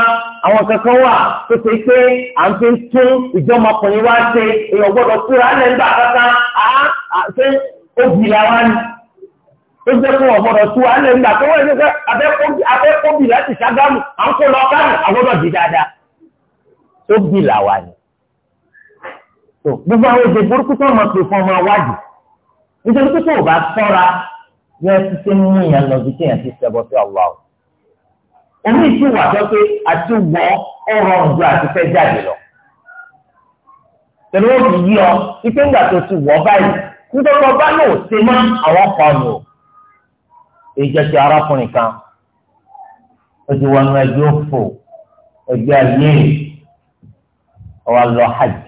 àwọn kankan wà tó ṣe pé à ń fi tún ìjọmọkùnrin wa ṣe èèyàn gbọ́dọ̀ kúra ẹ̀ ń gbà kankan á ṣe obì làwa ni ó jẹ́ fún ọ̀gbọ́dọ̀ tú wa ẹ̀ ń gbà tó wọ́n ṣe abẹ́kọ́bì láti ṣàgámù à ń kó lọ kánù àgbọ́dọ̀ di dáadáa tó bì làwa ni. gbogbo àwọn èdè burúkú tó máa pè fún ọmọ wájú nítorí pé kò bá tọ́ra yẹ ti ṣe mú yẹn lọ bí kéèyàn ti ṣẹbọ sí ọlọ́ o. omi ti wà tó pé àti wọ ọrọ̀ ọ̀dọ́ àti fẹ́ jáde lọ. pẹ̀lú òbí yí ọ ike ńgbà tó ti wọ̀ báyìí nítorí ọba náà ṣe mọ́ àwọn kan nù. ìjẹ́ ti arákùnrin kan ó ti wọnú ẹgbẹ́ òfò ẹgbẹ́ ayé ọ̀wá lọ hajj.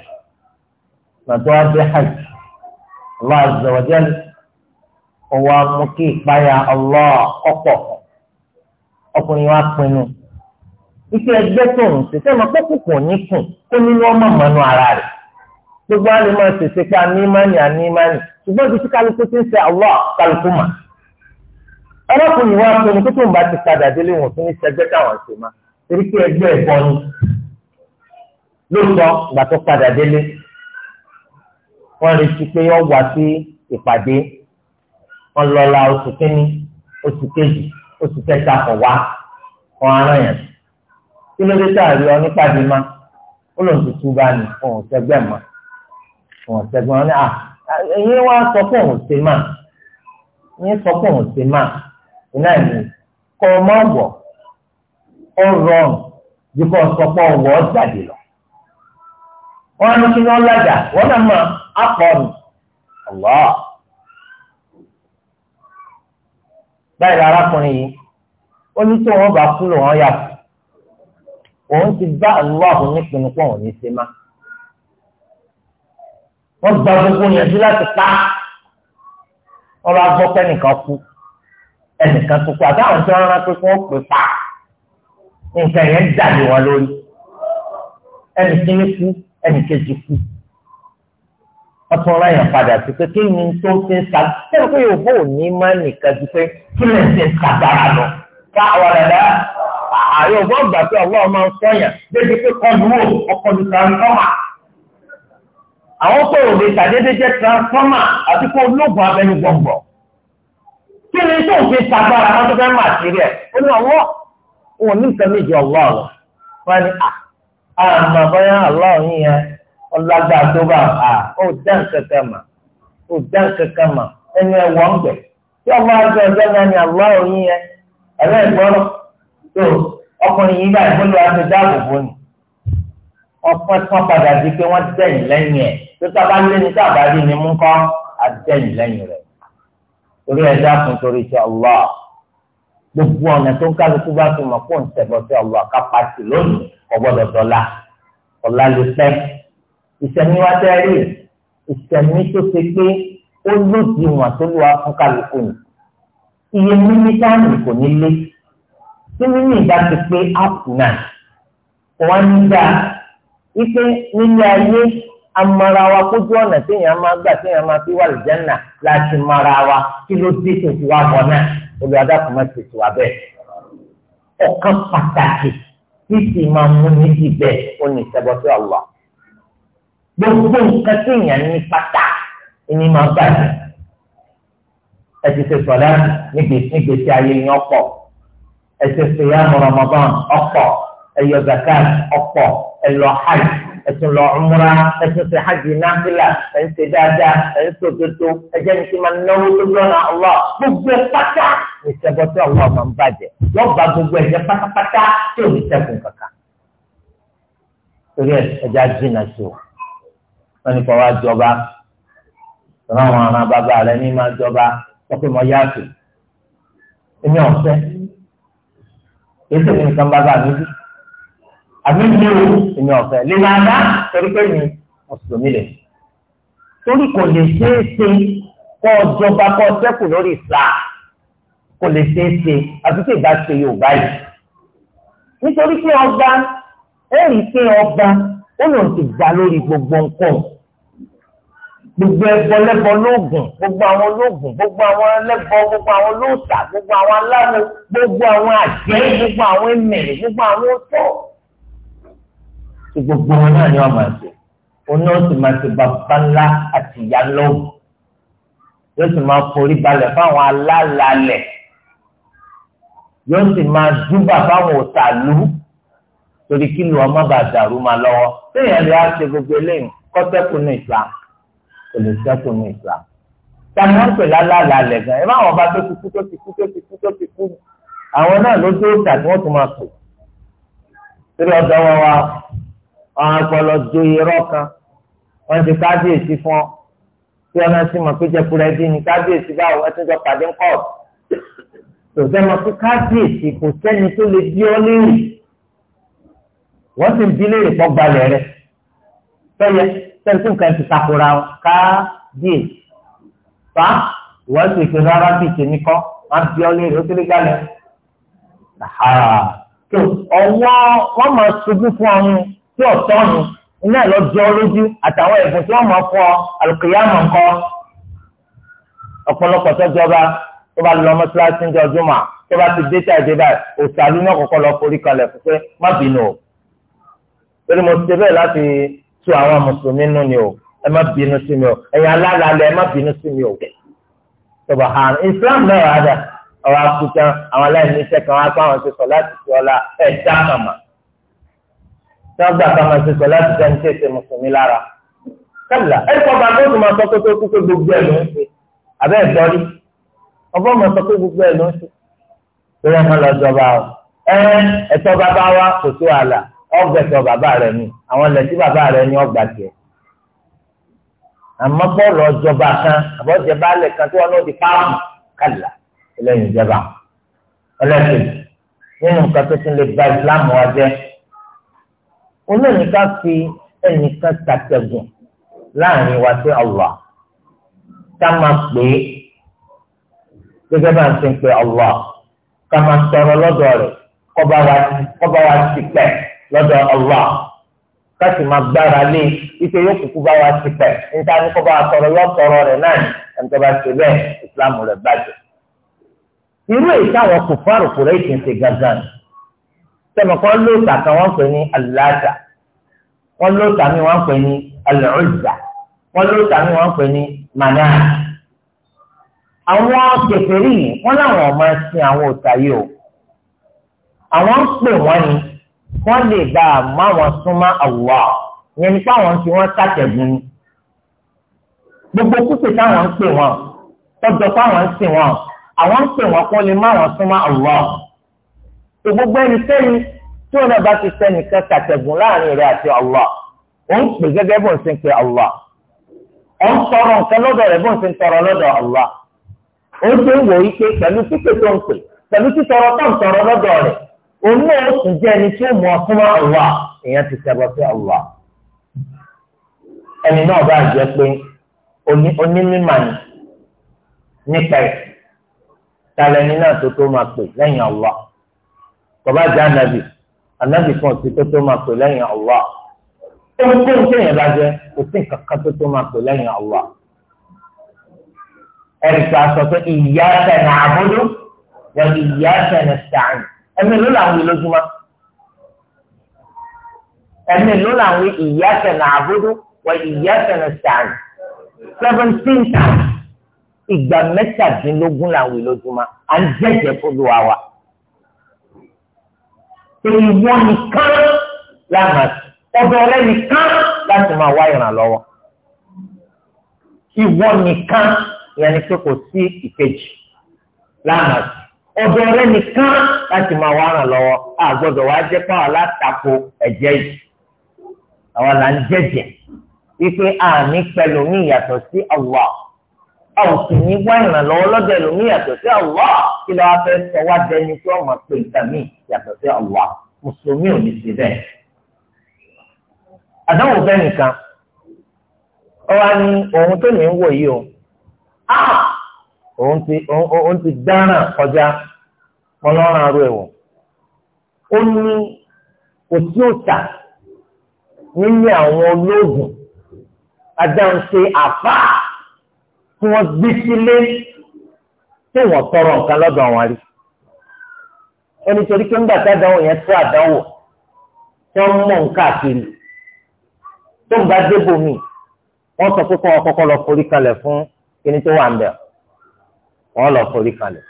màtọ́ wá hajj. Allah azza wa jal ọwọ́ amú kí ìpayà Allah ọ̀pọ̀ ọkùnrin wa pinnu ike ẹgbẹ́ tó ń ṣe sẹ́wọ̀n pọ́kùkùn ní kùn kó ní wọ́n mọ̀ mọ́nú ara rẹ̀ gbogbo àlè máa ṣèṣe pé ànímánì ànímánì ṣùgbọ́n ibi tí kálukú ti ń ṣe Allah kálukú mà ọlọ́kùnrin wa pinnu pé tóun bá ti padà délé wọn fún iṣẹ́ ẹgbẹ́ táwọn ṣe máa torí pé ẹgbẹ́ ẹ̀kọ́ ni lóòótọ́ ìgbà tó padà délé wọ́n retí pé wọ́n wá sí ìpàdé wọ́n lọ́la oṣù kínní oṣù kejì oṣù kẹta kọ̀ wá wọn aràn yẹn kí ló dé táàrí ọ nípàdé má ó lòun ti tú bá ní òun sẹgbẹ́ mọ́ òun sẹgbẹ́ wọn ní à ẹ̀yin wá sọ pé òun ṣe má ẹ̀yin sọ pé òun ṣe má iná ìlú kọ́ ọ má ọ rọrùn bí kò sọ pé òun jáde lọ wọn á ní kí wọn lajà wọn náà mọ apọ ni ọlọ báyìí arákùnrin yìí ó ní tí wọn bá kú lò wọn yà fún òun ti bá ọlọ́ọ̀hún nípinnu pọ̀ òun ní í ṣe má wọ́n gba gbogbo yẹnjú láti pa wọ́n bá gbọ́ pé kú ẹnìkan tó kú àtàwọn tí wọ́n rán pé kí wọ́n pè pa nǹkan yẹn dàbí wọn lórí ẹnìkan ní kú ẹnì kejì kú ọtún ọlá yẹn padà sí pé kí ni tó ń ṣe ń sa sẹ́yìn pé yòówó ní má nìkan ju pé kí lè ṣe ń sàgbára lọ ká ọ̀rẹ́ rẹ̀ àyè ògbọ́n gbà pé ọlọ́run máa ń sọ̀yàn débi pé kọlu wò ọkọ̀ ní transformer àwọn tó ò lè ṣàdédé jẹ́ transformer àti kó ológun abẹ́nu gbọ̀ngbọ̀ kí ni tó ń ṣe sàgbára lọ́dún fẹ́ máa ṣe rẹ̀ ó ní ọwọ́ òun ní nǹkan méjì ọlọ́run wọn ni à àmà báyà aláwọ̀ yín yẹn ọlágbà tó bá a ó dán kankan mà ó dán kankan mà ẹni ẹ wọ́n gbẹ tí ọmọ àgbẹ̀ ọjọ́ náà ni aláwọ̀ yín yẹn ẹ̀rọ ìgbọ́rọ̀ tó ọkùnrin yìí báyìí fún lóra ti dáàbò bò ní ọpẹ́ tán padà di pé wọ́n dẹ̀yìn lẹ́yìn ẹ̀ tó sábà lé ní sábà rí ni mú kọ́ àdẹ̀yìn lẹ́yìn rẹ̀ torí ẹ̀ dákun torí ti ọlọ́ọ̀ gbogbo ọ̀nà tó ń kálukú bá fi mọ̀ kó ń sí ọlọ́ọ̀ kápá sí lónìí ọgbọ́dọ̀ dọ̀la ọ̀la ló pẹ́ ìsẹ̀mí wa tẹ́ rí ìsẹ̀mí tó ṣe pé ó lòdì wọn tó lù wá fún kálukú ni iye mímí táàmì kò ní lé tí mímí ìgbà ti pé áàpù náà wọn ń gbà wípé nílé ayé amarawa kójú ọ̀nà téèyàn máa gbà téèyàn máa fi wà lìjánà láti marawa kí ló dé tòṣìwà bọ̀ náà olùwàdàkùnmọ́ tòṣìwà bẹ́ẹ̀ ọ̀kan pàtàkì títí máa mú ní ibẹ̀ ó ní ìṣẹ́bọ̀ sí ọ̀la. Gbogbo nǹkan tí èèyàn ní pátá ìní máa bàjẹ́. Ẹ ti ṣe sọ̀dá nígbèsí ayé yín ọ̀pọ̀. Ẹ ti ṣe ya Ramadan ọ̀pọ̀. Ẹ yọ zakat ọ̀pọ̀. Ẹ lọ hajj. Ẹ tún lọ umra. Ẹ tún ṣe hajj náfìlà. Ẹ ń ṣe dáadáa. Ẹ ń ṣe òdodo. Ẹ jẹ́ ní kí máa náwó lójú ọ̀nà ọ̀la. Gbogbo pátá ìṣẹ́gbọ́ tí àwọn ọmọ ń bàjẹ́ wọ́n gba gbogbo ẹ̀jẹ̀ pátápátá tí ò ní sẹ́kùn kankan. torí ẹja jìnnà sí o wọ́n ní kọ́ wá jọba ráwọn ará bàbá rẹ ní máa jọba wọ́n pè mọ́ yáàtò èmi ọ̀fẹ́ ètò mi nìkan bàbá mi bí àbí mi ò èmi ọ̀fẹ́ lílá dá torí pé mi mùsùlùmí lè torí kò lè ṣeé ṣe kọ́ jọba kọ́ sẹ́kù lórí ìsìláà kò lè ṣeé ṣe àti tí ìgbà ṣe yorùbá yìí nítorí pé ọba ó rí pé ọba ó lòun ti gbà lórí gbogbo nǹkan gbogbo ẹbọ lẹbọ lóògùn gbogbo àwọn lóògùn gbogbo àwọn lẹbọ gbogbo àwọn lóòtà gbogbo àwọn aláwo gbogbo àwọn àjẹ́ gbogbo àwọn ẹmẹrẹ gbogbo àwọn ọtọ gbogbo wọn náà ni wọn máa ṣe oní ọsùn máa ṣe bàbá ńlá àti ìyá lọ́wọ́ yóò sì máa forí balẹ̀ fáwọn alálàálẹ̀ yóò sì máa dúbà fáwọn òtàlú torí kí lu ọmọ bá dàrú máa lọ́wọ́ téèyàn lè á ṣe gbogbo eléyìí kọ́ sẹ́kù ní Islam kò lè sẹ́kù ní Islam tani wọn pè lálàlà lẹ gan ẹ bá wọn bá tó ti kú tó ti kú tó ti kú tó ti kú àwọn náà ló dé òòtà tí wọn tún máa pè síbi ọ̀dọ̀ wọn wá wọn àgbọlọ do irọ́ kan wọn ti kábíyèsí fún ọ tí wọn náà sì mọ pé jẹkulẹ dín ní kábíyèsí báwo ẹ tún jọ pàdé ńkọ tòtẹ́ mọ fún kábíyèsí kò sẹ́ni tó lè bí ọ léèrè wọ́n sì ń bí léèrè pọ́ gbalẹ̀ rẹ tọ́yẹ sẹ́ni tó nǹkan ti takora kábíyèsí fa wọ́n sì fi rárá bí tèmi kọ́ wọ́n bí ọ léèrè ó tó lè gbalẹ̀ tó ọwọ́ wọ́n máa ṣubú fún ọrùn tí ọ̀tọ́ ọ̀run iná ẹ̀ lọ jọ ọ lójú àtàwọn ẹ̀bùn tí wọ́n máa fọ àlùkìyàmọ̀ nǹkan ọ̀pọ̀lọpọ̀ tó jọba tó bá lọ mọ́ṣáláṣí ní ọjọ́ mà tó bá ti dé tà dé báyìí òṣàlù náà kọ́kọ́ lọ forí kalẹ̀ fún pé má bínú o torí mo ṣe bẹ́ẹ̀ láti tu àwọn mùsùlùmí nù ni o ẹ má bínú sí mi o ẹ̀yin alálàálẹ̀ ẹ má bínú sí mi o tọba ha Islam náà wà dà ọ̀rọ̀ akutan àwọn aláìní iṣẹ́ kan wá fáwọn ṣe sọ láti ṣe ọlá ẹ̀ dá kàmà tí wọ́n gbà fáwọn ṣe sọ láti ṣe ń tẹ̀sẹ̀ mùsùlùmí lára kálá ẹ̀ kọ́ bá tó tó máa sọ pé kó kó ọgbọ́n mọ̀ sọ pé gbogbo ẹ̀ ló ń ṣe lórí ọmọ lọ́jọba o ẹ ẹ̀tọ́ bàbá wa kò tó àlà ọgbẹ̀tọ̀ bàbá rẹ̀ ni àwọn ilẹ̀ tí bàbá rẹ̀ ni ọgbà tiẹ̀ àmọ́ bọ́ọ̀lù ọjọba kan àbọ̀jẹ̀ baálẹ̀ kan tí wọn náà di páàmù kàlà ẹlẹ́yìn ìjọba ẹlẹ́sìn nínú nǹkan tó ti lè gba ìsìlámù wa jẹ́ olóòníkà fi ẹnìkan tàtẹ̀gùn láàrin wa sí Allah ká máa pè é gẹ́gẹ́ bá ń sìn pé Allah ká máa sọ̀rọ̀ lọ́dọ̀ rẹ̀ kọ́ba wa ti pẹ̀ lọ́dọ̀ Allah ká sì máa gbára lé ike yóò kúkú bá wa ti pẹ̀ níta ní kọ́ba wa sọ̀rọ̀ lọ́sọ̀rọ̀ náà ni ẹnìkan ṣe bẹ́ẹ̀ ìsìlámù rẹ̀ bàjẹ́. irú èyí táwọn kò fárò kò rẹ̀ ìkìntì gangan sẹ́mi kan kan wọ́n pè ní aláàtà wọ́n lóòótà mi wọ́n pè ní alùzà wọ́n lóòótà mi wọ́n pè ní manáà àwọn kẹfẹ́rì yìí wọ́n láwọn máa sin àwọn òtàyè o àwọn ń pè wọ́n ni wọ́n lè bá a má wọn súnmọ́ àwùwá yẹn ni fáwọn tí wọ́n sàtẹ̀gùn ni gbogbo kúkú táwọn ń pè wọ́n tọ́jọ́ fáwọn ń sìn wọ́n àwọn ń pè wọ́n kó lè má wọn súnmọ́ àwùwá o gbogbo ẹnikẹ́ni tí wọn bá ti sẹ́nìkan sàtẹ̀gùn láàrin rẹ̀ àti àwùwá ó ń pè gẹ́gẹ́ bó ń sin pé àwùwá ó ń tọrọ nǹkan lọ́dọ̀ rẹ̀ bó ń sin tọrọ lọ́dọ̀ àwùwá ó ṣe wò yí pé pẹ̀lú pípé tó ń pè pẹ̀lú títọrọ tó ń tọrọ lọ́dọ̀ rẹ̀ òun náà sì jẹ́ ẹni tí ó mú ọ fún Allah èèyàn ti ṣẹbọ sí Allah ẹni náà bá jẹ́ pé onímọ̀ nípa ẹ̀ talẹ̀ni náà tó tó máa pè lẹ́yìn Allah bàbá jẹ́ ànábì ànábì kan sí tó tó máa pè lẹ́yìn Allah ó ń tó ń tẹ̀yìn bá jẹ́ òfin kankan tó tó máa pè lẹ́yìn Allah ẹ̀ríkà sọ pé iyyaka na'budu wa iyyaka nasta'in ẹ̀mí ló làwọn ìlójúmọ́ ẹ̀mí ló làwọn iyyaka na'budu wa iyyaka nasta'in seventeen times ìgbà mẹ́tàdínlógún làwọn ìlójúmọ́ à ń jẹ́jẹ́ fúlù wa wa èyí wọ́n nìkan lánàá ọ̀dọ̀ ọ̀rẹ́ nìkan láti máa wá ìrànlọ́wọ́ ìwọ nìkan ìyẹn ni pé kò sí ìkejì lánàá ọ̀dọ̀ rẹ nìkan láti máa wá ràn lọ́wọ́ àgbọ́dọ̀ wá jẹ́ pàwọn látakò ẹ̀jẹ̀ yìí àwọn là ń jẹ́jẹ́ wípé àní pẹ̀lú mi yàtọ̀ sí Allah a ò sì ní wá ìrànlọ́wọ́ lọ́dọ̀ ẹ̀lú mi yàtọ̀ sí Allah kí ló wá fẹ́ sọ wá dẹni tí wọ́n máa pè nǹkan mi sí Allah mùsùlùmí ò ní sí bẹ́ẹ̀. àdánwò bẹ́ẹ̀ nìkan ọ wá ní ohun tó ní ń wò yìí o Ah! òun ti òun ti dáná kọjá ọlọ́run arú ẹ̀wọ̀n ó ní kò sí òòtà nílé àwọn olóògùn adáhùn ṣe àfà tí wọ́n gbé sílé tí wọ́n tọrọ nǹkan lọ́dọ̀ àwọn rí ẹni torí pé ńgbà tádàwọ̀ yẹn tó àdánwò tí wọ́n mọ̀ nǹkan àkiri tó ń bá débò mí wọ́n sọ pé kọ́ ọ kọ́kọ́ lọ forí kalẹ̀ fún kíni tó wà ń bẹ̀ wọ́n lọ forí kalẹ̀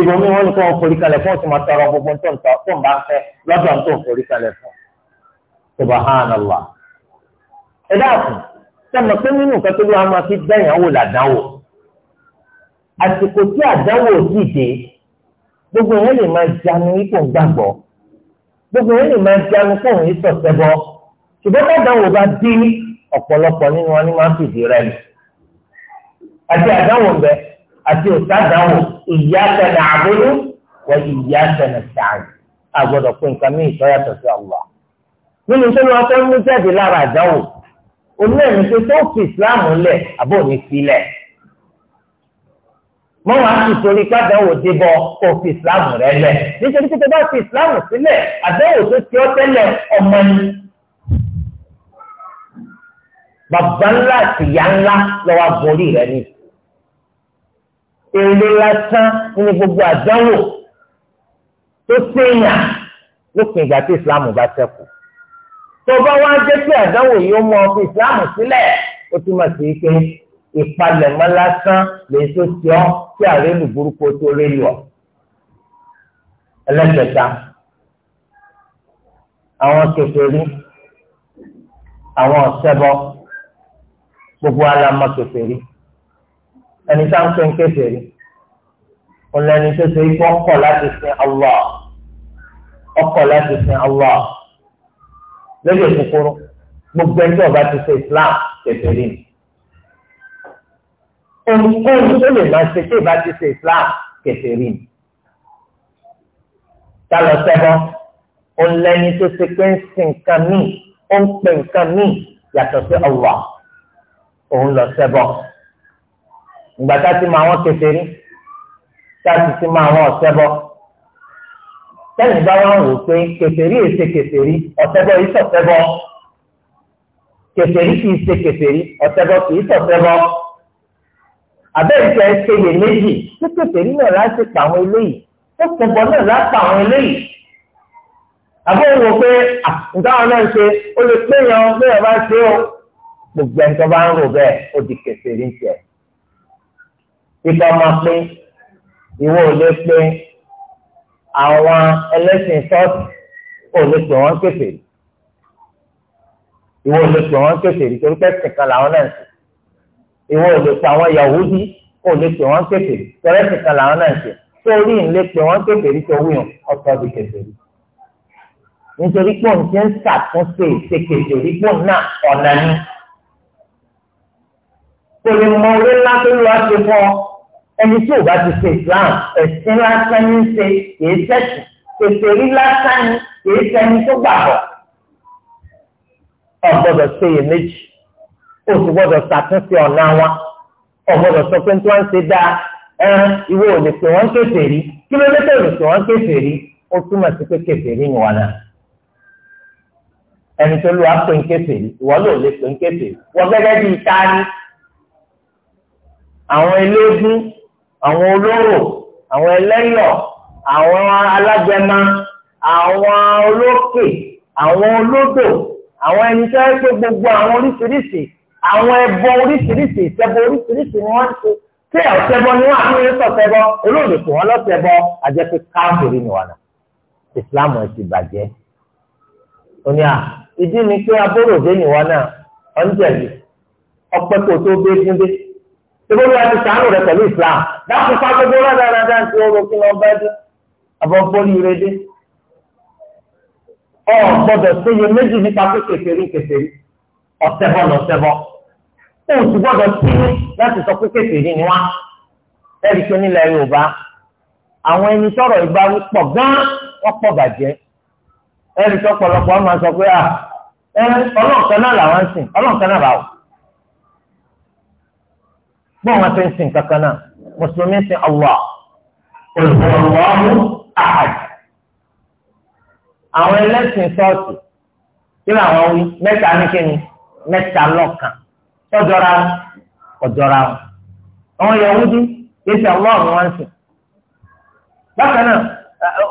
ibò mi wọ́n ní kó wọ́n forí kalẹ̀ fún ọ̀tún àtọ̀rọ̀ gbogbo tó ń tọ́ tó ń bá fẹ́ lọ́dọ̀ tó ń forí kalẹ̀ fún subahánàlá ẹ dáàbò sẹ́mi pé nínú nǹkan tó ló wà máa fi dẹ́yìn àwò làdánwò àsìkò tí àdánwò dìde gbogbo yẹn lè máa jánu ipò gbàgbọ́ gbogbo yẹn lè máa jánu fóun yìí sọ̀tẹ́ bọ́ ṣùgbọ́n bá bá dín ọ̀pọ̀lọpọ̀ nínú wọn ni máa fìdí rẹ̀ lù àti àdáwò bẹ àti òsàdáwò iyyaka na'budu wa iyyaka nasta'in àgbọ̀dọ̀ pé nǹkan mí ìtọ́yàtọ̀ sí Allah. nínú tó ní wọn fẹ́ mú jáde lára àdáwò oní ẹ̀mí tó tó fi Islam lẹ̀ àbò ní sílẹ̀ mọ wàá sì torí kádáwò débọ kó fi Islam rẹ lẹ̀ nítorí pé bá fi Islam sílẹ̀ àdáwò tó ti ọ́ tẹ́lẹ̀ ọmọ ni bàbá ńlá àti ìyá ńlá lọ́wọ́ aborí rẹ nìyí èrè lásán ní gbogbo àdánwò tó séèyàn lópin ìgbà tí ìsìláàmù bá ṣẹ́kù tó bá wá jẹ́ kí àdánwò yìí ó mọ ọkọ ìsìláàmù sílẹ̀ ó túmọ̀ sí pé ìpalẹ̀mọ́ lásán lè tó ti ọ́ kí àrélu burúkú tó rí lọ. ẹlẹ́kẹta àwọn kèfèrí àwọn ọ̀sẹ́bọ gbogbo alamọ kèfèrí ẹni tá ń pè ń kèfèrí ọlẹni tó ṣe ikú ọkọ láti sin Allah ọkọ láti sin Allah lórí òkúkúrú gbogbo ẹjọ ọba ti ṣe Islam tètè rí mi ohun tó lè máa ṣe tí ìbá ti ṣe Islam tètè rí mi lọ sẹ́bọ́ ọlẹni tó ṣe pé ń sin nǹkan míì ó ń pè nǹkan míì yàtọ̀ sí Allah òun lọ sẹ́bọ̀ ìgbà tá ti máa wọ́n tètè rí láti sí máa wọn ọ̀sẹ̀ bọ́. sẹ́yìn bá wọn wò pé kèfèrí èsè kèfèrí ọ̀sẹ̀ bọ́ yìí sọ̀sẹ̀ bọ́ kèfèrí kìí ṣe kèfèrí ọ̀sẹ̀ bọ́ kìí sọ̀sẹ̀ bọ́. àbẹ́ẹ̀kẹ́ ṣeyè méjì tí kèfèrí náà láti pa àwọn eléyìí ó kẹ̀bọ̀ náà láti pa àwọn eléyìí. àbẹ́ẹ̀ wò pé àtúndáwọn náà ṣe ó lè péyàn péyàn bá ṣe ó gbogbo ẹni tó bá ń rò bẹ́ẹ̀ ó di kèfèrí ń tẹ̀. ìgbà máa pín ìwọ ò lè pe àwọn ẹlẹ́sìn ṣọ́ọ̀tì ò lè pè wọ́n kèfèrí ìwọ ò lè pè wọ́n kèfèrí torí pẹ́sìn kan làwọn náà ṣe ìwọ ò lè pe àwọn Yahudi ò lè pè wọ́n kèfèrí torí pẹ́sìn kan làwọn náà ṣe torí ń lè pè wọ́n kèfèrí tó wíwọ̀n ọ̀tọ̀ di kèfèrí nítorí pé òun ti ń ṣàtúnṣe ìṣèkèjì òdìpọ̀ náà ọ̀nà ni kò lè mọ orí ńlá tó lọ́ọ́ ṣe fún ọ ẹni tí ò bá ti ṣe Islam ẹ̀sìn lásán ní ṣe kìí ṣẹ̀sìn pèsè rí lásán ní kìí ṣẹni tó gbàgbọ́. o gbọ́dọ̀ ṣe iye méjì o sì gbọ́dọ̀ ṣàtúnṣe ọ̀nà wọn o gbọ́dọ̀ sọ pé tí wọ́n ń ṣe dáa ẹran ìwọ ò lè pè wọ́n kéfè rí kí ló dé tó lè pè wọ́n kéfè rí ó túmọ̀ sí pé kéfè rí ìwọ náà ẹni tó lù wá pé ń kéfè rí ìwọ ló lè pè ń kéfè rí wọ́n gẹ́gẹ́ bíi àwọn olóró àwọn ẹlẹ́yọ̀ àwọn alágbẹ̀mọ àwọn olókè àwọn olódò àwọn ẹni tó ń pè gbogbo àwọn oríṣiríṣi àwọn ẹbọ oríṣiríṣi ìṣẹbọ oríṣiríṣi ni wọ́n ń ṣe tí ọ̀sẹ̀bọ ni wọ́n àfihàn sọ̀sẹ̀bọ olóòdò kò wọ́n lọ́sẹ̀bọ àjẹpé káàkiri ni wọ́n Islam ẹ̀ ti bàjẹ́ ó à ìdí ni pé abóròdé ni wọ́n náà ọ̀ ń jẹ̀bi ọpẹ́ kò tó gbé gúndé ìgbóni àti sàánù rẹ pẹ̀lú Islam dákun pa gbogbo rádaràdà tí ó ro kí lọ bá dé àbọ̀nfọ́lì rẹ dé ọ gbọ́dọ̀ séye méjì nípa pé kèfèrí kèfèrí ọ̀sẹ̀bọ̀ lọ̀sẹ̀bọ̀ ó sì gbọ́dọ̀ sí láti sọ pé kèfèrí ni wá ẹ̀rí pé nílẹ̀ Yorùbá àwọn ẹni sọ̀rọ̀ ìgbà pọ̀ gan wọ́n pọ̀ bàjẹ́ ẹ̀rí sọ pọ̀lọpọ̀ ọmọ sọ pé ọlọ́ọ̀kan náà làwọn sìn ọlọ́ọ̀kan náà báwò gbọ́n wọn fi ń sìn kankan náà mùsùlùmí ń sìn allah olùkọ́lọ́wọ́ ahad àwọn ẹlẹ́sìn sọ́ọ̀tù kí làwọn wí mẹ́ta ní kíni mẹ́ta lọ́kàn tọ́jọ́ra ọ̀jọ́ra wọn àwọn yahudi kì í sìn allah ni wọ́n ń sìn bákan náà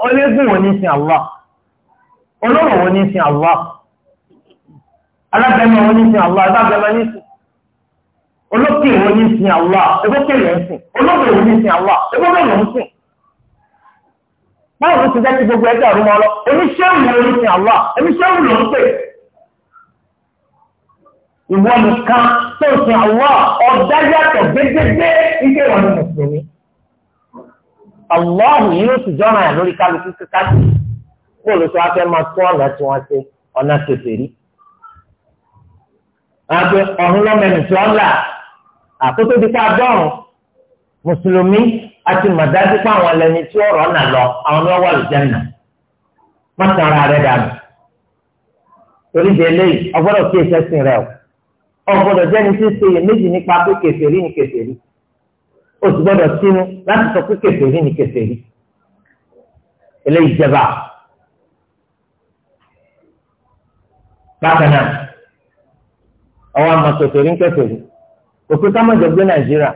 ológun wo ni sìn allah olówó wo ni sìn allah alábẹ́mọ̀ wo ni sìn allah alábẹ́mọ̀ ni sìn olókè wo ní sin Allah ẹgbẹ́ kẹlẹ̀ ń sìn olókè wo ní sin Allah ẹgbẹ́ kẹlẹ̀ ń sìn. báwo ló ti jẹ́ kí gbogbo ẹgbẹ́ àrùn wọn lọ oníṣẹ́ òun ló ní sin Allah oníṣẹ́ òun ló ń pè. ìwọ nìkan tó sin Allah ọ̀dá yàtọ̀ gbégbégbé ike wọn ni mùsùlùmí. Allah yìí ló ti jọ́ra yà lórí kálukú kíkásí kó ló sọ afẹ́ máa tó ọ̀nà tí wọ́n ṣe ọ̀nà kẹfẹ́rí. àgbẹ̀ ọ̀hún lọ́mọ ẹni tí wọ́n là àkótó di ká dọ́rùn mùsùlùmí àti màdájú pé àwọn ẹlẹ́ni tí ọ̀rọ̀ nà lọ àwọn ni wọ́n wà lùjẹ́nà má tara rẹ̀ dànù torí di eléyìí ọgbọ́dọ̀ kí ẹsẹ̀ sìn rẹ̀ o ọgbọ́dọ̀ jẹ́ni tí ń ṣe iyèméjì nípa pé kèfèrí ni kèfèrí o sì gbọ́dọ̀ sínú láti sọ pé kèfèrí ni kèfèrí eléyìí jẹba bákan náà ọwọ́ àmọ̀ kèfèrí ń kèfèrí òpin ká má jọ gbé nàìjíríà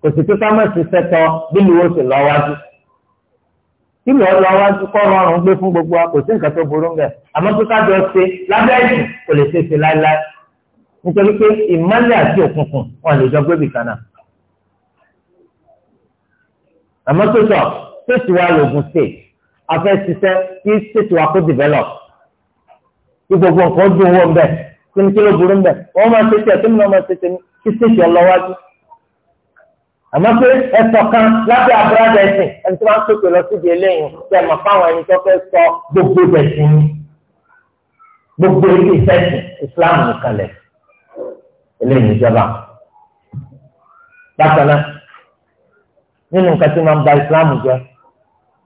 kò sì pé ká má ti sẹ́tọ̀ bí lùwọ́ sì lọ wájú kí lọ́ọ́ lọ wájú kọ́ rọrùn gbé fún gbogbo wa kò sí nǹkan tó burú ń bẹ̀ àmọ́ pé ká jọ ṣe lábẹ́ ẹ̀jù kò lè ṣe ṣe láéláé nítorí pé ìmọ́lẹ̀ àti òkùnkùn wọn lè jọ gbé bìkan náà àmọ́ tó sọ state wa lògùn state afẹ́ ṣiṣẹ́ kí state wa kó develop kí gbogbo nǹkan dùn wọ́n bẹ́ẹ̀ kí ni kí ló burú mbẹ wọn máa ṣe tiẹ̀ kí ni wọn máa ṣe tiẹ̀ ní kí stéèjì ọlọwájú àmọ́ pé ẹ̀tọ́ kan lábẹ́ abúlé ẹsìn ẹni tí wọn pèpè lọ síbi eléyìí tí ẹ fáwọn ẹni tó fẹ́ sọ gbogbo ẹsìn ni gbogbo ìfẹsìn islam nìkan lẹ eléyìí ìjọba bákan náà nínú nǹkan tí wọn ba islam jẹ́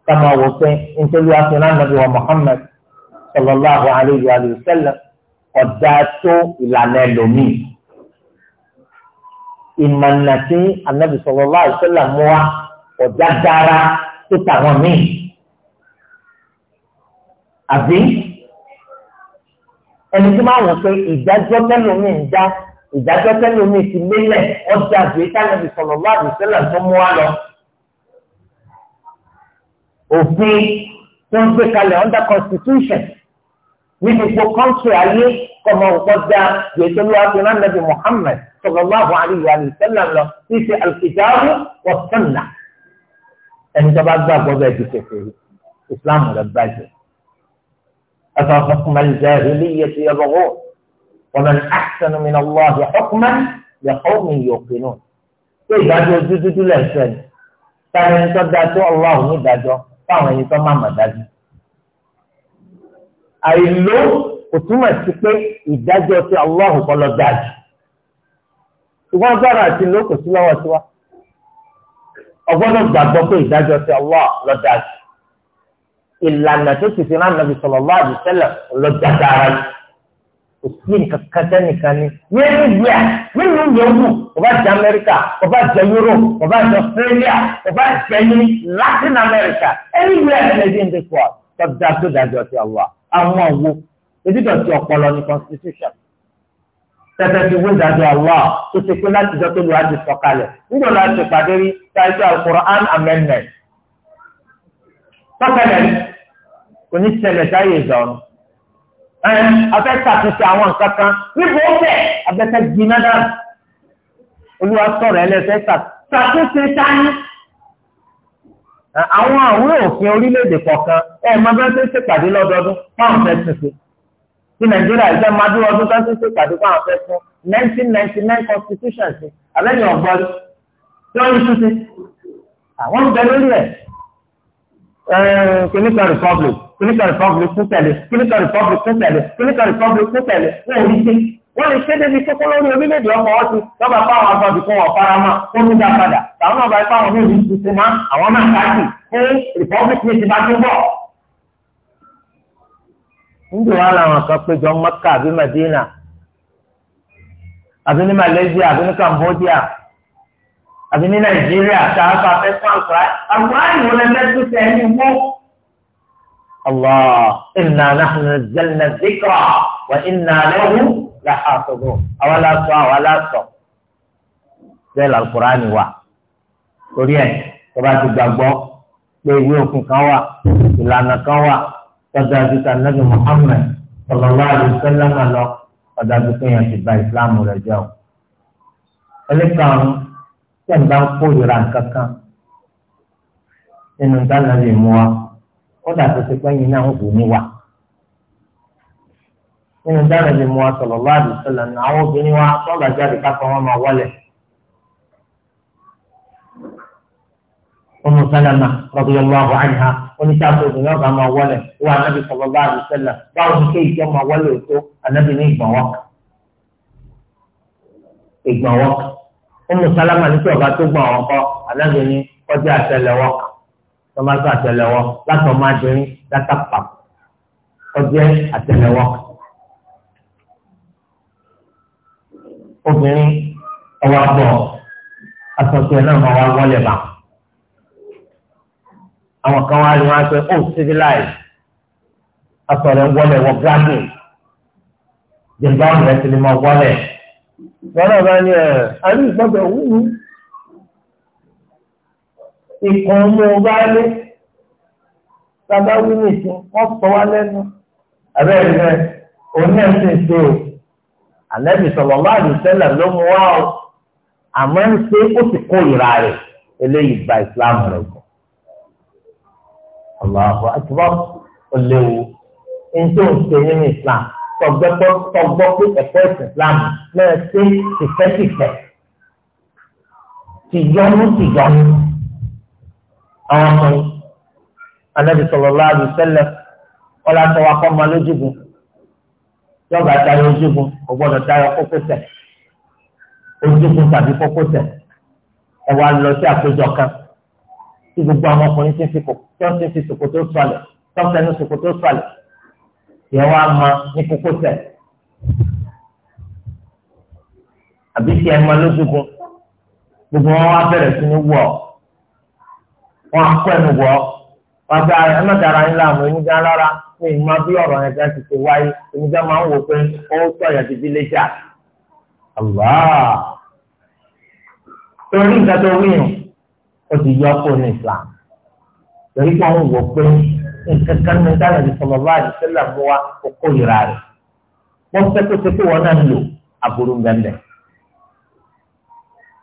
ká máa wò pé nítorí wọn fi rán nàbí wa muhammad sallallahu alayhi wa sallam ọ̀dà tó ìlànà ẹlòmíì ìmọ̀nà tí anabi sallallahu alaihi wasallam mú wa ọ̀dà dára tó tàwọn míì àbí ẹni tí máa wọ̀ pé ìdájọ́ mẹ́lòmíì ń dá ìdájọ́ tẹ́lómi ti lélẹ̀ ọjà àgbè tánàbì sallallahu alaihi wasallam tó mú wa lọ. òfin tó ń gbé kalẹ̀ under constitution ní gbogbo kọ́ńtì ayé kọmọ nkọjá gbèsè lọ àti nàbì muhammed sallallahu alaihi wa sallam lọ fífi alkitabu wa sunna ẹni tó bá gbàgbọ́ bẹ́ẹ̀ di kẹfẹ́rẹ́ islam rẹ̀ bàjẹ́ afa hukma al-jahiliyyati yabghun wa man ahsanu min allahi hukman li qawmin yuqinun pé ìdájọ́ dúdúdú lẹ́sẹ̀ ni táwọn tó dáa tó ní ìdájọ́ fáwọn ẹni tó má mà dájú àìló kò túmọ̀ sí pé ìdájọ́ ti Allahu kọ́ lọ dájú ṣùgbọ́n agbára àti ìlú kò sí lọ́wọ́ tiwa ọgbọ́dọ̀ gbàgbọ́ pé ìdájọ́ ti Allah lọ dájú ìlànà tó ti fi rán nàbì sallallahu alaihi wasallam lọ dáadáa rẹ kò sí nǹkan kẹtẹ nìkan ni ní ẹni bíà nínú yòówù kò bá jẹ Amẹ́ríkà kò bá jẹ Europe kò bá jẹ Australia kò bá jẹ ní Latin America ẹni bíà ẹni bíà ẹni bíà kò dájú dájọ́ ti Allah àwọn ìdídọ̀tí ọpọlọ ní constitution tẹ̀tẹ̀ ti wé ìdájọ́ Allah tó ṣe pé láti jọ tó lu àjò sọ̀kalẹ̀ nígbà láti ṣe pàdé rí ṣáájú al-Qur'an amendment sọ̀kalẹ̀ oníṣẹ̀lẹ̀ táyé ìjọ̀rùn ẹ̀ afẹ́ ṣàtúnṣe àwọn nǹkan kan níbo bẹ̀ abẹ́fẹ́ gbiná dáa olúwa sọ̀rọ̀ ẹlẹ́fẹ́ ṣàtúnṣe táyé àwọn àwọn òfin orílẹ̀-èdè kọ̀ọ̀kan ẹ̀ máa bẹ́ẹ̀ ṣe pàdé lọ́dọọdún fáwọn fẹ́ẹ́ tuntun ní nàìjíríà ìjọba máa dúró ọdún tán ti ṣe pàdé fún àwọn fẹ́ẹ́ fún nineteen ninety nine constitution sí abẹ́yẹn ọ̀gbọ́n tí wọ́n ń tún sí àwọn ń bẹ lórí ẹ̀ clinical republic clinical republic fún tẹ̀lé clinical republic fún tẹ̀lé clinical republic fún tẹ̀lé wọ́n rí sí wọ́n lè ṣe débi kókó lórí orílẹ̀-èdè ọkọ̀ wọn ti lọ́ba fáwọn agbábi kan wọ́n fara mọ́ kó ní dá padà tàwọn náà bá fáwọn ní ìlú ti ṣe máa àwọn náà káàkiri fún republic ní ti bá tó bọ̀ níbi wàá làwọn kan péjọ Mẹ́kà àbí Madina àbí ní Malaysia àbí ní Cambodia àbí ní Nàìjíríà káfà fẹsẹ̀ àkùrá àkùrá ìwọ lẹ mẹsùn sẹni wó. Allah inna nahnu nazzalna dhikra wa inna lahu lahafidhun àwa la sọ àwa la sọ bẹ́ẹ̀ làkùrá ni wà torí ẹ̀ tó ti gbàgbọ́ pé ìwé òkun kan wà ìlànà kan wà tọ́jà ju ta nabi muhammed sallallahu alaihi wasallam lọ ọ̀dà tó pé yẹn ti ba ìsìláàmù rẹ̀ jẹ́ o. ẹlẹ́kàn tí ẹ̀ ń bá ń kórìíra nǹkan kan nínú dáná lè mú wa ó dà tó ti pé yín náà ń hù níwà. nínú dáná lè mú wa sallallahu alaihi wasallam náà àwọn obìnrin wa tọ́jà jáde káfọ́ wọn máa wọlé. Umm Salama radiyallahu anha oníṣàkóso ní ọba máa wọlé wọ anábì sallallahu alaihi wasallam báwo ni kéyìí tó máa wọlé òtó anábì ní ìgbọ̀nwọ́ ìgbọ̀nwọ́ ọmọ sálámà nítorí ọba tó gbọ̀n àwọn kọ anábì ní kọjá àtẹlẹwọ́ tọmátò àtẹlẹwọ́ látọ̀ máa dín látàpà kọjá àtẹlẹwọ́ obìnrin ọwọ́ àbọ̀ asọ̀tún ẹ̀ náà máa wá wọlé àwọn kan wá rí oh, wọn pé ó civilized asọ̀rọ̀ ń wọlé wọ gánú jẹ̀ǹdà ọ̀rẹ́ ti ni mo wọlé wọn náà bá ní ẹ̀ eh, àní ìgbọ́dọ̀ wúwo ìkan mú un bá lé sábà wí nìkan wọ́n sọ wá lẹ́nu abẹ́rẹ́ rẹ̀ oní eh, ẹ̀sìn ṣe o ànábì sọ̀rọ̀ wá àdùsẹ́lẹ̀ ló mú wá o àmọ́ ń ṣe ó sì kó ìra rẹ̀ eléyìí ba ìsìlámù rẹ̀ jù. Allahu Akbar ó léwu njẹ́ ò ń ṣe nínú Islam tọgbẹ́pọ́ tọgbọ́ pé ẹ̀kọ́ ẹ̀sìn Islam náà ṣe tìfẹ́tìfẹ́ tìjọ́nú tìjọ́nú àwọn ọmọ yìí anabi sallallahu alaihi wasallam ọlọ́tọ̀ wa kọ́ ma lójúgun yọba tayọ ojúgun kò gbọdọ̀ tayọ kókósẹ̀ ojúgun tàbí kókósẹ̀ ẹ wá lọ sí àpéjọ kan tí gbogbo àwọn ọkùnrin ti fi kòtò ti fi sòkòtò sọlẹ̀ tọ́sẹ̀ ní sòkòtò sọlẹ̀ yẹ wá ma ní kókó sẹ̀ àbí tí ẹ ma lójúgun gbogbo wọn wá bẹ̀rẹ̀ sí ní wọ̀ wọn akọ ẹnu wọ̀ wọn bá ẹ má dara yín láàmú ẹni gán lára ní ìmọ̀ bí ọ̀rọ̀ yẹn gán ti ṣe wáyé ẹni gán máa ń wò pé ó sọ̀yà ti di lẹ́jà. torí nǹkan tó wíyàn ó ti yọ kó ní Islam torí kí wọ́n wò pé nǹkan kan ní dáná ní sọlọ́lá àdìsẹ́là mú wa kókó ìra rẹ̀ wọ́n fẹ́ kó ṣe pé wọ́n náà lò aburú gbẹ̀ndẹ̀.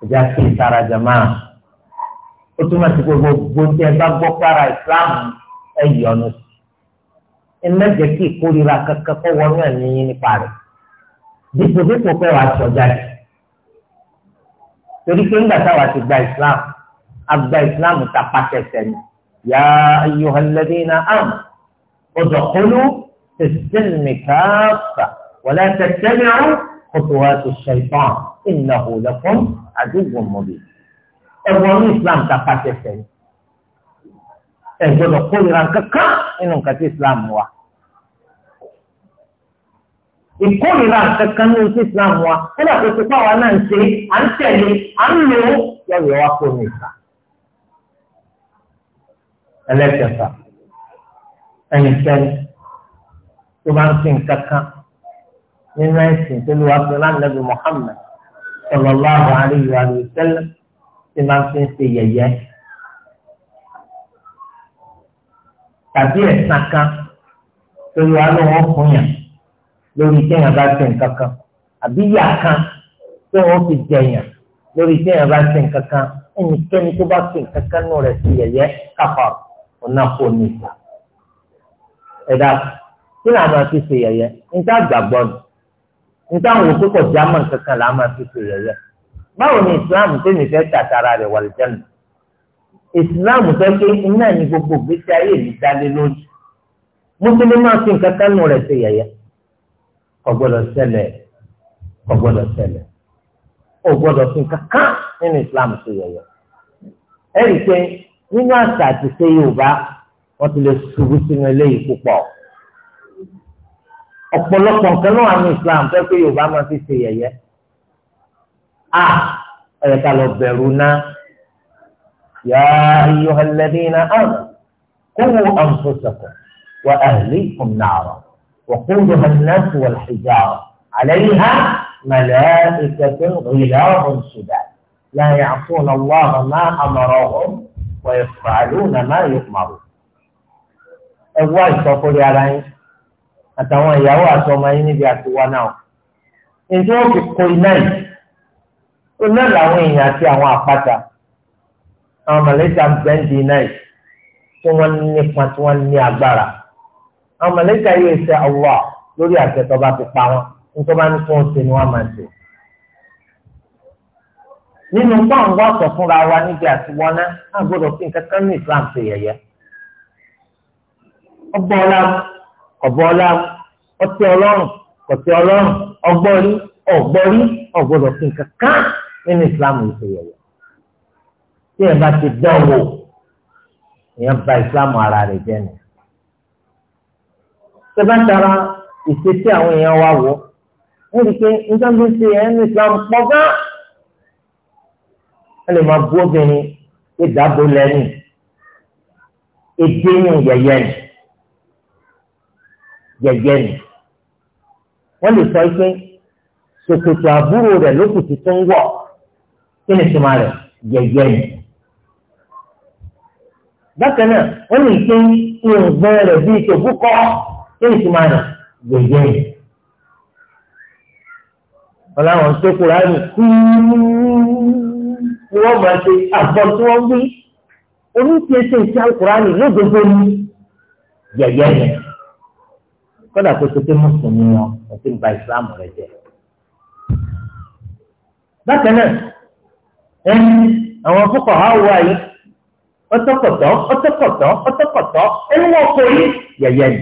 ìjà sí ìtara jama ó túmọ̀ sí pé gbogbo tí ẹ bá gbọ́ para Islam ẹ yọnu sí ẹ mẹ́jẹ̀ kí ìkórira kankan kọ́ wọ́n náà ní nípa rẹ̀ dípò dípò pé wàá sọ jáde torí pé ńgbà táwa ti gba Islam. أبدا إسلام تقاك السلم يا أيها الذين آمنوا ادخلوا في السلم كافة ولا تتبعوا خطوات الشيطان إنه لكم عزيز مبين أبدا إسلام تقاك السلم ادخلوا قولي رانك كا إنهم كتسلام واحد ìkún ìran kankan ní ojú islam wa nígbà tó ti pa wà náà ń ṣe à ń tẹ̀lé à ń lo yọ̀wọ̀ wá kó ní ìta. ẹlẹ́kẹ̀fà ẹnikẹ́ni tó bá ń sin kankan nínú ẹ̀sìn tó lè wá fún lánàbí Muhammad sallallahu alaihi wa sallam tí máa fi ń ṣe yẹ̀yẹ́ tàbí ẹ̀sán kan tó lè wá lọ́wọ́ fún yàn lórí téèyàn bá sin kankan àbí yà kan tó wọ́n fi jẹ̀yàn lórí téèyàn bá sin kankan ẹnikẹ́ni tó bá sin kankan nù rẹ̀ sí yẹ̀yẹ́ kàfàrọ̀. ọ̀nà kò ní ìgbà ẹ̀dá kí ni a máa fi ṣe yẹ̀yẹ́ níta gbàgbọ́ ni níta àwọn òkúkọ̀ jámọ̀ kankan la máa fi ṣe báwo ni Islam tẹ̀mí fẹ́ tàtàrà rẹ̀ wà lẹ́jẹ̀nù Islam fẹ́ pé iná ní gbogbo gbèsè ayé mi dálé lójú mùsùlùmí máa fi nǹkan kánú rẹ̀ ṣe ọgbọdọ ọgbọdọ fi nǹkan nínú Islam ṣe nínú àṣà àtìṣe yorùbá wọ́n ti lè ṣubú sínú eléyìí púpọ̀ ọ̀pọ̀lọpọ̀ nǹkan náà àmì islam fẹ́ pé yorùbá máa fi ṣe yẹ̀yẹ́ a ẹ̀yẹ ká lọ bẹ̀rù náà yà á yọ ẹlẹ́dí iná hàn kókó àǹfọ̀sọ̀kọ̀ wà á lè ẹ̀lí ìkùnàrọ̀ wà kó yọ ẹlẹ́sì wà lẹ́jà àlẹ́ yìí hàn mẹlẹ́ ìkẹtẹ́ ìlà ọ̀hún ṣùgbọ́n láyé àfọ̀nà wà hàn náà àmọ̀ràn ọ̀hún. wọ́n ẹ̀ fàálù nàmá yóò màrò. ẹ wá ìsọfúnni ara yín àtàwọn ìyàwó àtọmọ yín níbi àtiwá náà. ǹjẹ́ ó fi kó iná yìí? iná làwọn èèyàn àti àwọn àpáta àwọn mọ̀lẹ́sà bẹ́ǹdì iná yìí tí wọ́n nípa tí wọ́n ní agbára. àwọn mọ̀lẹ́sà yóò ṣe ọwọ́ lórí àtẹ̀tọ́ bá ti pa wọn nítorí wọn ní kí wọ́n ṣe ni wọ́n máa ṣe nínú pọ́ùn wà sọ fúnra wa níbi àtiwọ́ná a gbọ́dọ̀ fi nǹkan kan ní Islam ṣe yẹ̀yẹ́ ọgbọ́ọ́lá ọgbọ́ọ́lá ọtí ọlọ́run ọtí ọlọ́run ọgbọ́rí ọgbọ́rí ọgbọ́dọ̀ fi nǹkan kan nínú Islam ṣe yẹ̀yẹ́ tí ẹ bá ti dán wò èèyàn bà Islam ara rẹ̀ jẹ́ ni ṣé bá tara ìṣesí àwọn èèyàn wa wò ó rí i pé nǹkan bí ń ṣe ẹ̀ ní Islam pọ̀ gan-an wọ́n lè máa bú obìnrin pé dàbò lẹ́yìn èdè ní yẹ̀yẹ́ ni yẹ̀yẹ́ ni wọ́n lè sọ pé ṣòkòtò àbúrò rẹ̀ lókùtù tó ń wọ̀ kí ni tuma rẹ̀ yẹ̀yẹ́ ni bákan náà wọ́n lè pé ìrùngbọ́n rẹ̀ bíi tòbúkọ́ kí ni tuma rẹ̀ yẹ̀yẹ́ ni wọ́n láwọn tó kura ní kúrú ni wọ́n máa ṣe àgbọ̀n tí wọ́n wí oníṣẹ́ṣe ìṣe alukurani lójoojúmọ́ ní yẹ̀yẹ́ yẹn kódà kó ṣe pé mùsùlùmí wọn kò sí gba ìsìlámù rẹ jẹ. bákan náà ẹni àwọn fúkọ̀ ha wà yìí ọtọkọtọ ọtọkọtọ ọtọkọtọ ẹni wọn kò yí yẹ̀yẹ́ yẹn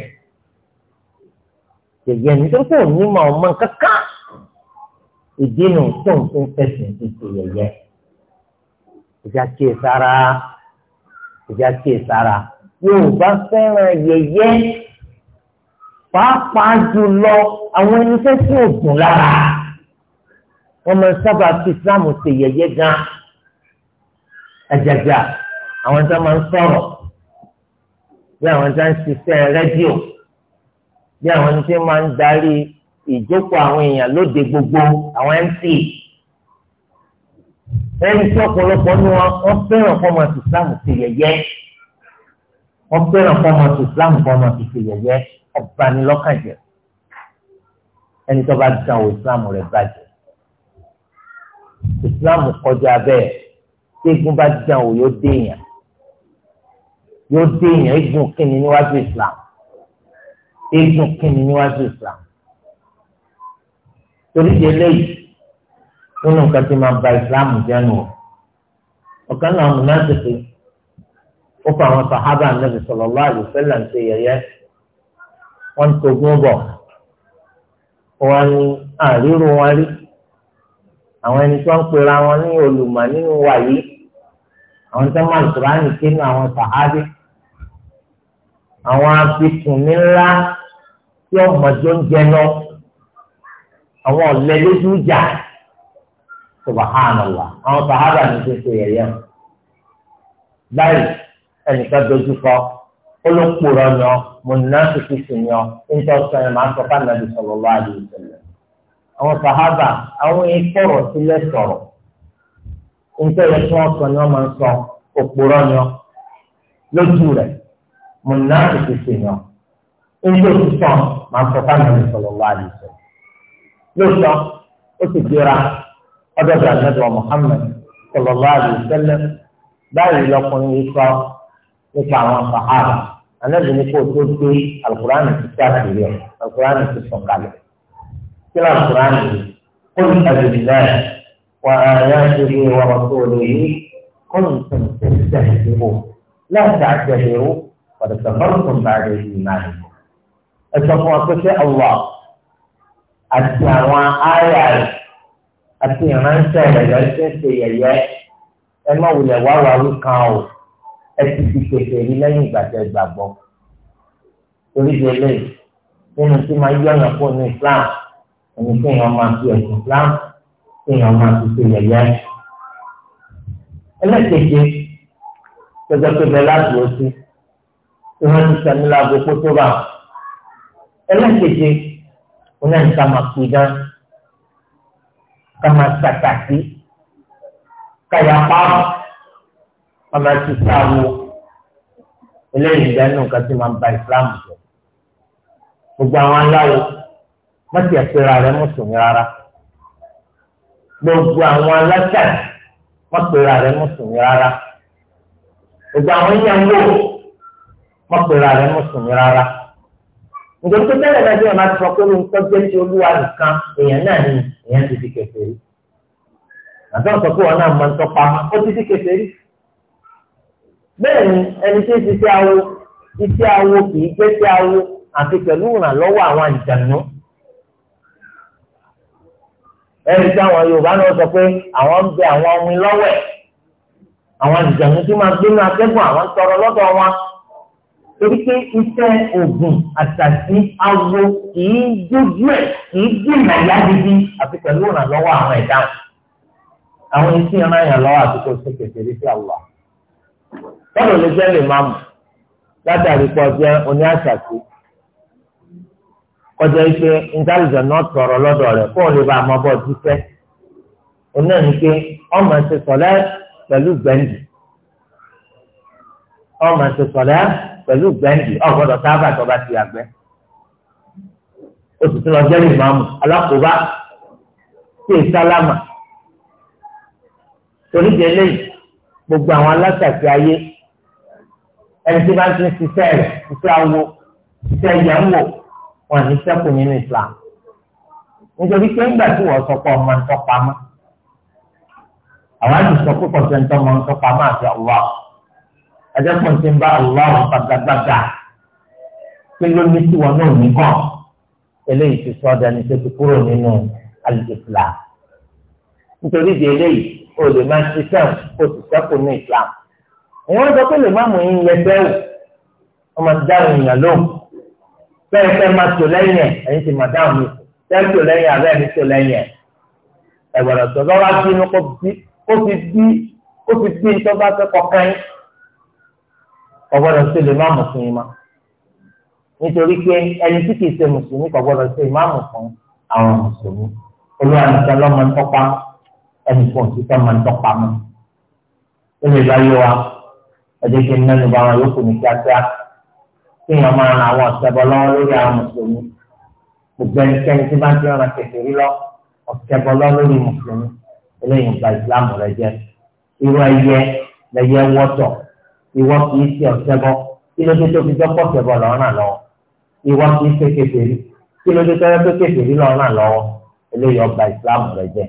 yẹ̀yẹ́ yẹn tó kò ní ma ọmọ kankan ìdí nu tó ń fẹsẹ̀ ti ṣe yẹ̀yẹ́ yẹn ìjà kíyè sára ìjà kíyè sára yorùbá fẹ́ràn yẹyẹ pàápàá jùlọ àwọn ẹni tó tún ògùn lára wọn máa sábà fi islam ṣe yẹyẹ gan àjàjà àwọn tó máa ń sọ̀rọ̀ bí àwọn tó ń ṣiṣẹ́ rédíò bí àwọn tó máa ń darí ìjókòó àwọn èèyàn lóde gbogbo àwọn mc ẹni tí ọ̀pọ̀lọpọ̀ ní wọn wọ́n fẹ́ràn fọmọ àti islam ti yẹ̀yẹ́ wọ́n fẹ́ràn fọmọ àti islam fọmọ àti ti yẹ̀yẹ́ ọba ni lọ́kàn jẹ́ ẹni tó bá dán o islam rẹ̀ bàjẹ́ islam kọjá bẹ́ẹ̀ tẹ́gun bá dán o yóò déèyàn yóò déèyàn egun kínni níwájú islam egun kínni níwájú islam torí di eléyìí nínú nǹkan tí máa ba ìsìláàmù jẹ́nu ọ̀kan náà múnásìkì ó fa àwọn sàhábà nàbì sallallahu alaihi wasallam ṣe yẹ̀yẹ́ wọ́n ń togún bọ̀ wọ́n ní àríro wọn rí àwọn ẹni tó ń pera wọn ní olùmọ̀ nínú wa yìí àwọn tó máa kúránì kínú àwọn sàhábì àwọn abikùnmí ńlá tí ọmọdé ń jẹ lọ àwọn ọ̀lẹ́ subahánàlá àwọn sàhábà ní ṣe ṣe yẹ̀yẹ́ báyìí ẹnìkan dojú kọ olókùrọ yan mọnàfíkì sì yan nítorí ẹ máa ń sọ fánàbí sallallahu alaihi wasallam àwọn sàhábà àwọn ìkọrọ sílẹ̀ sọ̀rọ̀ nítorí tí wọn sọ ni wọn máa ń sọ òpùrọ́ yan lójú rẹ̀ mọnàfíkì sì yan sọ máa ń sọ fánàbí sallallahu alaihi wasallam lóòótọ́ ó sì gbéra. ọdọdọ anadọ Muhammad sallallahu alaihi wasallam báyìí lọkùnrin yìí sọ nípa àwọn sàhábà anadọ ní kó o tó gbé alukur'an ti tẹ àkùrẹ alukur'an ti sọ kalẹ̀ kí ló alukur'an yìí kó ní àdùnnì náà wà á yá síbi wàhùn tó lè yí kó ní tẹ̀sítẹ̀ ìdìbò láti àjẹbẹ̀rù pàtàkì fọ́nùkùn bá rẹ̀ yìí náà ẹ sọ fún wa pé ṣé Allah àti àwọn ááyà rẹ̀. àti ìránṣẹ́ ìyàyà ṣe ń ṣe yẹ̀yẹ́ ẹ má wulẹ̀ wá wàrú kan o ẹ ti fi pèsè rí lẹ́yìn ìgbà tẹ gbàgbọ́ torí di eléyìí nínú tí máa yí ọ̀nà fún ní Islam ẹni tí èèyàn máa fi ẹ̀sìn Islam tí èèyàn máa fi ṣe yẹ̀yẹ́ ẹlẹ́kẹ̀kẹ́ tọ́jọ́ tó bẹ láti oṣù tí wọ́n ti sẹ́ni lágbo kó tó bá ẹlẹ́kẹ̀kẹ́ onáìka máa pidán ká máa ṣàtàkì káyà pààrọ̀ ká máa ti sáwo eléyìí ìjà nínú nǹkan tí máa ń ba Islam jẹ́ gbogbo àwọn aláwo wọ́n ti ẹ̀pẹ́ra rẹ̀ mùsùlùmí rárá gbogbo àwọn aláṣà wọ́n pera rẹ̀ mùsùlùmí rárá gbogbo àwọn ìyàwó wọ́n pera rẹ̀ mùsùlùmí rárá nítorí pé tẹ́lẹ̀ náà bí wọ́n máa sọ pé olùkọ́ jẹ́ ti olúwa nìkan èèyàn náà nìyí ìyẹn ti di kèfèrí àti wọn sọ pé wọn náà máa ń tọpa ó ti di kèfèrí bẹ́ẹ̀ ni ẹni tí ń ṣiṣẹ́ awo iṣẹ́ awo kì í jẹ́ iṣẹ́ awo àti pẹ̀lú ìrànlọ́wọ́ àwọn àjànú ẹni tí àwọn Yorùbá náà sọ pé àwọn ń bẹ àwọn ọmọ ìlọ́wẹ̀ àwọn àjànú tí máa gbénu akẹ́kọ̀ọ́ àwọn ń tọrọ lọ́dọ̀ wọn torí pé iṣẹ́ oògùn àtàtì awo kìí dójú ẹ̀ kìí dènà ìyá dídí àti pẹ̀lú ìrànlọ́wọ́ àwọn ẹ̀dá àwọn iṣẹ́ ìrànyàn lọ́wọ́ àti kò sí kékeré sí àwùwà. bọ́ọ̀lù lè jẹ́ lè máa mú látàrí pọ̀ jẹ́ oní àṣàkí kọjá ike ìdálùjọ náà tọrọ lọ́dọ̀ rẹ̀ kó o lè bá a mọ bọ́ọ̀ jíṣẹ́ oní ẹni pé ọmọ ti sọ̀lẹ́ pẹ̀lú gbẹ̀ndì ọmọ ti sọ̀lẹ́ pẹ̀lú gbẹ̀ǹdì ọ̀gbọ́dọ̀ sábà tó bá ti àgbẹ̀ oṣù tí wọ́n jẹ́ ìmáàmù alákòóbá tí ì sálámà torí di eléyìí gbogbo àwọn alásàkí ayé ẹni tí bá ń tún ṣiṣẹ́ rẹ̀ ṣiṣẹ́ awo ṣiṣẹ́ ìyàwó wọn ní sẹ́kù nínú Islam nítorí pé ńgbà tí wọ́n sọ pé ọmọ ń tọ́pamọ́ àwọn àti sọ pé kọ̀ọ̀tẹ́ńtọ́ ọmọ ń tọ́pamọ́ àti ọ̀wọ́ ajẹ́pọ̀n ti ń bá ọlọ́run gbàgbàgbà kí ló ní tiwọn náà nìkan eléyìí ti sọ ọdẹ ní tó ti kúrò nínú alìsílà nítorí di eléyìí o lè máa ṣiṣẹ́ o sì sẹ́kù ní islam ìwọ́n sọ pé lè má mú yín yẹ bẹ́ẹ̀ wò ọmọ dáhùn èèyàn lóhùn bẹ́ẹ̀ fẹ́ máa tò lẹ́yìn ẹ̀ ẹ̀yin ti máa dáhùn mi bẹ́ẹ̀ tò lẹ́yìn abẹ́ mi tò lẹ́yìn ẹ̀ ẹ̀gbọ̀dọ̀ tó bá wá bínú kó fi bí kó fi bí nítorí bá fẹ́ kọ́ kẹ́yìn ọgbọ́dọ̀ ṣe lè má mùsùlùmí ma nítorí pé ẹni tí kìí ṣe mùsùlùmí kò gbọ́dọ̀ ṣe ìmáàmù fún àwọn mùsùlùmí olúwa nìkan lọ́mọ ń tọ́pa ẹni fún òṣìṣẹ́ máa ń tọ́pa mọ́ ó lè bá yé wa ẹjẹ́ kí n mẹ́nu bá wọn yókù ní kíákíá kí èèyàn máa ran àwọn ọ̀sẹ̀ bọ́ lọ́wọ́ lórí àwọn mùsùlùmí gbogbo ẹnikẹ́ni tí bá ń tíran kẹ̀kẹ́ rí lọ ọ̀sẹ̀ bọ́ lọ́wọ́ lórí mùsùlùmí eléyìí gba ìsìlámù rẹ jẹ irú ẹyẹ lẹyẹ wọ́tọ̀ ìwọ kì í ṣe ọ̀ṣẹ́bọ kí tó fi jọ́pọ̀ ṣẹbọ lọ́rùn àlọ́wọ́ ìwọ kì í ṣe kékeré kí tó yẹ pé kékeré lọ́rùn àlọ́wọ́ eléyìí ọba ìsìláàmù rẹ jẹ.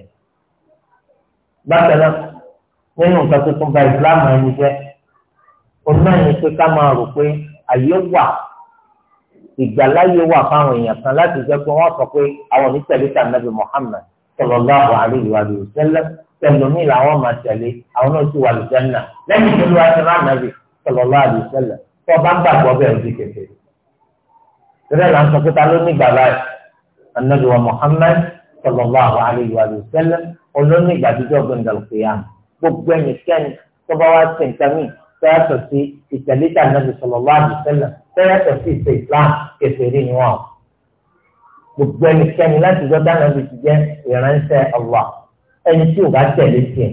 bákan nínú nǹkan tó tún ba ìsìláàmù ẹni jẹ òun pé ká máa rò pé àyè wà ìgbàláyé wà fáwọn èèyàn kan láti jẹ pé wọn sọ pé àwọn onítẹ̀lẹ́tà nàbì Muhammad sallallahu alaihi wa sallam tẹlomi làwọn máa tẹ̀lé àwọn náà sì wà lùjánà lẹ́yìn tó ló wá sí ránàbì sọlọ́lá àdìsẹ́lẹ̀ tó bá gbàgbọ́ bẹ́ẹ̀ di kẹ̀kẹ́. Tẹ́lẹ̀ là ń sọ pé ta ló ní bàbá yìí? Anabi wa Muhammad sọlọ́lá àwọn àlejò àdìsẹ́lẹ̀ olóní ìgbàdúgbò gbẹ̀ndàlùkìyàm. Gbogbo ẹnikẹ́ni tó bá wá sí ìtẹ́mì tẹ́yàtọ̀ sí ìtẹ̀lẹ́tà anabi sọlọ́lá àdìsẹ́lẹ̀ tẹ́yàtọ̀ sí ìtẹ̀ Islam kẹfẹ́rí ni wọ́n. Gbogbo ẹnikẹ́ni láti gbọ́dọ̀ ẹni tí o bá tẹ̀lé tiẹ̀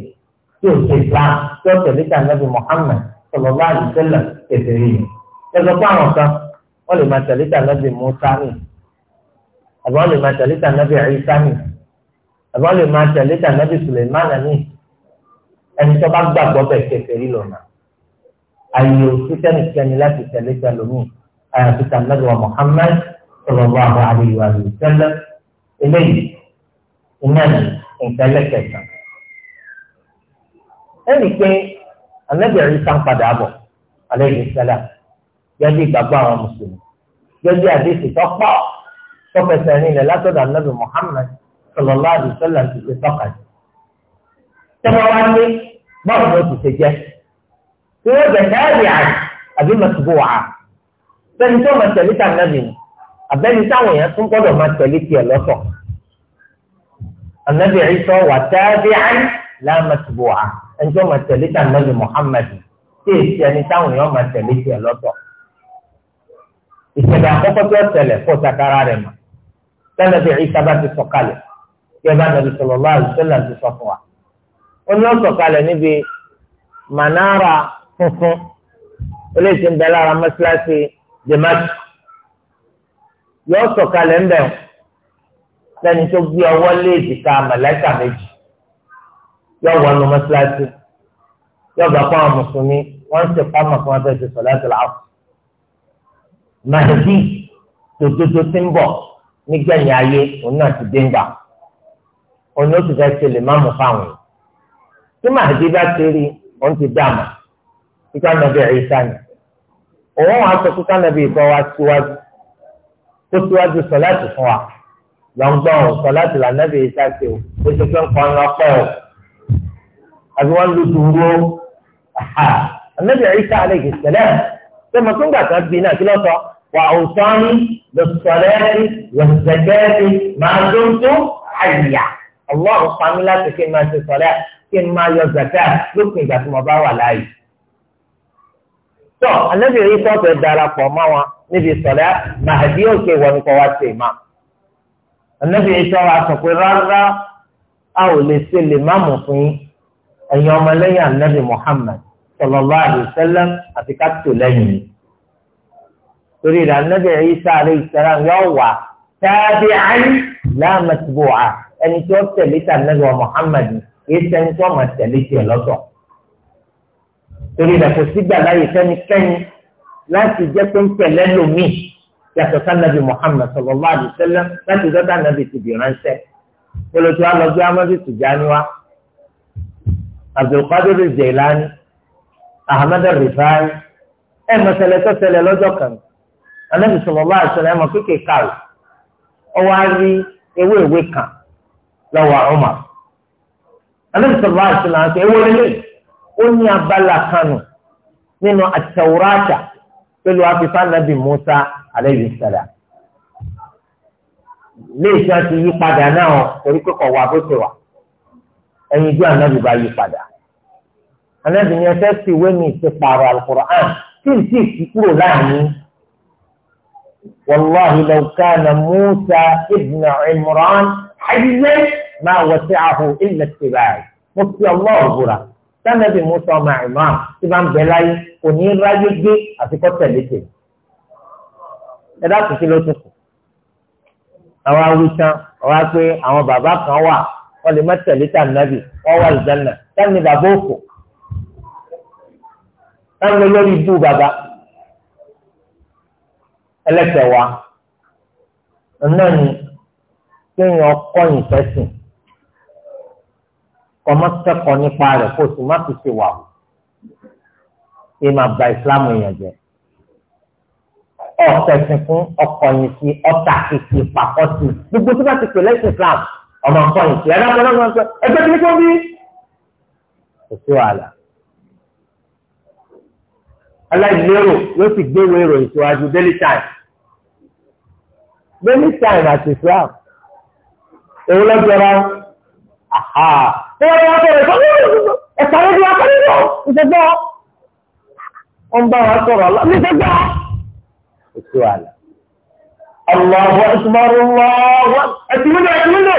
tí o ṣe gbà tí o tẹ̀lé tí anabi Muhammad sọlọ́lá àdìsẹ́lẹ̀ tẹ̀sẹ̀ yìí ẹ̀sọ́ fún àwọn kan wọ́n lè máa tẹ̀lé tí anabi Musa mi àbí wọ́n lè máa tẹ̀lé tí anabi Isa mi àbí wọ́n lè máa tẹ̀lé tí anabi Sulemana mi ẹni tó bá gbàgbọ́ bẹ̀ tẹ̀sẹ̀ yìí lọ́nà ayé òsì sẹ́nikẹ́ni láti tẹ̀lé tí alomi àyàfi tí anabi wa Muhammad sọlọ́lá àdìsẹ́lẹ̀ eléyìí iná yìí ìtẹ́lẹ̀kẹta. ẹnì pé anábìrin sá ń padà bọ̀ alayhi salam gẹ́gẹ́ ìgbàgbọ́ àwọn mùsùlùmí gẹ́gẹ́ àdéhùn tó pọ̀ tó fẹsẹ̀ nílẹ̀ látọ̀dọ̀ anábì Muhammad sallallahu alaihi wasallam ti ṣe tọ́ka jù. tẹ́wọ́n wá ní báwo ni ó ti ṣe jẹ́ tí wọ́n bẹ̀ tẹ́lẹ̀ àrùn àbí mọ̀tòbó wà á sẹ́ni tó mọ̀ tẹ̀lé tà anabi Isa wà tabi'an la matbu'a ẹnjọ́ máa tẹ̀lé tí anabi Muhammad tí èsì ẹni táwọn èèyàn máa tẹ̀lé tí ẹ lọ́tọ̀ ìṣẹ̀lẹ̀ àkọ́kọ́ tí ó tẹ̀lẹ̀ fún sakara rẹ̀ mọ̀ tẹ́lẹ̀ bí Isa bá ti sọ̀kalẹ̀ kí ẹ bá nàbí sallallahu alaihi wasallam ti sọ fún wa ó ní ó sọ̀kalẹ̀ níbi manara funfun eléyìí ti ń bẹ lára mọ́ṣáláṣí Damascus yóò sọ̀kalẹ̀ ń bẹ̀rù lẹ́ni tó gbé ọwọ́ lé èjìká màláìkà méjì yọ wọ ọnu mọ́sálásí yọ gbà fún àwọn mùsùlùmí wọ́n ń ṣe pamọ́ fún wọn fẹ́ẹ́ ṣe sọ̀láṣí làákù. Mahdi tòdodo ti ń bọ̀ nígbẹ̀yìn ayé òun náà ti dé ń gbà òun ló ti fẹ́ ṣe lè má mú fáwọn yìí. tí Mahdi bá ti rí òun ti dààmú kíkà nàbí Ìsá ni òun wàá sọ kíkà nàbí ìtọ́ síwájú kó síwájú sọ̀láṣí fún wa lọ́ngbọ́n ò sọ láti là nẹ́bí ìta ṣe o ó ṣe pé nǹkan ńlá pọ̀ o àbí wọ́n lu dùúró nẹ́bí ìta àlejò sẹ́lẹ̀ ṣé mo tún gbà kan bí náà kí ló sọ wà ó sọ ní lọ́sọ̀rẹ́rì lọ́sẹ̀gẹ́rì máa dún tún àyà ọlọ́run pa láti kí n máa ṣe sọ̀rẹ́ kí n máa yọ zakat lópin ìgbà tí mo bá wà láàyè tọ́ àlejò yìí sọ̀tẹ̀ darapọ̀ mọ́ wọn níbi sọ̀rẹ́ ànábì yìí sọ̀rọ̀ àsọ̀ pé rárá a ò lè ṣe lè má mọ̀ fún yín ẹ̀yin ọmọlẹ́yìn ànábì Muhammad sallallahu alaihi wasallam àti kátó lẹ́yìn yìí torí rẹ̀ ànábì yìí sáré ìsẹ̀rẹ̀ yóò wà tábí ayé láàmẹ̀tìbò à ẹni tí ó tẹ̀lé tà ànábì wa Muhammad kì í sẹ́ni tí ó mọ̀ tẹ̀lé tiẹ̀ lọ́tọ̀ torí rẹ̀ kò sígbà láyè fẹ́nikẹ́ni láti jẹ́ pé ń pẹ̀lẹ́ lómìn yàtọ̀ sanabi muhammed sallallahu alaihi wasallam láti dọ́tà nàbì ti bì ránṣẹ́ olùtú alọ́jú amadu tìjànì wa abdulkadir jailani ahmed rifai ẹ̀ mọ̀sẹ̀lẹ̀ tó ṣẹlẹ̀ lọ́jọ́ kan anabi sallallahu alaihi wasallam ẹ̀ mọ̀ kékeré káwé ọwọ́ á rí ewé ìwé kan lọ́wọ́ Umar anabi sallallahu alaihi wasallam àti ewé ilé ó ní abala kanu nínú àtẹwúrátà pẹ̀lú afifá nàbì musa alayhi salam léèṣẹ́ ti yí padà náà torí pé kò wá bó ṣe wà ẹ̀yin bí anabi bá yí padà anabi ni ẹsẹ̀ ti wé mi ti pààrọ̀ alukur'an tí n sì fi kúrò láàrin wàlláhi law kana musa ibn imran ayé máa wọ̀sẹ̀ àhùn ilẹ̀ tìbáyì mo fi ọlọ́ọ̀ búra sanabi musa ọmọ imran tí bá ń bẹ láyé kò ní ráyé gbé àfikọ́ tẹ̀lé tèmi ẹ dákun sí ló tún kù àwọn awùsàn wá pé àwọn bàbá kan wà wọ́n lè má tẹ̀lé tànàbì wọ́n wà ìjánà táwọn ní bàbá òkò táwọn olórí bú bàbá ẹlẹ́sẹ̀ wa náà ni kéèyàn kọ́yìn fẹ́sìn kọ́mọ́ kẹ́kọ̀ọ́ nípa rẹ̀ kó o sì má fi ṣe wà ó kí n máa ba ìsìlámù èèyàn jẹ́ ọ̀sẹ̀sìn fún ọkọ̀yìn sí ọ̀tà kìkì pàpọ̀ sí gbogbo tí wọ́n ti pè lẹ́sìn Islam ọmọ ọkọ̀yìn sí ẹ̀rọ ọmọ ọmọ ọmọ ẹgbẹ́ tí wọ́n bí kò sí wàhálà. aláìlérò yóò sì gbéwò èrò ìṣòwájú daily time daily time àti Islam èwo lọ́jọ́ra àhà tí wọ́n yọ ọ́ sọ̀rọ̀ ẹ̀ka ló di akọ́lẹ́dọ̀ ìṣẹ̀gbọ́ wọn bá wa sọ̀rọ̀ ọ̀la ní ìṣẹ̀gbọ́ òsì wàhálà. Allahu akbar Allahu ẹtì wíńdò ẹtì wíńdò.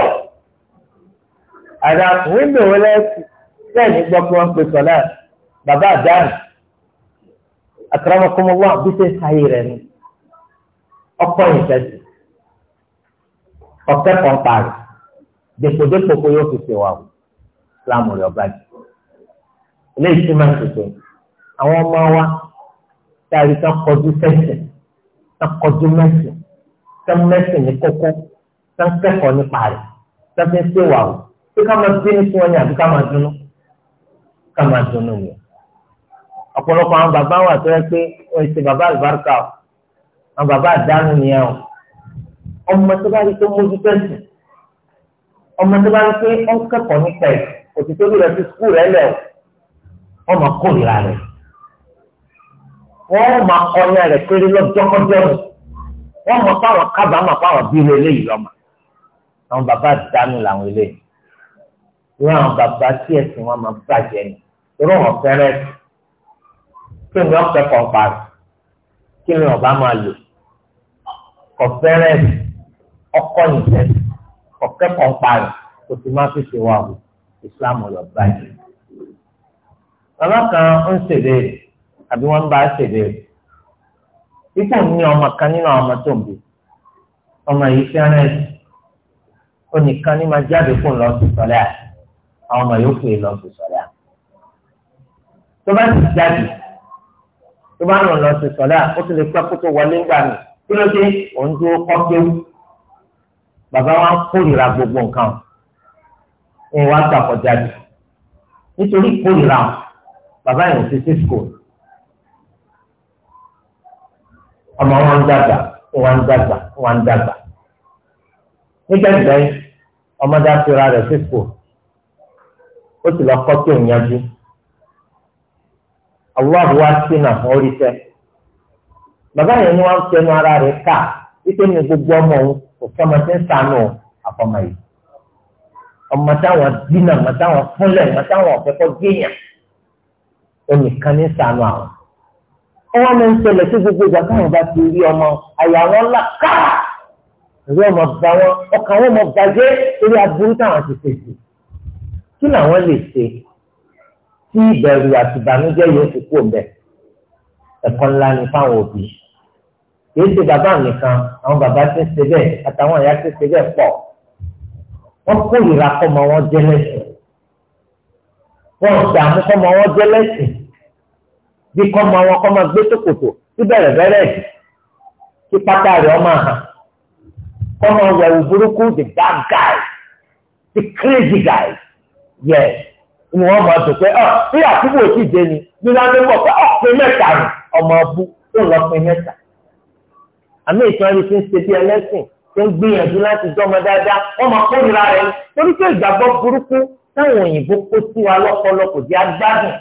Àdá wíńdò wọlé lẹ́yìn gbọ́ pé wọ́n pe sọ̀lá bàbá àdáni. Akramakumullah àbúté sáyé rẹ̀ ni. Ọkọ ìfẹ́sì. Ọ̀kẹ́ kan parí. Dèpòdépò kó yóò fi ṣe wà o. Láàmú rẹ̀ ọba jù. Ilé ìtumọ̀ tuntun. Àwọn ọmọ wa táyà ìtàn fẹ́sẹ̀ kakọjú mẹsìn tẹ mẹsìn ní kókó tẹ kẹ́kọ̀ọ́ nípa rẹ̀ tẹ fi ń ṣèwà o pé ká máa bínú sí wọn ni àbí ká máa dùnnú ká máa dùnnú ni ọ̀pọ̀lọpọ̀ àwọn bàbá wà tó yẹ pé o ti bàbá àlùbáríkà o àwọn bàbá àdánù nìyẹn o ọmọ tó bá rí tó mójú tẹ̀sí ọmọ tó bá rí pé ó ń kẹ́kọ̀ọ́ nípa ẹ̀ òtítọ́ rẹ̀ ti sùkúù rẹ̀ lẹ̀ o ọmọ kórìíra rẹ̀ o wọ́n máa ọyàn rẹ̀ péré lọ́jọ́kọ́jọ́ nù wọ́n mọ̀ fáwọn kábàámà fáwọn bí ilé eléyìí lọ́mọ àwọn bàbá dánú làwọn eléyìí ìwé àwọn bàbá tí ẹ̀sìn wọn máa bàjẹ́ ni irú wọn fẹ́rẹ́ kí ni wọ́n fẹ́ kọ́ parí kí ni ọba máa lò kọ́ fẹ́rẹ́ ọkọ nìjẹ́ kọ́ kẹ́kọ̀ọ́ kò sì máa fi ṣe wà o ìsìlámù lọ bàjẹ́. bàbá kan ń ṣèlérí àbí wọ́n ń bá a ṣèbéèrè ipò ní ọmọ kan nínú àwọn ọmọ tó ń bi ọmọ yìí fẹ́ràn ẹ̀sìn ó nìkan ní máa jáde fún lọ sí sọlẹ́ à àwọn ọmọ yòókù yìí lọ sí sọlẹ́ à tó bá ti jáde tó bá rùn lọ sí sọlẹ́ à ó ti lè pẹ́ kó tó wọlé ńgbà mi kí ló dé òun dúró kọ́ kéwú bàbá wa ń kórìíra gbogbo nǹkan ìwà àgbàkọ̀ jáde nítorí kórìíra bàbá yẹn ò ti sí school. ọmọ wọn ń dàgbà wọn ń dàgbà wọn ń dàgbà nígbàgbẹ́ ọmọdé afira rẹ̀ sípò ó sì lọ kọ́ tí ò ń yanjú sí náà fún orí ara ká gbogbo ọmọ òun kò sọmọ tí ń sànù àfọmọ yìí ọmọ táwọn dínà ọmọ táwọn ọmọ táwọn ó nìkan ní sànù wọ́n máa ń ṣẹlẹ̀ sí gbogbo ìgbà táwọn bá ti rí ọmọ àyà wọn là káà ẹ̀rọ ọmọ bá wọn ọkàn wọn mọ bàjẹ́ torí aburú táwọn ti fèsì kí làwọn lè ṣe tí ìbẹ̀rù àti ìbànújẹ́ yóò fi kú ọ̀bẹ ẹ̀kọ́ ńlá ni fáwọn òbí kìí ṣe bàbá nìkan àwọn bàbá ti ń ṣe bẹ́ẹ̀ àtàwọn ìyá ti ń ṣe bẹ́ẹ̀ pọ̀ wọ́n kórìíra kọ́mọ wọn jẹ́ lẹ́sìn wọ́n dààmú kọ́mọ wọn jẹ́ lẹ́sìn bí kọ́ mọ àwọn kọ́ máa gbé sókòtò tí bẹ̀rẹ̀ bẹ̀rẹ̀ tí pátá rẹ̀ ọmọ hàn kọ́ máa wẹ̀wù burúkú the bad guy the crazy guy yes ni wọ́n máa dùn pé ọ̀ ah, bí àtúbò ti dé ni bí wọ́n á bọ̀ pé ọ̀pin ah, mẹ́ta ni ọmọ ọbú tó lọ pin mẹ́ta àmì ìtàn ẹni tí ń ṣe bí ẹlẹ́sìn tó ń gbìyànjú láti dọ́mọ dáadáa wọ́n máa kórìíra rẹ̀ torí pé ìgbàgbọ́ burúkú táwọn òyìnbó kó sí wa lọ́pọ̀lọpọ̀ di agbádùn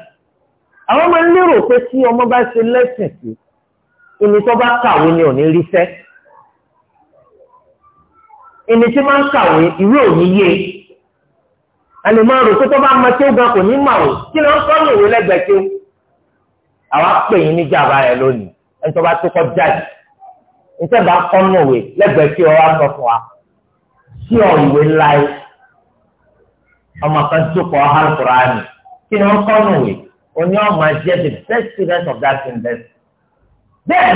àwọn máa ń lérò pé tí ọmọ bá ṣe lẹ́sìn sí ìní tó bá kàwé ni ò ní rí fẹ́ ìní tí máa ń kàwé ìwé ò ní yé ẹni máa rò pé tó bá mọ tí ó gan kò ní mà ó kí ló ń sọ ní ìwé lẹ́gbẹ̀ẹ́ tí àwa pè yín ní jàmbá rẹ lónìí ẹni tó bá tó kọ jáde níta bá kọ́ nù òwe lẹ́gbẹ̀ẹ́ tí ọ wá sọ fún wa tí ọ ìwé ńlá yìí ọmọ kan tó kọ ọ́ hàn kúránì kí ló ń kọ́ nù òwe oní ọmọ jẹ́ the best student of that university. Then,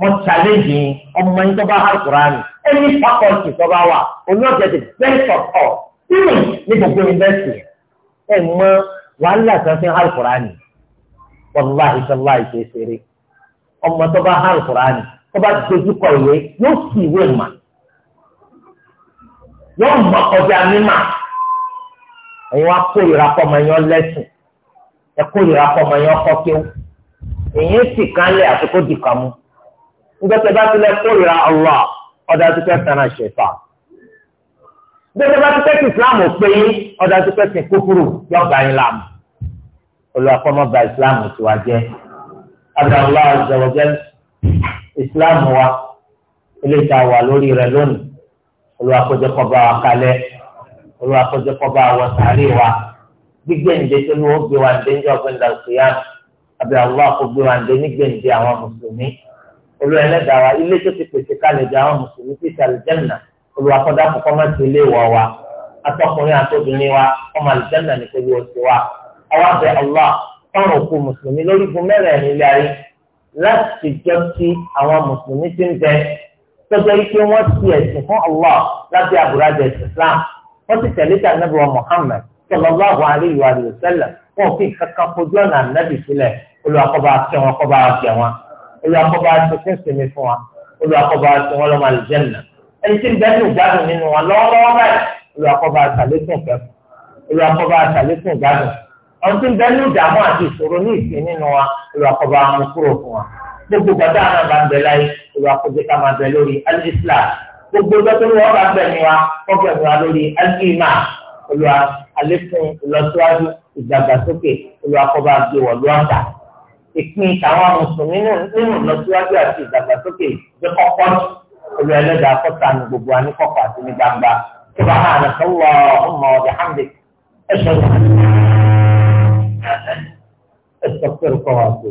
mo challenge yín ọmọ yín tó bá hàn kúránì any faculty tó bá wà oní ọjọ́ the best of all even ní gbogbo university ẹ mọ wàhálà kan fi hàn kúránì wàláhi sọlá ìṣe ṣeré ọmọ tó bá hàn kúránì tó bá dojú kọ ìwé yóò sì ìwé mà yóò mọ ọjà mímà ẹ̀yin wá kó ìrakọ́ ọmọ yẹn lẹ́sìn ẹ̀kọ́ ìrora kọ́mọ yẹn ọkọ kí ó èyí sì kan lẹ̀ àti kó di kàmú nígbà tí a bá ti lẹ kó ìrora ọlọ ọdọ àti pẹ́ tán àṣẹ fà gbẹgbẹ bá ti pẹ́ sí islam ò pé yín ọdọ àti pẹ́ sí kúkúrú yọ ọgbà yín làm olùwàkọ́mọba islam ti wá jẹ́ abdullah azawajal islam wa ilé ìta wà lórí rẹ̀ lónìí olùwàkọ́jọ́kọ́ bá wa kalẹ̀ olùwàkọ́jọ́kọ́ bá wa sàárè wa gbígbẹ̀ǹde tó ní wọ́n gbé wa ǹdẹ́ ní ọ̀gbìn làkúyà àbí àwọn àkọ́gbé wa ǹdẹ́ ní gbẹ̀ǹde àwọn mùsùlùmí olú ẹlẹ́dàá wa ilé tó ti pèsè kalẹ̀ dé àwọn mùsùlùmí ti sàlẹ̀ jẹ́nà olùwàkọ́dá kọ́kọ́ má ti lé wọ̀ wa atọ́kùnrin àtọ́bìnrin wa ọmọ àlùjẹ́nà ní pẹ̀lú oṣù wa àwa bẹ Allah fáwọn òkú mùsùlùmí lórí gun mẹ́rẹ̀ẹ̀rin ilé ayé láti jẹ́ kí àwọn mùsùlùmí ti ń bẹ tọ́jọ́ yìí kí Allah lábẹ́ àbúradà ẹ̀sìn Islam wọ́n ti tẹ̀lé Muhammad sallallahu alaihi wa sallam wọn fi kankan kojú ọ̀nà ànábì sílẹ̀ olùwàkọ́ba kẹ́ wọn kọ́ba kẹ́ wọn olùwàkọ́ba tó fi ń sinmi fún wa olùwàkọ́ba tó wọn lọ́mọ àlùjẹ́nà ẹni tí ń bẹ́ẹ̀ ní ìgbádùn nínú wọn lọ́wọ́lọ́wọ́ báyìí olùwàkọ́ba àtàlékún kẹ́kọ̀ọ́ olùwàkọ́ba àtàlékùn ìgbádùn ọ̀n tí ń bẹ ní ìdààmú àti ìṣòro ní ìsìn nínú wa olùwàkọ́ba mú kúrò fún wa gbogbo gbàdá àwọn bá láyé olùwàkọ́jẹ ká máa bẹ lórí al-Islam gbogbo gbàdá wọn bá ń bẹ wa wọ́n bẹ̀ ní wa lórí al-Iman àlékún ìlọsíwájú ìdàgbàsókè olùwàkọ́bá gbé wọ̀lú ọ̀tà ìpín tàwọn mùsùlùmí nínú ìlọsíwájú àti ìdàgbàsókè jẹ́ kọ́kọ́ olú ẹlẹ́dàá akọ́sàmì gbogbo aníkọ̀kọ̀ àti ní gbangba tó bá hàn án sọ́wọ́ ọmọ ọ̀dẹ̀ hàmdè ẹ̀ṣọ́ ẹ̀ṣọ́ pẹ̀lú kọ́ tó.